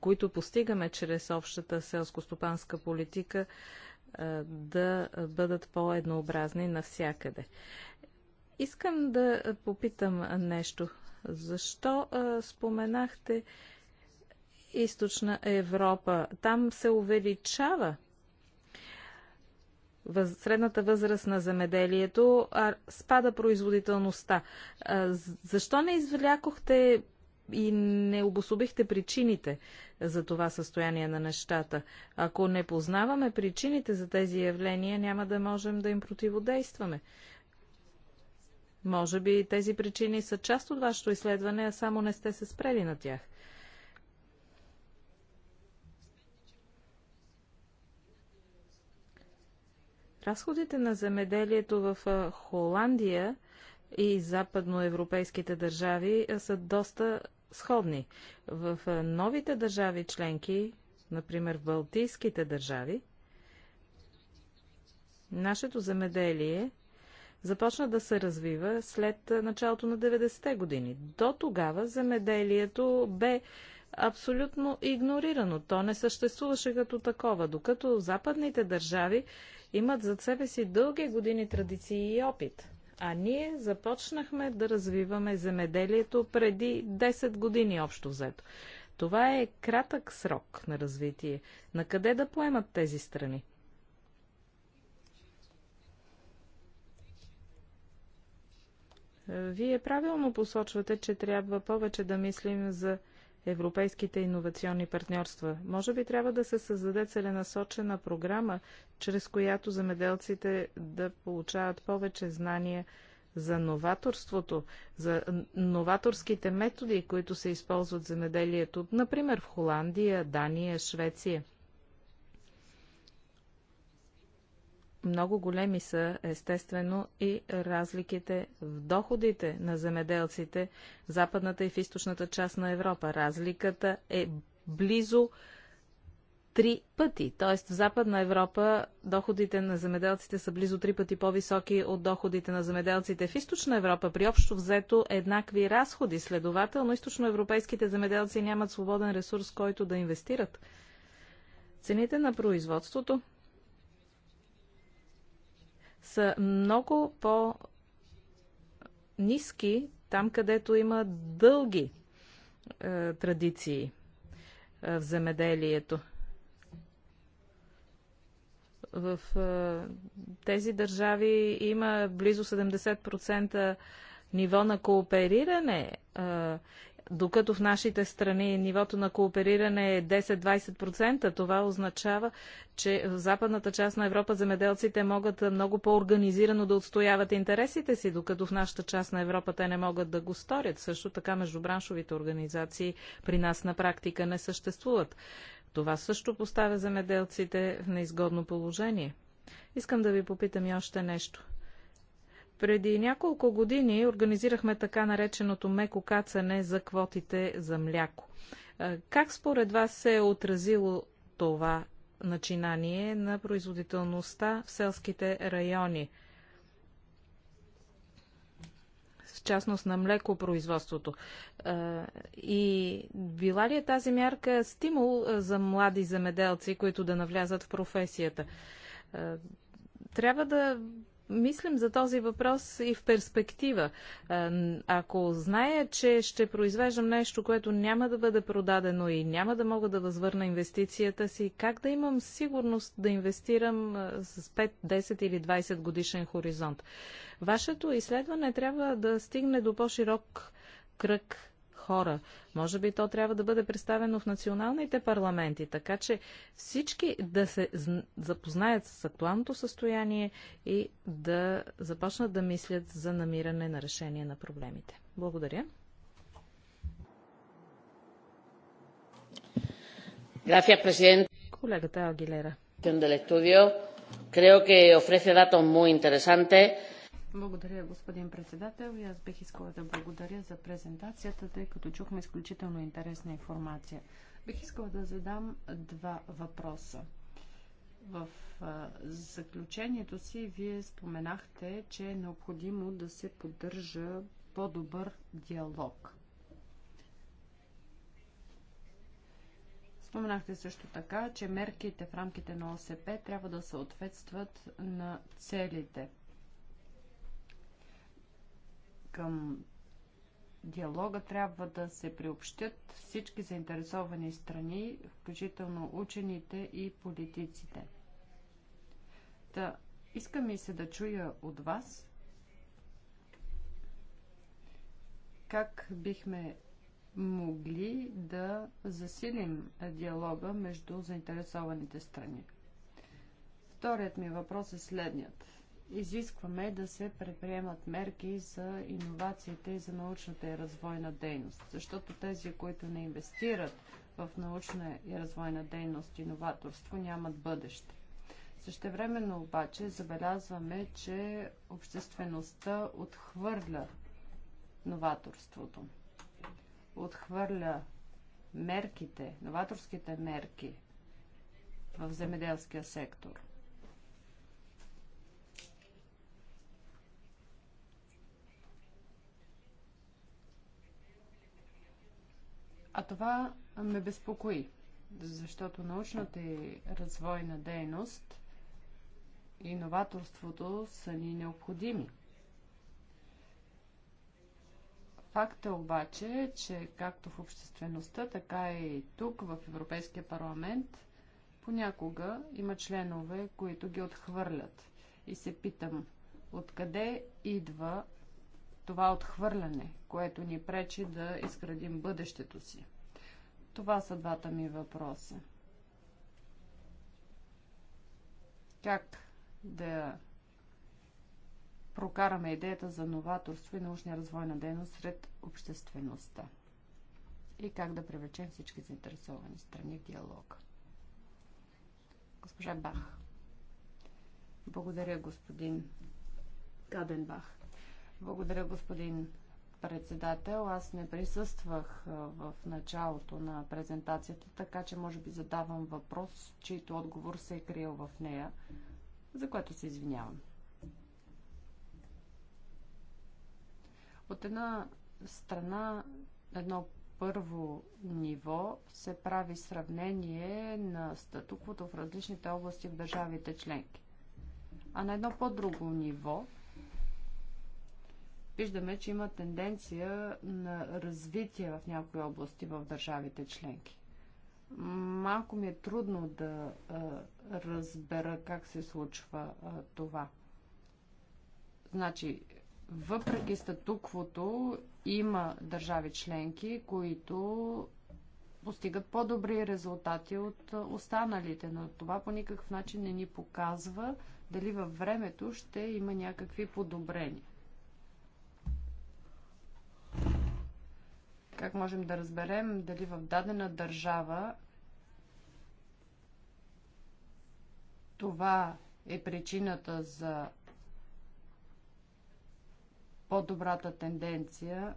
които постигаме чрез общата селско-стопанска политика, е, да бъдат по-еднообразни навсякъде. Искам да попитам нещо. Защо а, споменахте източна Европа? Там се увеличава въз, средната възраст на земеделието, а спада производителността. А, защо не извлякохте и не обособихте причините за това състояние на нещата. Ако не познаваме причините за тези явления, няма да можем да им противодействаме. Може би тези причини са част от вашето изследване, а само не сте се спрели на тях. Разходите на земеделието в Холандия и западноевропейските държави са доста сходни. В новите държави членки, например в Балтийските държави, нашето земеделие започна да се развива след началото на 90-те години. До тогава земеделието бе абсолютно игнорирано. То не съществуваше като такова, докато западните държави имат зад себе си дълги години традиции и опит. А ние започнахме да развиваме земеделието преди 10 години общо взето. Това е кратък срок на развитие. На къде да поемат тези страни? Вие правилно посочвате, че трябва повече да мислим за европейските иновационни партньорства. Може би трябва да се създаде целенасочена програма, чрез която замеделците да получават повече знания за новаторството, за новаторските методи, които се използват в земеделието, например в Холандия, Дания, Швеция. Много големи са, естествено, и разликите в доходите на земеделците в западната и в източната част на Европа. Разликата е близо три пъти. Тоест в Западна Европа доходите на земеделците са близо три пъти по-високи от доходите на земеделците в Източна Европа. При общо взето еднакви разходи. Следователно, източноевропейските земеделци нямат свободен ресурс, който да инвестират. Цените на производството са много по-низки там, където има дълги е, традиции е, в земеделието. В е, тези държави има близо 70% ниво на коопериране е, докато в нашите страни нивото на коопериране е 10-20%, това означава, че в западната част на Европа земеделците могат много по-организирано да отстояват интересите си, докато в нашата част на Европа те не могат да го сторят. Също така междубраншовите организации при нас на практика не съществуват. Това също поставя земеделците в неизгодно положение. Искам да ви попитам и още нещо. Преди няколко години организирахме така нареченото меко кацане за квотите за мляко. Как според вас се е отразило това начинание на производителността в селските райони? В частност на млекопроизводството. И била ли е тази мярка стимул за млади земеделци, които да навлязат в професията? Трябва да мислим за този въпрос и в перспектива. Е, ако зная, че ще произвеждам нещо, което няма да бъде продадено и няма да мога да възвърна инвестицията си, как да имам сигурност да инвестирам е, с 5, 10 или 20 годишен хоризонт? Вашето изследване трябва да стигне до по-широк кръг хора. Може би то трябва да бъде представено в националните парламенти, така че всички да се запознаят с актуалното състояние и да започнат да мислят за намиране на решение на проблемите. Благодаря. Gracias, presidente. Colega Агилера. Del estudio creo que ofrece datos muy interesantes благодаря, господин председател. И аз бих искала да благодаря за презентацията, тъй като чухме изключително интересна информация. Бих искала да задам два въпроса. В заключението си вие споменахте, че е необходимо да се поддържа по-добър диалог. Споменахте също така, че мерките в рамките на ОСП трябва да съответстват на целите – към диалога трябва да се приобщят всички заинтересовани страни, включително учените и политиците. Та, искам и се да чуя от вас как бихме могли да засилим диалога между заинтересованите страни. Вторият ми въпрос е следният изискваме да се предприемат мерки за иновациите и за научната и развойна дейност, защото тези, които не инвестират в научна и развойна дейност иноваторство, нямат бъдеще. Същевременно обаче забелязваме, че обществеността отхвърля новаторството. Отхвърля мерките, новаторските мерки в земеделския сектор – А това ме безпокои, защото научната и развойна дейност и новаторството са ни необходими. Факт е обаче, че както в обществеността, така и тук в Европейския парламент понякога има членове, които ги отхвърлят. И се питам, откъде идва това отхвърляне, което ни пречи да изградим бъдещето си? Това са двата ми въпроса. Как да прокараме идеята за новаторство и научния развой на дейност сред обществеността? И как да привлечем всички заинтересовани страни в диалога? Госпожа Бах. Благодаря, господин Каденбах. Благодаря, господин председател. Аз не присъствах в началото на презентацията, така че може би задавам въпрос, чийто отговор се е криел в нея, за което се извинявам. От една страна, едно първо ниво се прави сравнение на статуквото в различните области в държавите членки. А на едно по-друго ниво – виждаме, че има тенденция на развитие в някои области в държавите членки. Малко ми е трудно да а, разбера как се случва а, това. Значи, въпреки статуквото, има държави членки, които постигат по-добри резултати от останалите, но това по никакъв начин не ни показва дали във времето ще има някакви подобрения. Как можем да разберем дали в дадена държава това е причината за по-добрата тенденция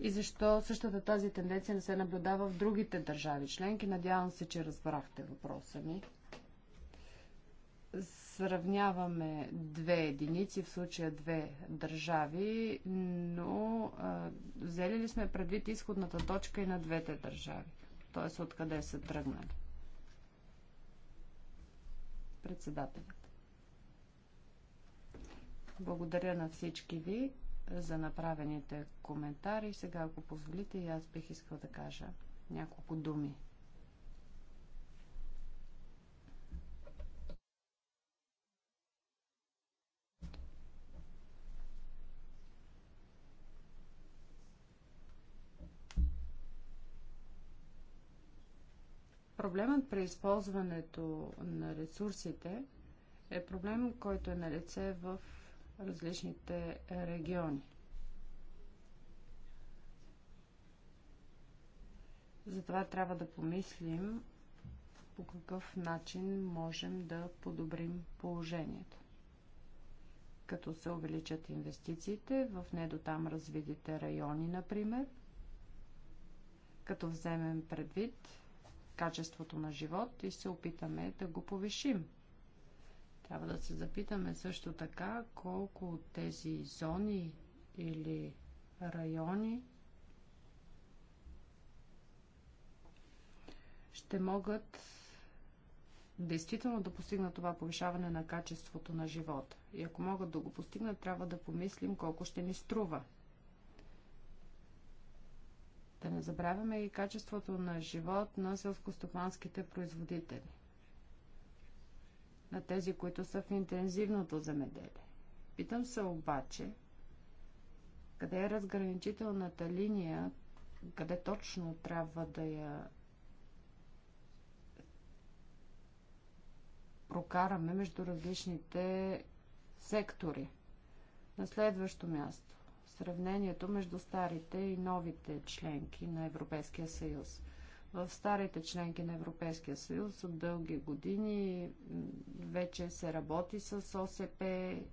и защо същата тази тенденция не се наблюдава в другите държави членки. Надявам се, че разбрахте въпроса ми сравняваме две единици, в случая две държави, но а, взели ли сме предвид изходната точка и на двете държави? Т.е. откъде са тръгнали? Председателят. Благодаря на всички ви за направените коментари. Сега, ако позволите, и аз бих искал да кажа няколко думи. Проблемът при използването на ресурсите е проблем, който е на лице в различните региони. Затова трябва да помислим по какъв начин можем да подобрим положението. Като се увеличат инвестициите в недотам развитите райони, например, като вземем предвид качеството на живот и се опитаме да го повишим. Трябва да се запитаме също така колко от тези зони или райони ще могат действително да постигнат това повишаване на качеството на живот. И ако могат да го постигнат, трябва да помислим колко ще ни струва – да не забравяме и качеството на живот на селскостопанските производители, на тези, които са в интензивното земеделие. Питам се обаче, къде е разграничителната линия, къде точно трябва да я прокараме между различните сектори. На следващо място сравнението между старите и новите членки на Европейския съюз. В старите членки на Европейския съюз от дълги години вече се работи с ОСП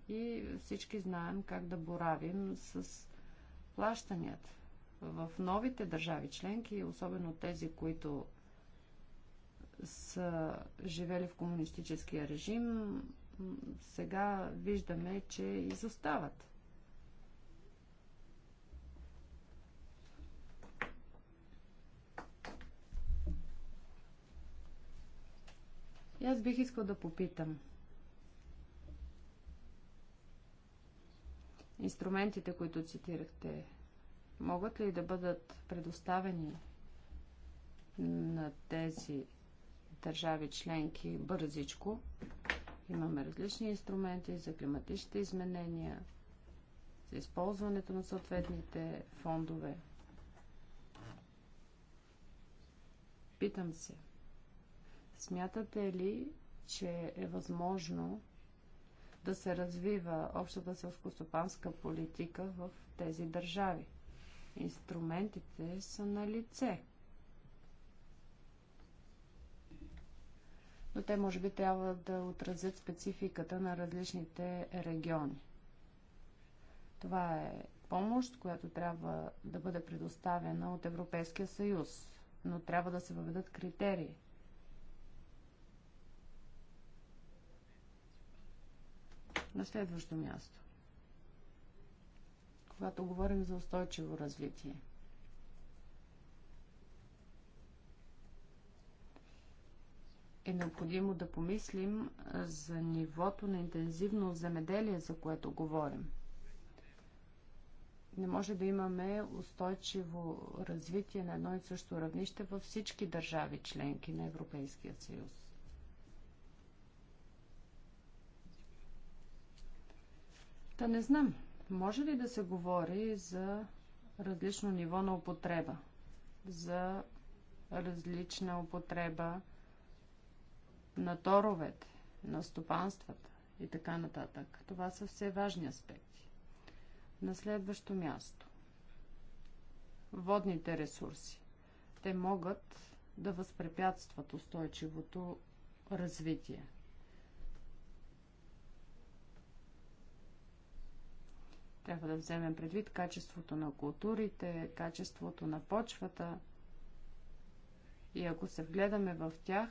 и всички знаем как да боравим с плащанията. В новите държави членки, особено тези, които са живели в комунистическия режим, сега виждаме, че изостават. И аз бих искал да попитам. Инструментите, които цитирахте, могат ли да бъдат предоставени на тези държави членки бързичко? Имаме различни инструменти за климатичните изменения, за използването на съответните фондове. Питам се, Смятате ли, че е възможно да се развива общата селскостопанска политика в тези държави? Инструментите са на лице. Но те може би трябва да отразят спецификата на различните региони. Това е помощ, която трябва да бъде предоставена от Европейския съюз, но трябва да се въведат критерии – На следващо място. Когато говорим за устойчиво развитие. е необходимо да помислим за нивото на интензивно земеделие, за което говорим. Не може да имаме устойчиво развитие на едно и също равнище във всички държави членки на Европейския съюз. Та не знам, може ли да се говори за различно ниво на употреба, за различна употреба на торовете, на стопанствата и така нататък. Това са все важни аспекти. На следващо място. Водните ресурси. Те могат да възпрепятстват устойчивото развитие. Трябва да вземем предвид качеството на културите, качеството на почвата. И ако се вгледаме в тях,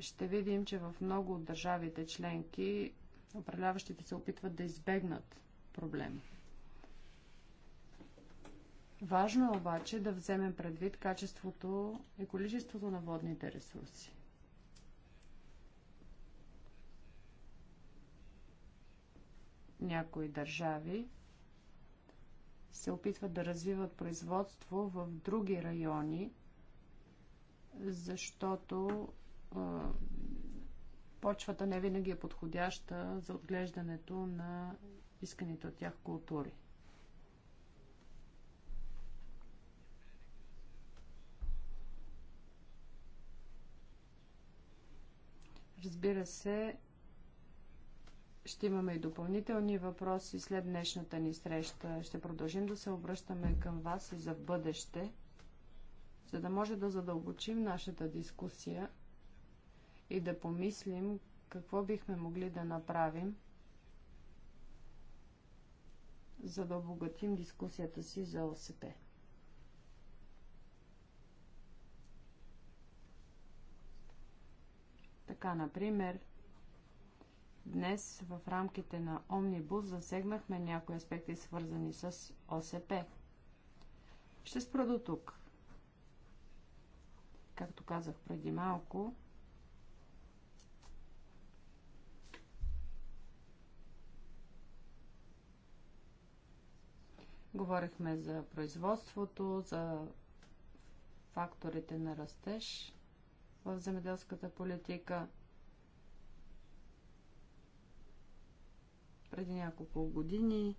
ще видим, че в много от държавите членки управляващите се опитват да избегнат проблем. Важно е обаче да вземем предвид качеството и количеството на водните ресурси. някои държави се опитват да развиват производство в други райони, защото а, почвата не винаги е подходяща за отглеждането на исканите от тях култури. Разбира се, ще имаме и допълнителни въпроси след днешната ни среща. Ще продължим да се обръщаме към вас и за в бъдеще, за да може да задълбочим нашата дискусия и да помислим какво бихме могли да направим, за да обогатим дискусията си за ОСП. Така, например, Днес в рамките на Омнибус засегнахме някои аспекти, свързани с ОСП. Ще спра до тук. Както казах преди малко, Говорихме за производството, за факторите на растеж в земеделската политика – преди няколко години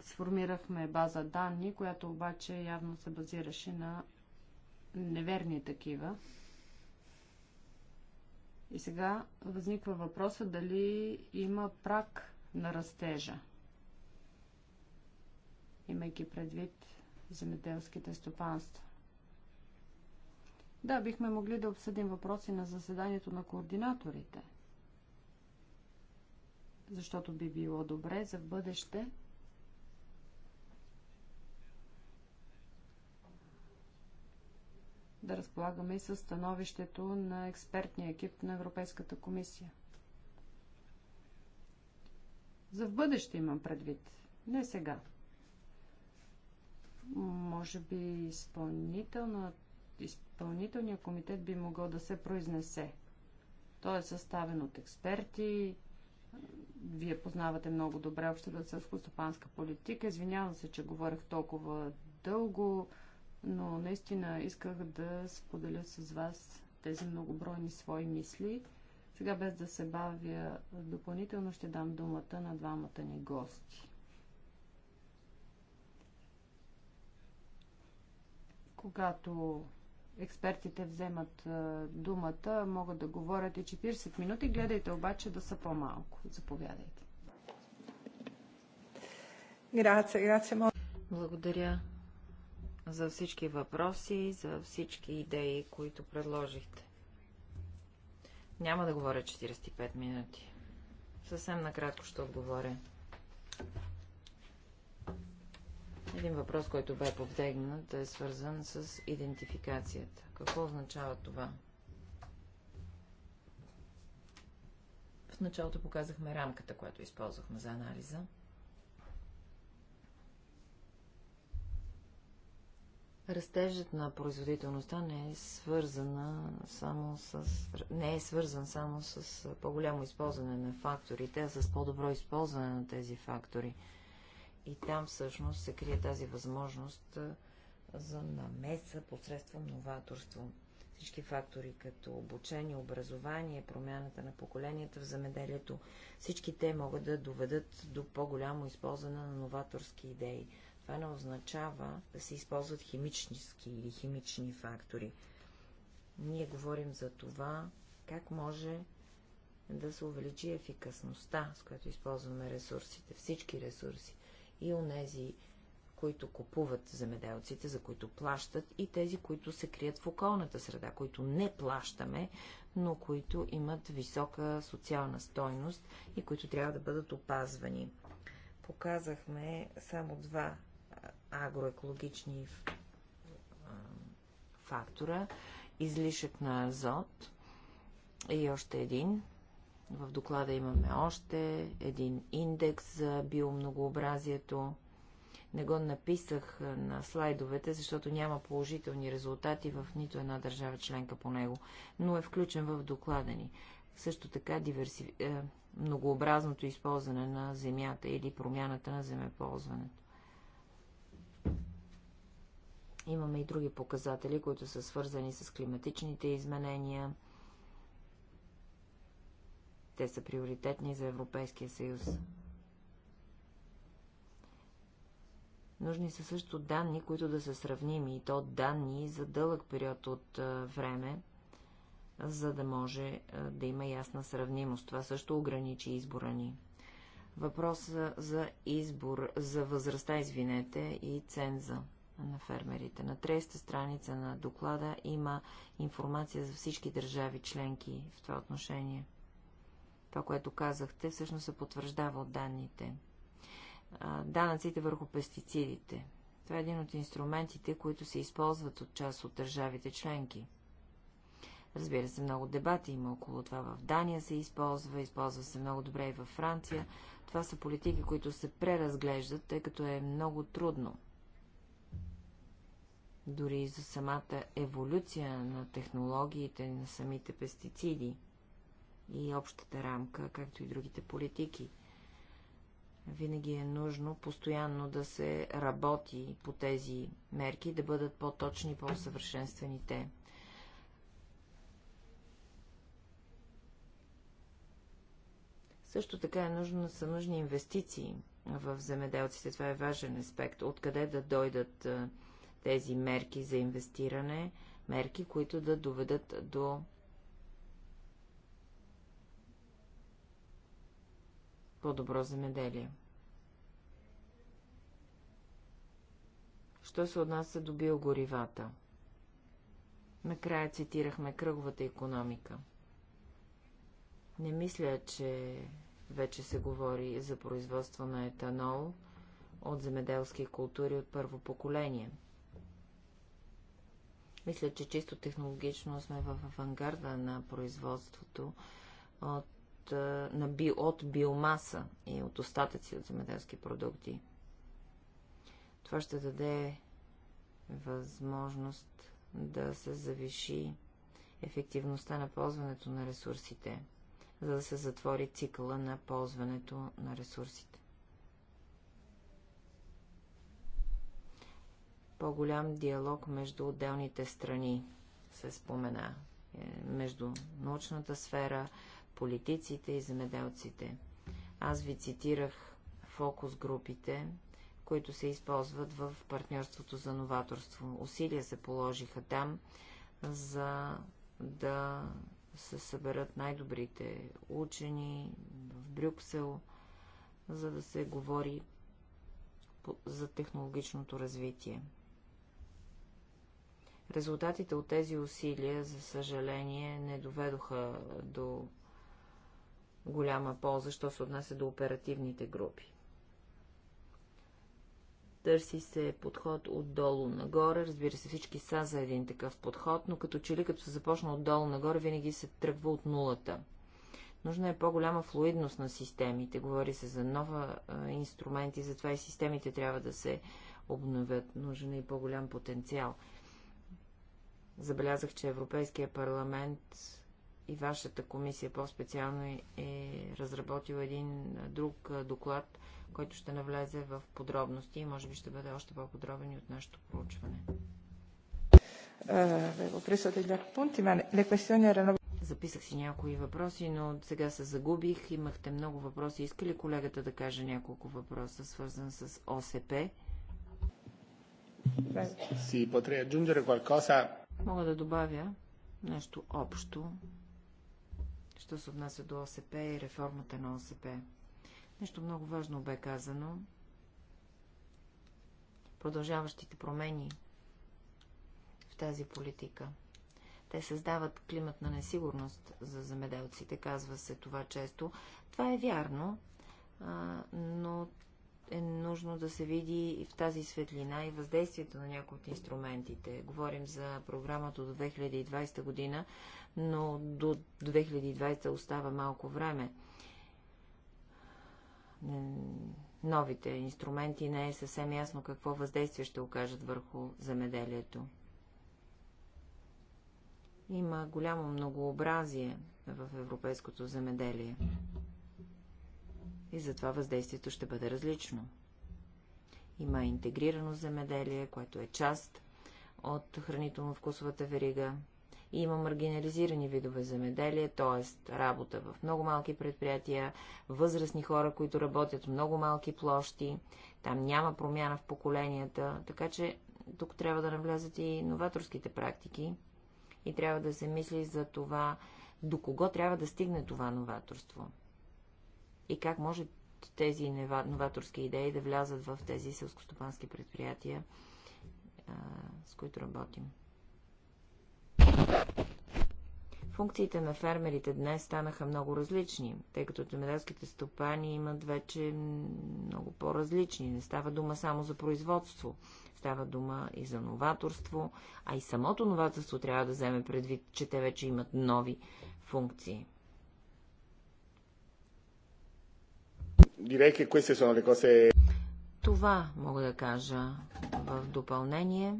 сформирахме база данни, която обаче явно се базираше на неверни такива. И сега възниква въпроса дали има прак на растежа, имайки предвид земеделските стопанства. Да, бихме могли да обсъдим въпроси на заседанието на координаторите – защото би било добре за в бъдеще да разполагаме и със становището на експертния екип на Европейската комисия. За в бъдеще имам предвид, не сега. Може би изпълнителният комитет би могъл да се произнесе. Той е съставен от експерти, вие познавате много добре общата селско-стопанска политика. Извинявам се, че говорех толкова дълго, но наистина исках да споделя с вас тези многобройни свои мисли. Сега, без да се бавя допълнително, ще дам думата на двамата ни гости. Когато експертите вземат е, думата, могат да говорят и 40 минути. Гледайте обаче да са по-малко. Заповядайте. Благодаря за всички въпроси, за всички идеи, които предложихте. Няма да говоря 45 минути. Съвсем накратко ще отговоря. Един въпрос, който бе повдегнат, е свързан с идентификацията. Какво означава това? В началото показахме рамката, която използвахме за анализа. Растежът на производителността не е свързана само с... не е свързан само с по-голямо използване на факторите, а с по-добро използване на тези фактори – и там всъщност се крие тази възможност за намеса посредством новаторство. Всички фактори, като обучение, образование, промяната на поколенията в замеделието, всички те могат да доведат до по-голямо използване на новаторски идеи. Това не означава да се използват химически или химични фактори. Ние говорим за това, как може да се увеличи ефикасността, с която използваме ресурсите, всички ресурси и онези, които купуват земеделците, за които плащат, и тези, които се крият в околната среда, които не плащаме, но които имат висока социална стойност и които трябва да бъдат опазвани. Показахме само два агроекологични фактора излишък на азот и още един в доклада имаме още един индекс за биомногообразието. Не го написах на слайдовете, защото няма положителни резултати в нито една държава членка по него, но е включен в доклада ни. Също така диверси... е, многообразното използване на земята или промяната на земеползването. Имаме и други показатели, които са свързани с климатичните изменения – те са приоритетни за Европейския съюз. Нужни са също данни, които да са сравними, и то данни за дълъг период от време, за да може да има ясна сравнимост. Това също ограничи избора ни. Въпроса за избор, за възрастта, извинете, и ценза на фермерите. На 30 страница на доклада има информация за всички държави членки в това отношение. Това, което казахте, всъщност се потвърждава от данните. Данъците върху пестицидите. Това е един от инструментите, които се използват от част от държавите членки. Разбира се, много дебати има около това. В Дания се използва, използва се много добре и във Франция. Това са политики, които се преразглеждат, тъй като е много трудно. Дори и за самата еволюция на технологиите, на самите пестициди – и общата рамка, както и другите политики. Винаги е нужно постоянно да се работи по тези мерки, да бъдат по-точни и по-съвършенствени те. Също така е нужно, са нужни инвестиции в земеделците. Това е важен аспект. Откъде да дойдат тези мерки за инвестиране, мерки, които да доведат до по-добро земеделие. Що се отнася до биогоривата? Накрая цитирахме кръговата економика. Не мисля, че вече се говори за производство на етанол от земеделски култури от първо поколение. Мисля, че чисто технологично сме в авангарда на производството от от, на би, от биомаса и от остатъци от земеделски продукти. Това ще даде възможност да се завиши ефективността на ползването на ресурсите, за да се затвори цикъла на ползването на ресурсите. По-голям диалог между отделните страни се спомена е, между научната сфера, политиците и земеделците. Аз ви цитирах фокус групите, които се използват в партньорството за новаторство. Усилия се положиха там, за да се съберат най-добрите учени в Брюксел, за да се говори за технологичното развитие. Резултатите от тези усилия, за съжаление, не доведоха до голяма полза, що се отнася до оперативните групи. Търси се подход отдолу нагоре. Разбира се, всички са за един такъв подход, но като че ли като се започна отдолу нагоре, винаги се тръгва от нулата. Нужна е по-голяма флуидност на системите. Говори се за нова а, инструменти, затова и системите трябва да се обновят. Нужен е и по-голям потенциал. Забелязах, че Европейския парламент и вашата комисия по-специално е, е разработила един друг доклад, който ще навлезе в подробности и може би ще бъде още по-подробен и от нашето проучване. Е, Записах си някои въпроси, но сега се загубих. Имахте много въпроси. Иска ли колегата да каже няколко въпроса, свързан с ОСП? Си, Мога да добавя нещо общо що се отнася до ОСП и реформата на ОСП. Нещо много важно бе казано. Продължаващите промени в тази политика. Те създават климат на несигурност за земеделците, казва се това често. Това е вярно, но е нужно да се види и в тази светлина и въздействието на някои от инструментите. Говорим за програмата до 2020 година, но до 2020 остава малко време. Новите инструменти не е съвсем ясно какво въздействие ще окажат върху земеделието. Има голямо многообразие в европейското земеделие и затова въздействието ще бъде различно. Има интегрирано земеделие, което е част от хранително-вкусовата верига. И има маргинализирани видове земеделие, т.е. работа в много малки предприятия, възрастни хора, които работят в много малки площи, там няма промяна в поколенията, така че тук трябва да навлязат и новаторските практики и трябва да се мисли за това, до кого трябва да стигне това новаторство и как може тези новаторски идеи да влязат в тези селскостопански предприятия, с които работим. Функциите на фермерите днес станаха много различни, тъй като земеделските стопани имат вече много по-различни. Не става дума само за производство, става дума и за новаторство, а и самото новаторство трябва да вземе предвид, че те вече имат нови функции. Това мога да кажа в допълнение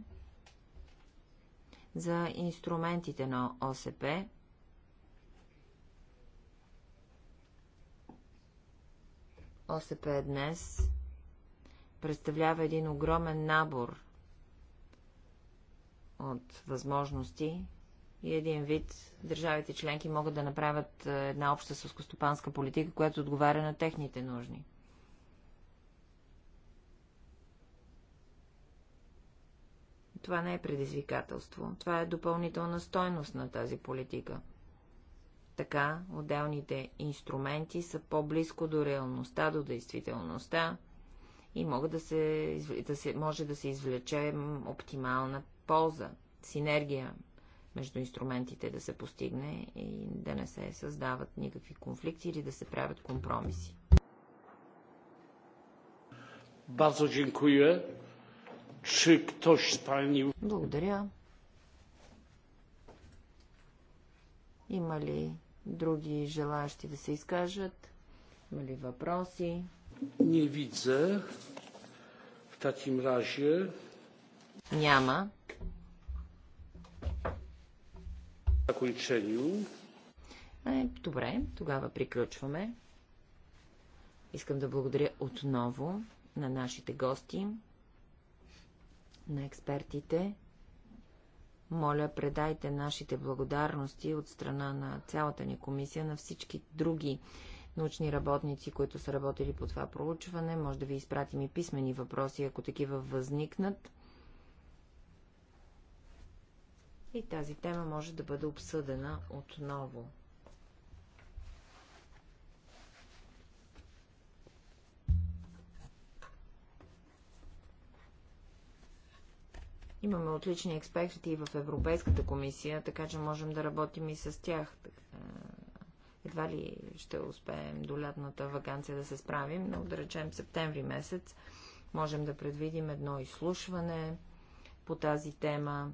за инструментите на ОСП. ОСП днес представлява един огромен набор от възможности, и един вид държавите членки могат да направят е, една обща сълскостопанска политика, която отговаря на техните нужни. Това не е предизвикателство, това е допълнителна стойност на тази политика. Така отделните инструменти са по-близко до реалността, до действителността и могат да се, да се, може да се извлече оптимална полза, синергия между инструментите да се постигне и да не се създават никакви конфликти или да се правят компромиси. Bardzo dziękuję. Czy ktoś z Pani... Благодаря. Има ли други желаящи да се изкажат? Има ли въпроси? Не видя. В таким разе... Няма. Е, добре, тогава приключваме. Искам да благодаря отново на нашите гости, на експертите. Моля, предайте нашите благодарности от страна на цялата ни комисия, на всички други научни работници, които са работили по това проучване. Може да ви изпратим и писмени въпроси, ако такива възникнат. и тази тема може да бъде обсъдена отново. Имаме отлични експерти и в Европейската комисия, така че можем да работим и с тях. Е, едва ли ще успеем до лятната вакансия да се справим, но да речем септември месец можем да предвидим едно изслушване по тази тема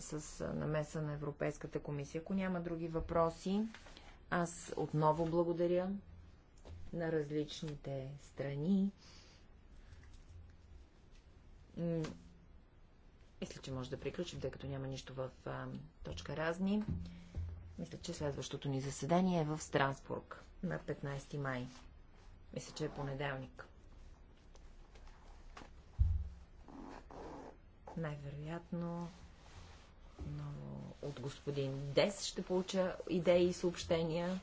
с намеса на Европейската комисия. Ако няма други въпроси, аз отново благодаря на различните страни. Мисля, че може да приключим, тъй като няма нищо в а, точка разни. Мисля, че следващото ни заседание е в Страсбург на 15 май. Мисля, че е понеделник. Най-вероятно но от господин Дес ще получа идеи и съобщения.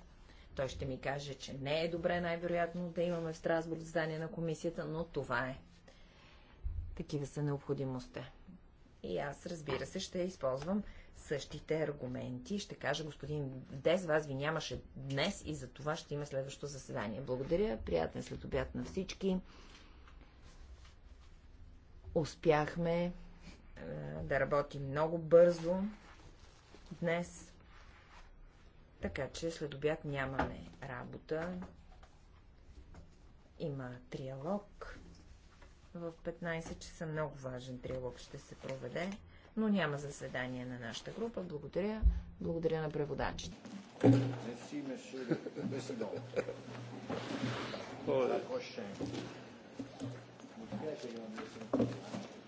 Той ще ми каже, че не е добре най-вероятно да имаме в Страсбург задание на комисията, но това е. Такива са необходимостта. И аз, разбира се, ще използвам същите аргументи. Ще кажа, господин Дес, вас ви нямаше днес и за това ще има следващото заседание. Благодаря, приятен след обяд на всички. Успяхме е, да работи много бързо днес, така че след обяд нямаме работа. Има триалог. В 15 часа много важен триалог ще се проведе, но няма заседание на нашата група. Благодаря. Благодаря на преводачите. Thank you.